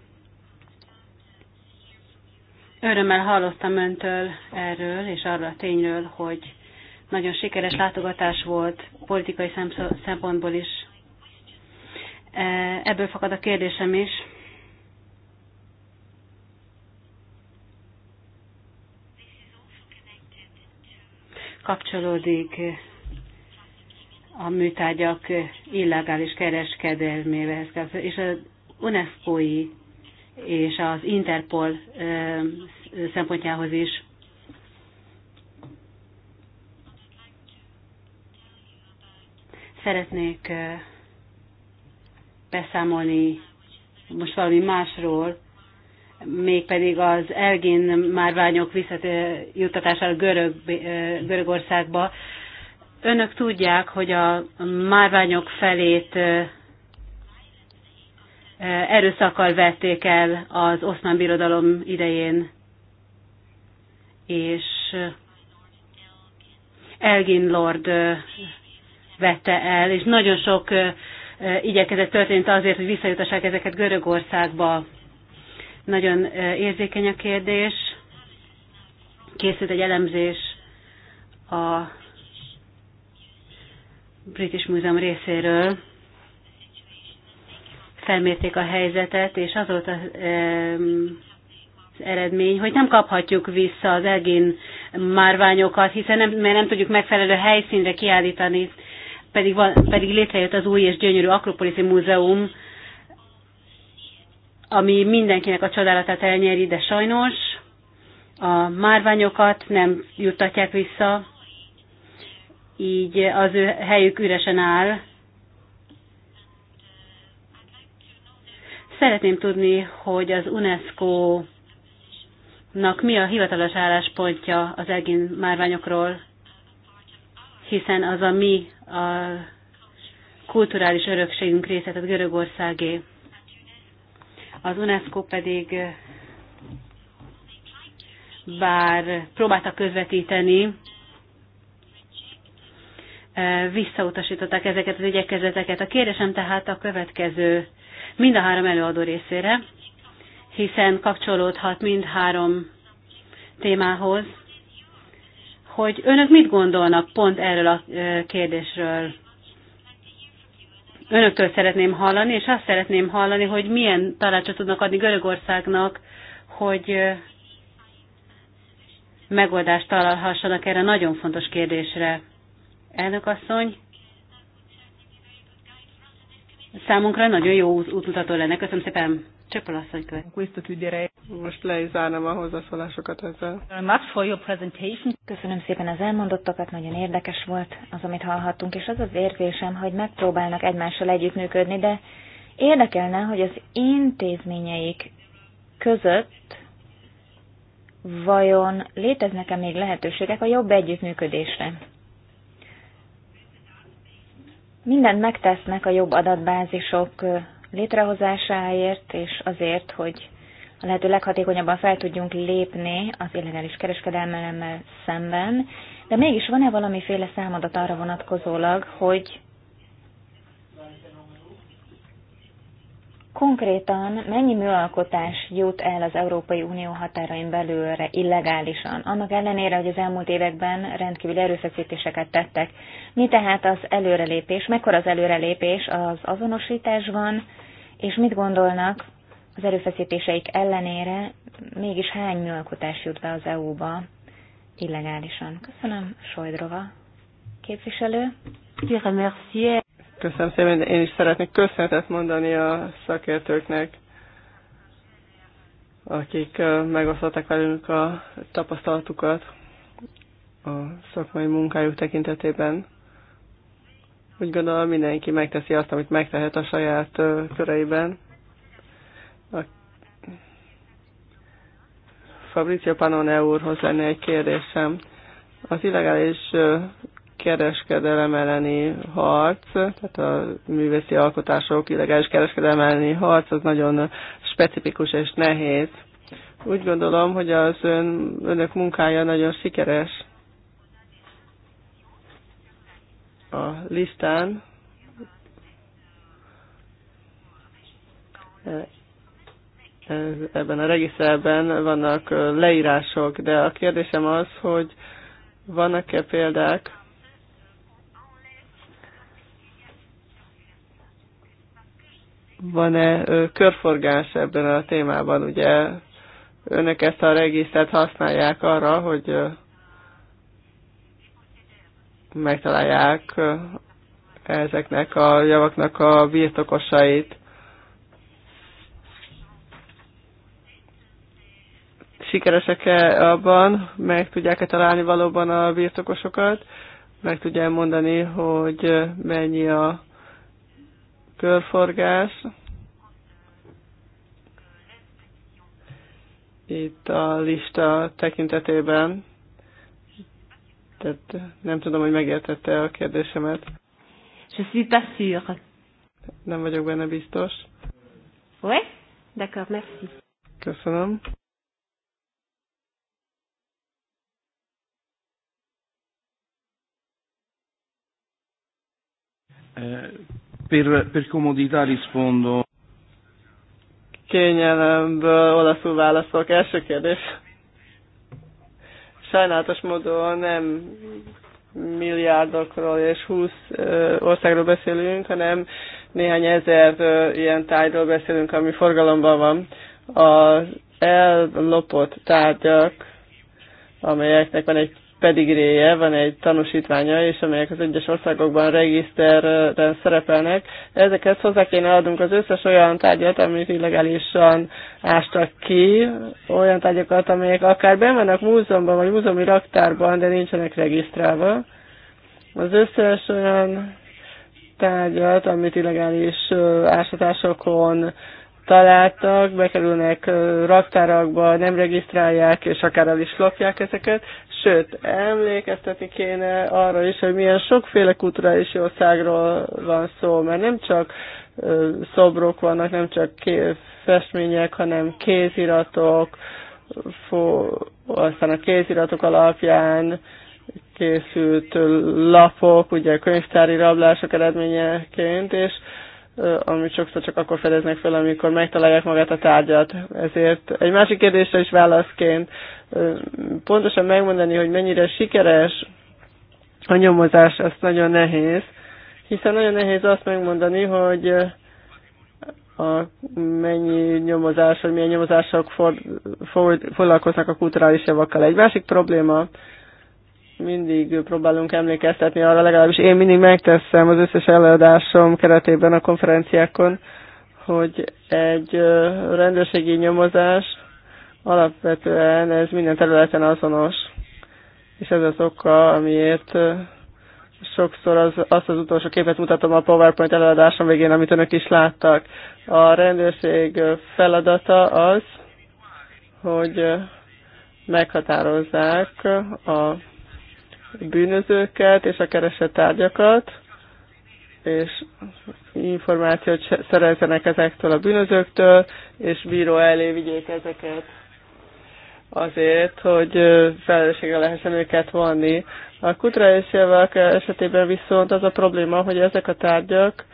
örömmel hallottam öntől erről, és arról a tényről, hogy nagyon sikeres látogatás volt politikai szempontból is Eh, ebből fakad a kérdésem is. Kapcsolódik a műtárgyak illegális kereskedelmével, és az UNESCO-i és az Interpol eh, szempontjához is. Szeretnék eh, beszámolni most valami másról, mégpedig az Elgin márványok visszajuttatására Görög, Görögországba. Önök tudják, hogy a márványok felét erőszakkal vették el az oszmán birodalom idején, és Elgin Lord vette el, és nagyon sok igyekezett történt azért, hogy visszajutassák ezeket Görögországba. Nagyon érzékeny a kérdés. Készült egy elemzés a British Múzeum részéről. Felmérték a helyzetet, és az volt az eredmény, hogy nem kaphatjuk vissza az egén márványokat, hiszen nem, mert nem tudjuk megfelelő helyszínre kiállítani pedig, van, pedig létrejött az új és gyönyörű Akropoliszi Múzeum, ami mindenkinek a csodálatát elnyeri, de sajnos a márványokat nem juttatják vissza, így az ő helyük üresen áll. Szeretném tudni, hogy az UNESCO-nak mi a hivatalos álláspontja az egén márványokról hiszen az a mi a kulturális örökségünk része, tehát Görögországé. Az UNESCO pedig bár próbáltak közvetíteni, e, visszautasították ezeket az igyekezeteket. A kérdésem tehát a következő mind a három előadó részére, hiszen kapcsolódhat mind három témához hogy önök mit gondolnak pont erről a kérdésről. Önöktől szeretném hallani, és azt szeretném hallani, hogy milyen tanácsot tudnak adni Görögországnak, hogy megoldást találhassanak erre a nagyon fontos kérdésre. Elnök asszony, számunkra nagyon jó útmutató lenne. Köszönöm szépen. Csöpel asszony követ. Most le is zárnám a hozzászólásokat ezzel. Much for your presentation. Köszönöm szépen az elmondottakat, nagyon érdekes volt az, amit hallhattunk, és az az érzésem, hogy megpróbálnak egymással együttműködni, de érdekelne, hogy az intézményeik között vajon léteznek-e még lehetőségek a jobb együttműködésre? Mindent megtesznek a jobb adatbázisok létrehozásáért, és azért, hogy a lehető leghatékonyabban fel tudjunk lépni az illegális kereskedelmelemmel szemben, de mégis van-e valamiféle számadat arra vonatkozólag, hogy konkrétan mennyi műalkotás jut el az Európai Unió határain belőle illegálisan, annak ellenére, hogy az elmúlt években rendkívül erőfeszítéseket tettek. Mi tehát az előrelépés, mekkora az előrelépés az azonosításban, és mit gondolnak az erőfeszítéseik ellenére, mégis hány műalkotás jut be az EU-ba illegálisan. Köszönöm, Sojdrova képviselő. Köszönöm szépen, én is szeretnék köszönetet mondani a szakértőknek, akik megosztották velünk a tapasztalatukat a szakmai munkájuk tekintetében. Úgy gondolom mindenki megteszi azt, amit megtehet a saját köreiben. A Fabrizio Panone úrhoz lenne egy kérdésem. Az illegális kereskedelem elleni harc, tehát a művészi alkotások illegális kereskedelem elleni harc, az nagyon specifikus és nehéz. Úgy gondolom, hogy az ön, önök munkája nagyon sikeres. a listán. Ebben a regiszterben vannak leírások, de a kérdésem az, hogy vannak-e példák, van-e körforgás ebben a témában, ugye önök ezt a regisztert használják arra, hogy megtalálják ezeknek a javaknak a birtokosait. Sikeresek-e abban, meg tudják-e találni valóban a birtokosokat, meg tudják mondani, hogy mennyi a körforgás. Itt a lista tekintetében tehát nem tudom, hogy megértette a kérdésemet. Je suis pas sûr. Nem vagyok benne biztos. Oui? D'accord, merci. Köszönöm. Eh, per, per comodità rispondo. Kényelemből olaszul válaszolok. Első kérdés sajnálatos módon nem milliárdokról és 20 országról beszélünk, hanem néhány ezer ilyen tárgyról beszélünk, ami forgalomban van. Az ellopott tárgyak, amelyeknek van egy pedigréje, van egy tanúsítványa, és amelyek az egyes országokban regiszterben szerepelnek. Ezeket hozzá kéne adnunk az összes olyan tárgyat, amit illegálisan ástak ki, olyan tárgyakat, amelyek akár ben vannak múzeumban, vagy múzeumi raktárban, de nincsenek regisztrálva. Az összes olyan tárgyat, amit illegális ásatásokon találtak, bekerülnek raktárakba, nem regisztrálják, és akár el is lopják ezeket, Sőt, emlékeztetni kéne arra is, hogy milyen sokféle kulturális országról van szó, mert nem csak szobrok vannak, nem csak festmények, hanem kéziratok, aztán a kéziratok alapján készült lapok, ugye könyvtári rablások eredményeként, és ami sokszor csak akkor fedeznek fel, amikor megtalálják magát a tárgyat. Ezért egy másik kérdésre is válaszként pontosan megmondani, hogy mennyire sikeres a nyomozás, az nagyon nehéz, hiszen nagyon nehéz azt megmondani, hogy a mennyi nyomozás, vagy milyen nyomozások for, for, foglalkoznak a kulturális javakkal. Egy másik probléma, mindig próbálunk emlékeztetni arra, legalábbis én mindig megteszem az összes előadásom keretében a konferenciákon, hogy egy rendőrségi nyomozás alapvetően ez minden területen azonos, és ez az oka, amiért sokszor az, azt az utolsó képet mutatom a PowerPoint előadásom végén, amit önök is láttak. A rendőrség feladata az, hogy meghatározzák a bűnözőket és a keresett tárgyakat, és információt szerezzenek ezektől a bűnözőktől, és bíró elé vigyék ezeket azért, hogy felelősségre lehessen őket vonni. A kutra és Jelvák esetében viszont az a probléma, hogy ezek a tárgyak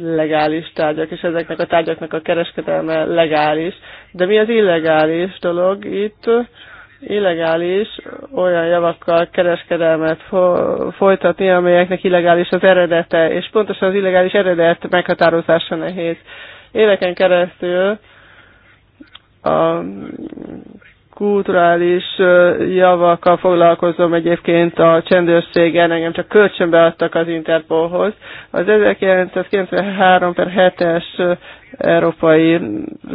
legális tárgyak, és ezeknek a tárgyaknak a kereskedelme legális. De mi az illegális dolog itt? illegális olyan javakkal kereskedelmet fo- folytatni, amelyeknek illegális az eredete, és pontosan az illegális eredet meghatározása nehéz. Éveken keresztül a kulturális javakkal foglalkozom egyébként a csendőrségen, engem csak kölcsönbe adtak az Interpolhoz. Az 1993 per 7-es európai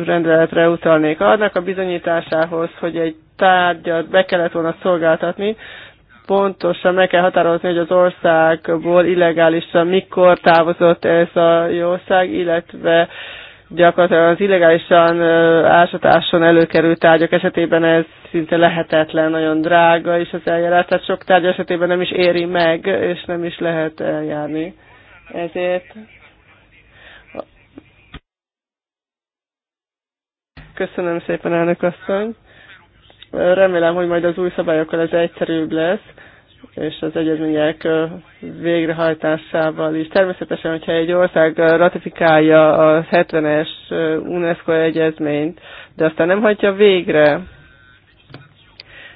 rendeletre utalnék. Annak a bizonyításához, hogy egy tárgyat be kellett volna szolgáltatni, pontosan meg kell határozni, hogy az országból illegálisan mikor távozott ez a jószág, illetve uh, Gyakorlatilag az illegálisan ásatáson előkerült tárgyak esetében ez szinte lehetetlen, nagyon drága is az eljárás, tehát sok tárgy esetében nem is éri meg, és nem is lehet eljárni. Ezért Köszönöm szépen, elnök asszony. Remélem, hogy majd az új szabályokkal ez egyszerűbb lesz és az egyezmények végrehajtásával is. Természetesen, hogyha egy ország ratifikálja a 70-es UNESCO egyezményt, de aztán nem hagyja végre,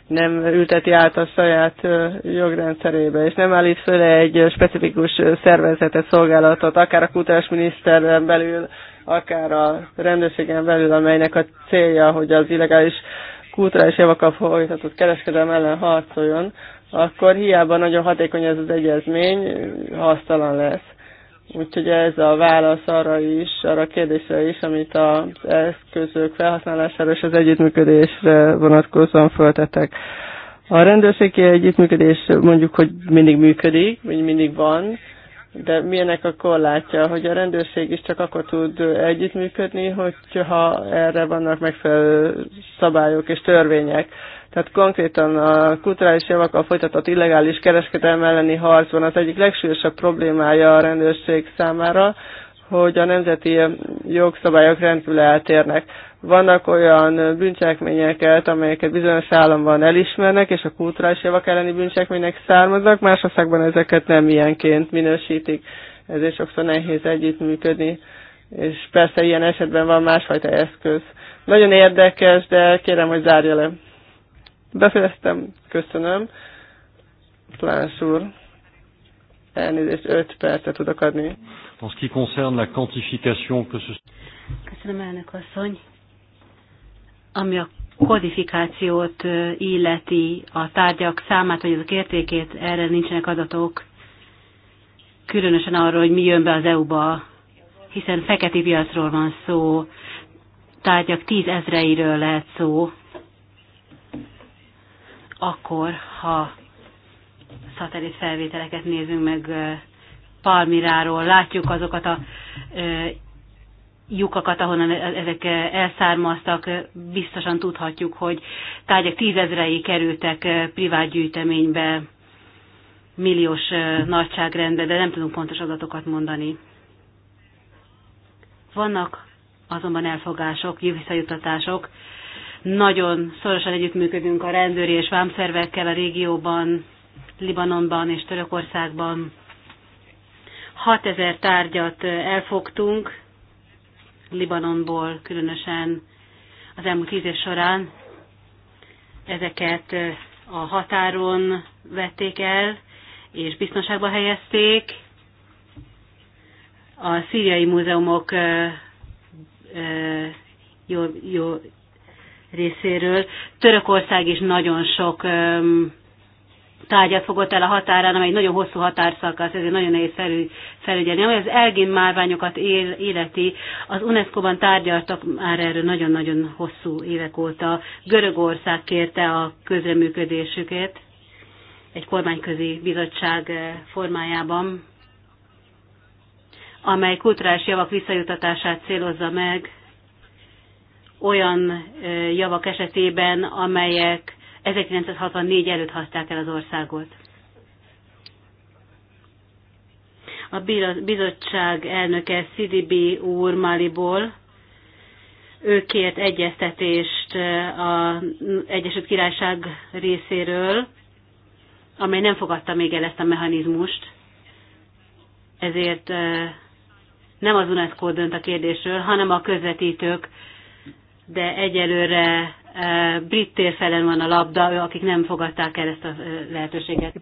nem ülteti át a saját jogrendszerébe, és nem állít föl egy specifikus szervezetet, szolgálatot, akár a kutatás miniszteren belül, akár a rendőrségen belül, amelynek a célja, hogy az illegális kulturális javakkal folytatott kereskedelem ellen harcoljon, akkor hiába nagyon hatékony ez az egyezmény, hasztalan lesz. Úgyhogy ez a válasz arra is, arra a kérdésre is, amit az eszközök felhasználására és az együttműködésre vonatkozóan föltettek. A rendőrségi együttműködés mondjuk, hogy mindig működik, vagy mindig van, de milyenek a korlátja, hogy a rendőrség is csak akkor tud együttműködni, hogyha erre vannak megfelelő szabályok és törvények. Tehát konkrétan a kulturális javakkal folytatott illegális kereskedelem elleni harcban az egyik legsúlyosabb problémája a rendőrség számára, hogy a nemzeti jogszabályok rendkívül eltérnek. Vannak olyan bűncselekményeket, amelyeket bizonyos államban elismernek, és a kulturális javak elleni bűncselekmények származnak, más országban ezeket nem ilyenként minősítik, ezért sokszor nehéz együttműködni, és persze ilyen esetben van másfajta eszköz. Nagyon érdekes, de kérem, hogy zárja le. Befejeztem, köszönöm. Plás úr, elnézést, 5 percet tudok adni. En ce qui concerne la quantification que ce... Köszönöm, elnök asszony. Ami a kodifikációt illeti a tárgyak számát, vagy azok értékét, erre nincsenek adatok, különösen arról, hogy mi jön be az EU-ba, hiszen fekete piacról van szó, tárgyak tízezreiről lehet szó, akkor, ha szatellit felvételeket nézünk meg Palmiráról, látjuk azokat a lyukakat, ahonnan e-, ezek elszármaztak, biztosan tudhatjuk, hogy tárgyak tízezrei kerültek privát gyűjteménybe, milliós nagyságrendbe, de nem tudunk pontos adatokat mondani. Vannak azonban elfogások, visszajutatások, nagyon szorosan együttműködünk a rendőri és vámszervekkel a régióban, Libanonban és Törökországban. 6000 tárgyat elfogtunk, Libanonból különösen az elmúlt tíz év során. Ezeket a határon vették el, és biztonságba helyezték. A szíriai múzeumok jó, jó, részéről. Törökország is nagyon sok tárgyat fogott el a határán, amely egy nagyon hosszú határszakasz, ezért nagyon nehéz felügyelni. Ami az Elgin márványokat él, életi, az UNESCO-ban tárgyaltak már erről nagyon-nagyon hosszú évek óta. Görögország kérte a közreműködésüket egy kormányközi bizottság formájában, amely kulturális javak visszajutatását célozza meg olyan javak esetében, amelyek 1964 előtt hagyták el az országot. A bizottság elnöke CDB úr Maliból, ő kért egyeztetést az Egyesült Királyság részéről, amely nem fogadta még el ezt a mechanizmust, ezért nem az UNESCO dönt a kérdésről, hanem a közvetítők de egyelőre e, brit térfelen van a labda, akik nem fogadták el ezt a e, lehetőséget.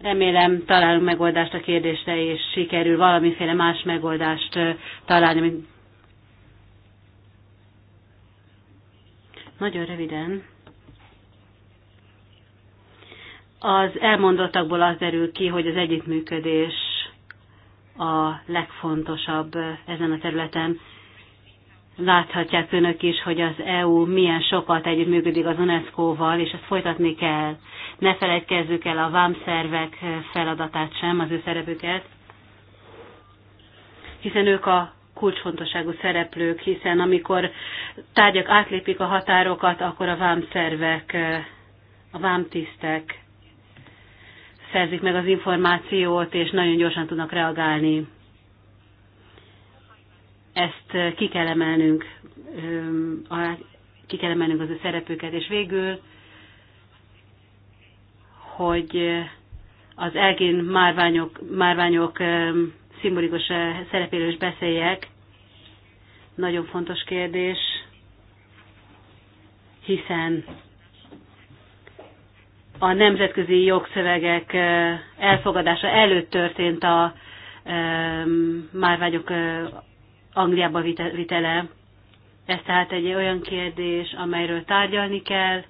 Remélem találunk megoldást a kérdésre, és sikerül valamiféle más megoldást e, találni. Nagyon röviden. Az elmondottakból az derül ki, hogy az együttműködés a legfontosabb ezen a területen Láthatják önök is, hogy az EU milyen sokat együttműködik az UNESCO-val, és ezt folytatni kell. Ne felejtkezzük el a vámszervek feladatát sem, az ő szerepüket, hiszen ők a kulcsfontosságú szereplők, hiszen amikor tárgyak átlépik a határokat, akkor a vámszervek, a vámtisztek szerzik meg az információt, és nagyon gyorsan tudnak reagálni ezt eh, ki kell emelnünk, ehm, ki kell emelnünk az ő szerepüket, és végül, hogy eh, az elgén márványok, márványok ehm, szimbolikus eh, szerepéről is beszéljek. Nagyon fontos kérdés, hiszen a nemzetközi jogszövegek elfogadása előtt történt a ehm, márványok Angliába vitele. Ez tehát egy olyan kérdés, amelyről tárgyalni kell,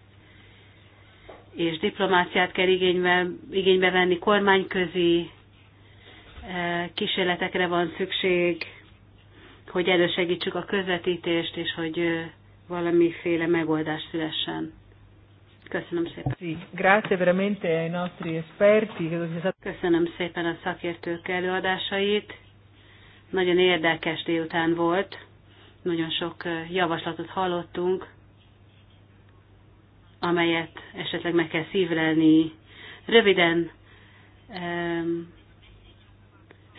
és diplomáciát kell igénybe, igénybe venni, kormányközi eh, kísérletekre van szükség, hogy elősegítsük a közvetítést, és hogy eh, valamiféle megoldás szülessen. Köszönöm szépen. Grazie veramente ai nostri esperti. Köszönöm szépen a szakértők előadásait. Nagyon érdekes délután volt, nagyon sok javaslatot hallottunk, amelyet esetleg meg kell szívlelni. Röviden um,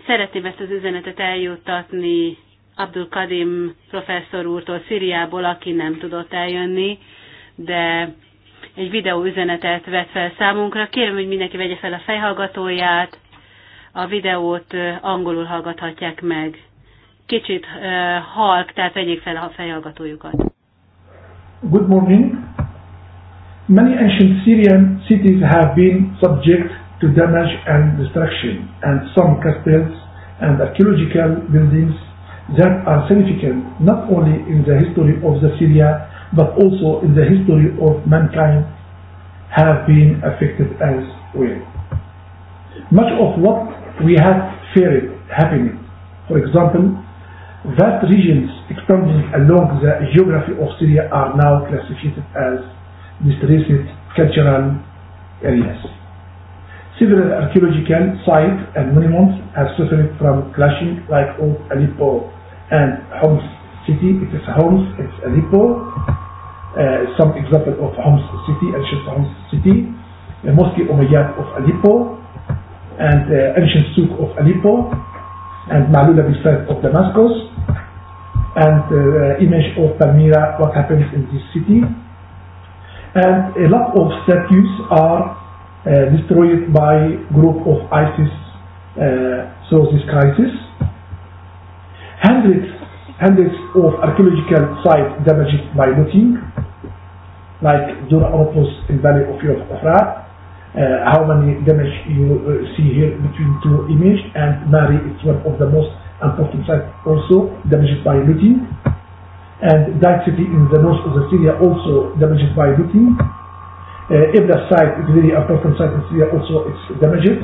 szeretném ezt az üzenetet eljuttatni Abdul Kadim professzor úrtól Szíriából, aki nem tudott eljönni, de egy videó üzenetet vett fel számunkra. Kérem, hogy mindenki vegye fel a fejhallgatóját, a videót angolul hallgathatják meg. Kicsit halk, tehát vegyék fel a fejhallgatójukat. Good morning. Many ancient Syrian cities have been subject to damage and destruction, and some castles and archaeological buildings that are significant not only in the history of the Syria but also in the history of mankind have been affected as well. Much of what we have feared happening. For example, that regions extending along the geography of Syria are now classified as distressed cultural areas. Several archaeological sites and monuments have suffered from clashing like old Aleppo and Homs city. It is Homs, it's Aleppo. Uh, some example of Homs city, Al-Shaf Homs city, the Mosque Umayyad of Aleppo, and uh, ancient souk of Aleppo, and Maluda beside of Damascus, and uh, uh, image of Palmyra, what happens in this city. And a lot of statues are uh, destroyed by group of ISIS uh, through this crisis. Hundreds, hundreds of archaeological sites damaged by looting, like Dura Oropos in the Valley of Euphrates, Uh, how many damage you uh, see here between two images, and Mary is one of the most important sites also damaged by looting. And that city in the north of the Syria also damaged by looting. Uh, Ibla site is very important site in Syria also it's damaged.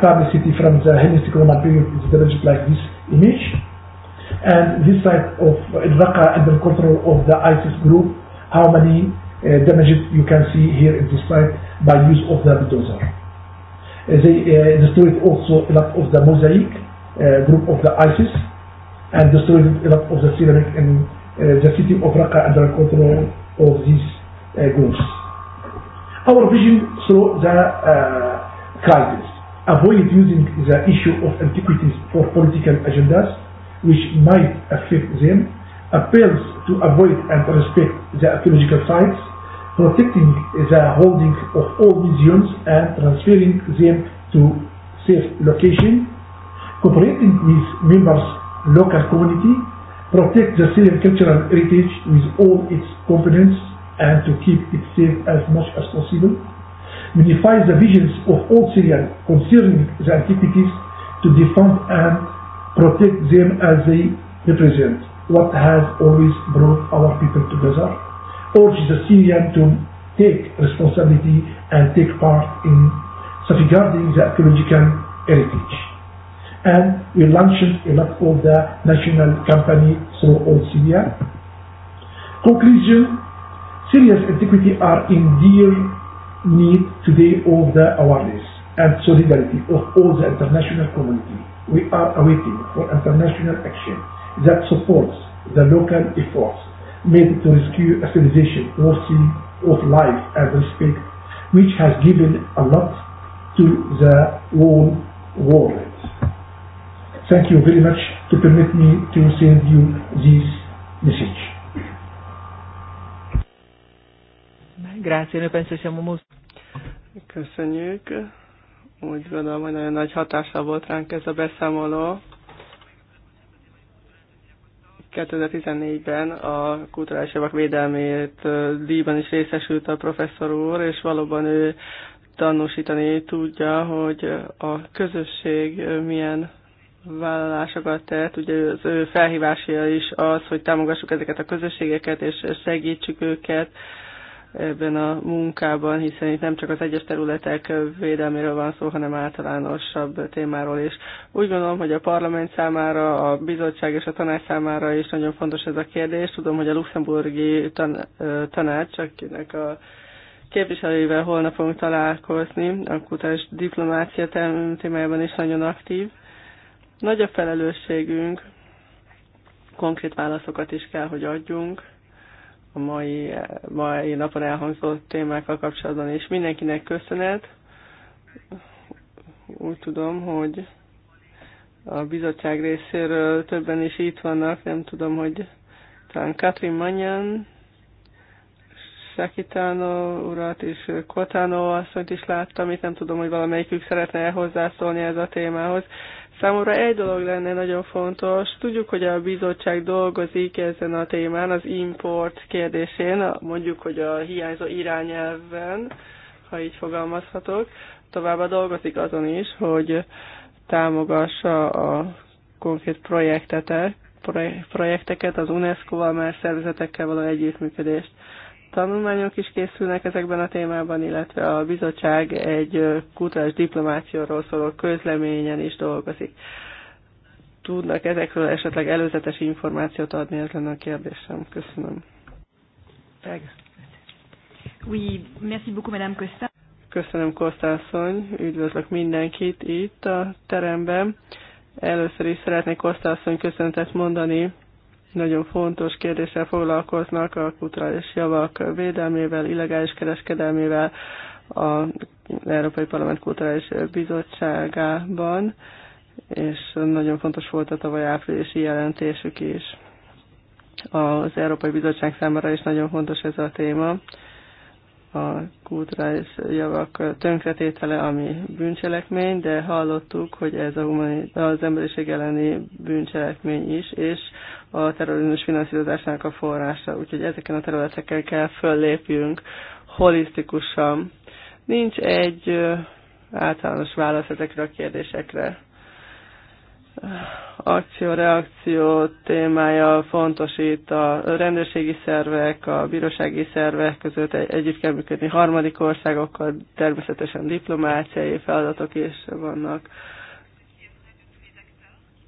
public city from the Hellenistic Roman period is damaged like this image. And this site of Raqqa under control of the ISIS group, how many uh, damages you can see here in this site by use of the bulldozer. They uh, destroyed also a lot of the mosaic uh, group of the ISIS and destroyed a lot of the ceramic in uh, the city of Raqqa under control of these groups. Our vision through the crisis avoid using the issue of antiquities for political agendas which might affect them, appeals to avoid and respect the archaeological sites, protecting the holding of all museums and transferring them to safe location, cooperating with members' local community, protect the Syrian cultural heritage with all its components and to keep it safe as much as possible, unify the visions of all Syrians concerning the antiquities to defend and protect them as they represent what has always brought our people together urged the Syrian to take responsibility and take part in safeguarding the ecological heritage. And we launched a lot of the national company through all Syria. E Conclusion, Syria's antiquity are in dear need today of the awareness and solidarity of all the international community. We are awaiting for international action that supports the local efforts made to rescue a civilization worth, of life and respect, which has given a lot to the whole world. Thank you very much to permit me to send you this message. Grazie, noi penso siamo molto... Köszönjük. Úgy gondolom, hogy nagyon nagy hatása volt ránk ez a beszámoló. 2014-ben a kulturális javak védelmét díjban is részesült a professzor úr, és valóban ő tanúsítani tudja, hogy a közösség milyen vállalásokat tett. Ugye az ő felhívásja is az, hogy támogassuk ezeket a közösségeket, és segítsük őket ebben a munkában, hiszen itt nem csak az egyes területek védelméről van szó, hanem általánosabb témáról is. Úgy gondolom, hogy a parlament számára, a bizottság és a tanács számára is nagyon fontos ez a kérdés. Tudom, hogy a luxemburgi tan- tanács, akinek a képviselőivel holnap fogunk találkozni, a kutás diplomácia témájában is nagyon aktív. Nagy a felelősségünk, konkrét válaszokat is kell, hogy adjunk a mai, mai napon elhangzott témákkal kapcsolatban, és mindenkinek köszönet. Úgy tudom, hogy a bizottság részéről többen is itt vannak, nem tudom, hogy talán Katrin Manyan, Sakitano urat és Kotano asszonyt is láttam, itt nem tudom, hogy valamelyikük szeretne hozzászólni ez a témához. Számomra egy dolog lenne nagyon fontos. Tudjuk, hogy a bizottság dolgozik ezen a témán, az import kérdésén, mondjuk, hogy a hiányzó irányelven, ha így fogalmazhatok. Továbbá dolgozik azon is, hogy támogassa a konkrét projekteket, az UNESCO-val, mert szervezetekkel való együttműködést tanulmányok is készülnek ezekben a témában, illetve a bizottság egy kutatás diplomációról szóló közleményen is dolgozik. Tudnak ezekről esetleg előzetes információt adni, ez lenne a kérdésem. Köszönöm. Oui, merci beaucoup, Madame Costa. Köszönöm, Costa Üdvözlök mindenkit itt a teremben. Először is szeretnék Costa köszöntet mondani nagyon fontos kérdéssel foglalkoznak a kulturális javak védelmével, illegális kereskedelmével az Európai Parlament Kulturális Bizottságában, és nagyon fontos volt a tavaly áprilisi jelentésük is. Az Európai Bizottság számára is nagyon fontos ez a téma a és javak tönkretétele, ami bűncselekmény, de hallottuk, hogy ez a humani, az emberiség elleni bűncselekmény is, és a terrorizmus finanszírozásának a forrása. Úgyhogy ezeken a területeken kell föllépjünk holisztikusan. Nincs egy általános válasz ezekre a kérdésekre akció-reakció témája fontos itt a rendőrségi szervek, a bírósági szervek között együtt kell működni harmadik országokkal, természetesen diplomáciai feladatok is vannak.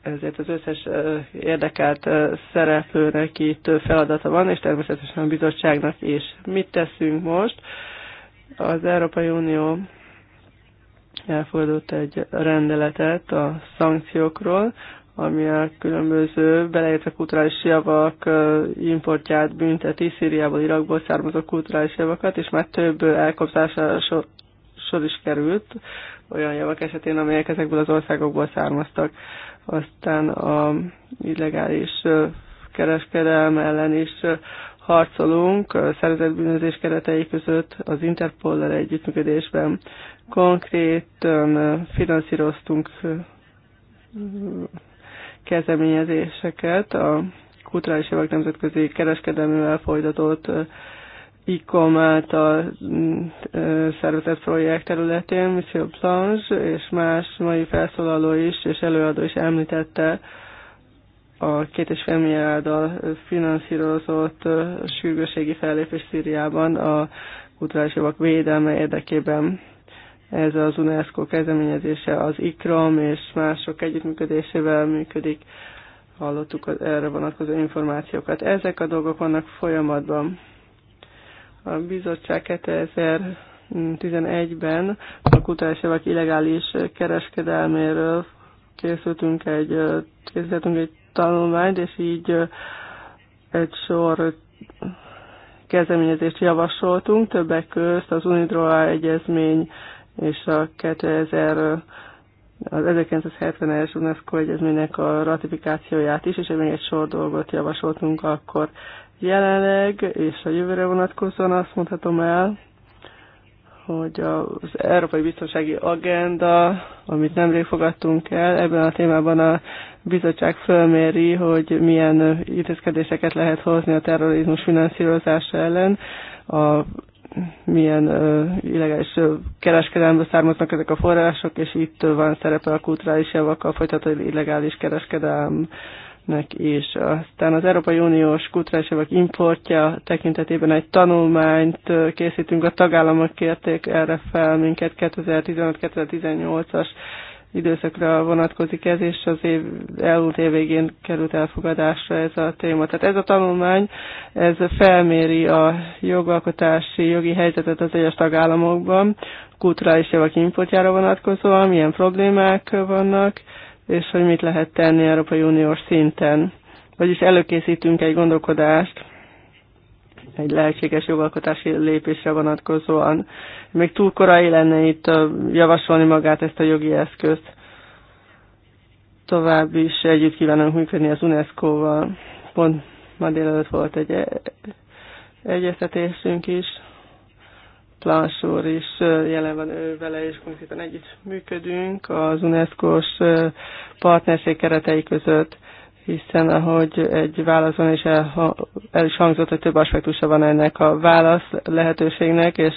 Ezért az összes érdekelt szereplőnek itt feladata van, és természetesen a bizottságnak is. Mit teszünk most? Az Európai Unió elfogadott egy rendeletet a szankciókról, ami a különböző beleértve kulturális javak importját bünteti Szíriából, Irakból származó kulturális javakat, és már több elkobzásra sor, is került olyan javak esetén, amelyek ezekből az országokból származtak. Aztán a illegális kereskedelm ellen is harcolunk szervezetbűnözés keretei között az Interpollal együttműködésben. Konkrétan finanszíroztunk kezdeményezéseket a kulturális évek nemzetközi kereskedelművel folytatott ICOM által szervezett projekt területén, Monsieur Plange és más mai felszólaló is és előadó is említette a két és fél milliárddal finanszírozott sürgőségi fellépés Szíriában a kulturális jogok védelme érdekében. Ez az UNESCO kezdeményezése az ICROM és mások együttműködésével működik. Hallottuk az erre vonatkozó információkat. Ezek a dolgok vannak folyamatban. A bizottság 2011-ben a kutatásával illegális kereskedelméről készültünk egy, készítettünk egy tanulmányt, és így egy sor kezdeményezést javasoltunk, többek közt az UNIDROA egyezmény és a 2000 az 1970-es UNESCO egyezménynek a ratifikációját is, és még egy sor dolgot javasoltunk akkor. Jelenleg és a jövőre vonatkozóan azt mondhatom el, hogy az Európai Biztonsági Agenda, amit nemrég fogadtunk el, ebben a témában a bizottság fölméri, hogy milyen intézkedéseket lehet hozni a terrorizmus finanszírozása ellen. A milyen illegális kereskedelembe származnak ezek a források, és itt van szerepe a kulturális javakkal folytatott illegális kereskedelmnek is. Aztán az Európai Uniós kulturális javak importja tekintetében egy tanulmányt készítünk, a tagállamok kérték erre fel minket 2016 2018 as időszakra vonatkozik ez, és az év, elmúlt év végén került elfogadásra ez a téma. Tehát ez a tanulmány, ez felméri a jogalkotási, jogi helyzetet az egyes tagállamokban, kulturális javak importjára vonatkozóan, milyen problémák vannak, és hogy mit lehet tenni Európai Uniós szinten. Vagyis előkészítünk egy gondolkodást, egy lehetséges jogalkotási lépésre vonatkozóan. Még túl korai lenne itt javasolni magát ezt a jogi eszközt. Tovább is együtt kívánunk működni az UNESCO-val. Pont ma délelőtt volt egy e- egyeztetésünk is. Plans úr is jelen van ő vele, és konkrétan együtt működünk az UNESCO-s partnerség keretei között hiszen ahogy egy válaszon is el, el is hangzott, hogy több aspektusa van ennek a válasz lehetőségnek, és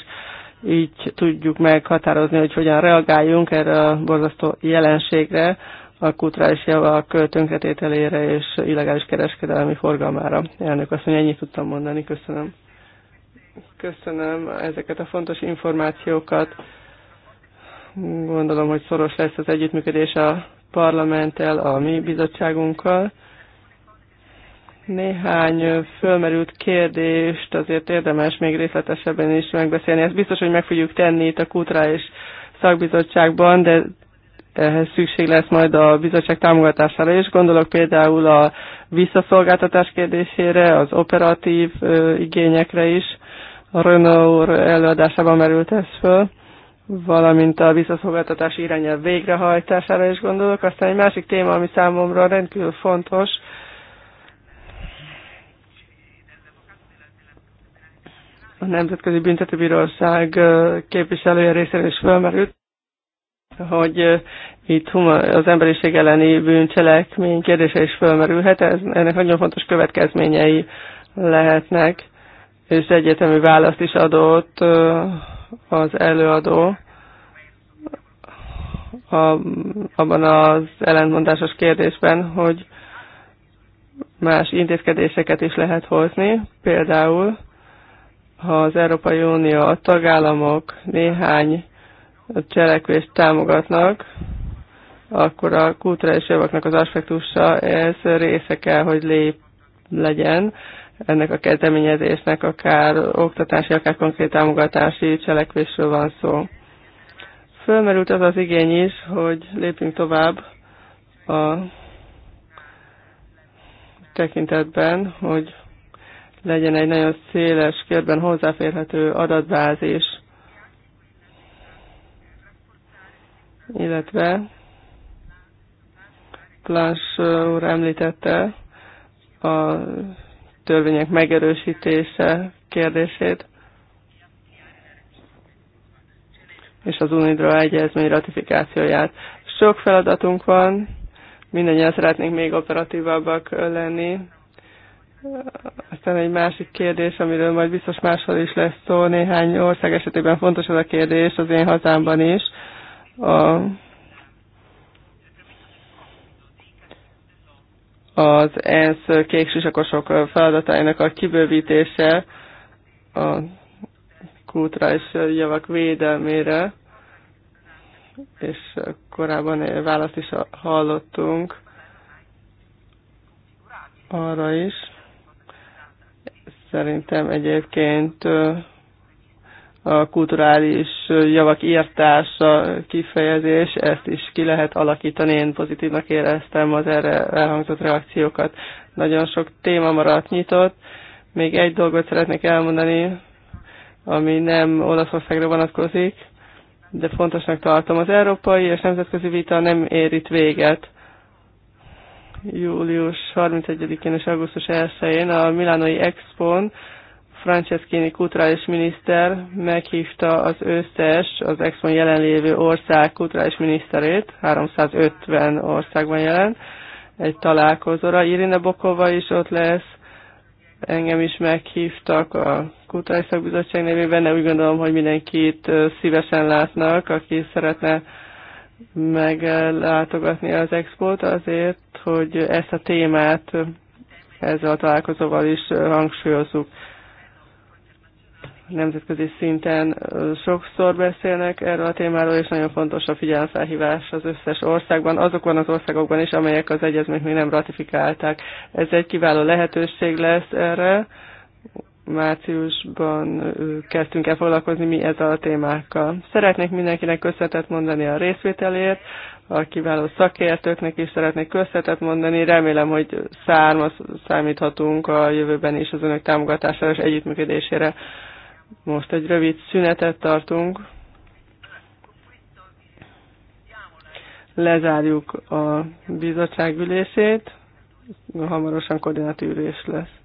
így tudjuk meghatározni, hogy hogyan reagáljunk erre a borzasztó jelenségre, a kulturális a tönkretételére és illegális kereskedelmi forgalmára. Elnök azt mondja, ennyit tudtam mondani, köszönöm. Köszönöm ezeket a fontos információkat. Gondolom, hogy szoros lesz az együttműködés a parlamenttel, a mi bizottságunkkal. Néhány fölmerült kérdést azért érdemes még részletesebben is megbeszélni. Ezt biztos, hogy meg fogjuk tenni itt a Kutra és szakbizottságban, de ehhez szükség lesz majd a bizottság támogatására is. Gondolok például a visszaszolgáltatás kérdésére, az operatív igényekre is. A Renault előadásában merült ez föl valamint a visszaszolgáltatás irányelv végrehajtására is gondolok. Aztán egy másik téma, ami számomra rendkívül fontos, a Nemzetközi Büntetőbíróság képviselője részéről is felmerült, hogy itt az emberiség elleni bűncselekmény kérdése is felmerülhet, ez, ennek nagyon fontos következményei lehetnek, és egyetemű választ is adott az előadó a, abban az ellentmondásos kérdésben, hogy más intézkedéseket is lehet hozni, például ha az Európai Unió a tagállamok néhány cselekvést támogatnak, akkor a és jövöknek az aspektusa ez része kell, hogy lép legyen ennek a kezdeményezésnek, akár oktatási, akár konkrét támogatási cselekvésről van szó. Fölmerült az az igény is, hogy lépjünk tovább a tekintetben, hogy legyen egy nagyon széles körben hozzáférhető adatbázis, illetve Plans úr említette a törvények megerősítése kérdését és az UNIDRA egyezmény ratifikációját. Sok feladatunk van, mindannyian szeretnénk még operatívabbak lenni. Aztán egy másik kérdés, amiről majd biztos máshol is lesz szó, néhány ország esetében fontos az a kérdés, az én hazámban is. A az ENSZ kék feladatainak a kibővítése a kulturális javak védelmére, és korábban választ is hallottunk arra is. Szerintem egyébként a kulturális javak írtása kifejezés, ezt is ki lehet alakítani. Én pozitívnak éreztem az erre elhangzott reakciókat. Nagyon sok téma maradt nyitott. Még egy dolgot szeretnék elmondani, ami nem Olaszországra vonatkozik, de fontosnak tartom. Az európai és nemzetközi vita nem ér itt véget. Július 31-én és augusztus 1-én a Milánoi Expon Franceschini kulturális miniszter meghívta az összes az Exxon jelenlévő ország kulturális miniszterét, 350 országban jelen. egy találkozóra. Irina Bokova is ott lesz, engem is meghívtak a Kulturális Szakbizottság nevében, de úgy gondolom, hogy mindenkit szívesen látnak, aki szeretne meglátogatni az expót azért, hogy ezt a témát ezzel a találkozóval is hangsúlyozzuk nemzetközi szinten sokszor beszélnek erről a témáról, és nagyon fontos a figyelemfelhívás az összes országban, azokban az országokban is, amelyek az egyezményt még nem ratifikálták. Ez egy kiváló lehetőség lesz erre. Márciusban kezdtünk el foglalkozni mi ezzel a témákkal. Szeretnék mindenkinek köszönetet mondani a részvételért, a kiváló szakértőknek is szeretnék köszönetet mondani. Remélem, hogy szárma számíthatunk a jövőben is az önök támogatására és együttműködésére. Most egy rövid szünetet tartunk. Lezárjuk a bizottság ülését. Hamarosan koordinátűrés lesz.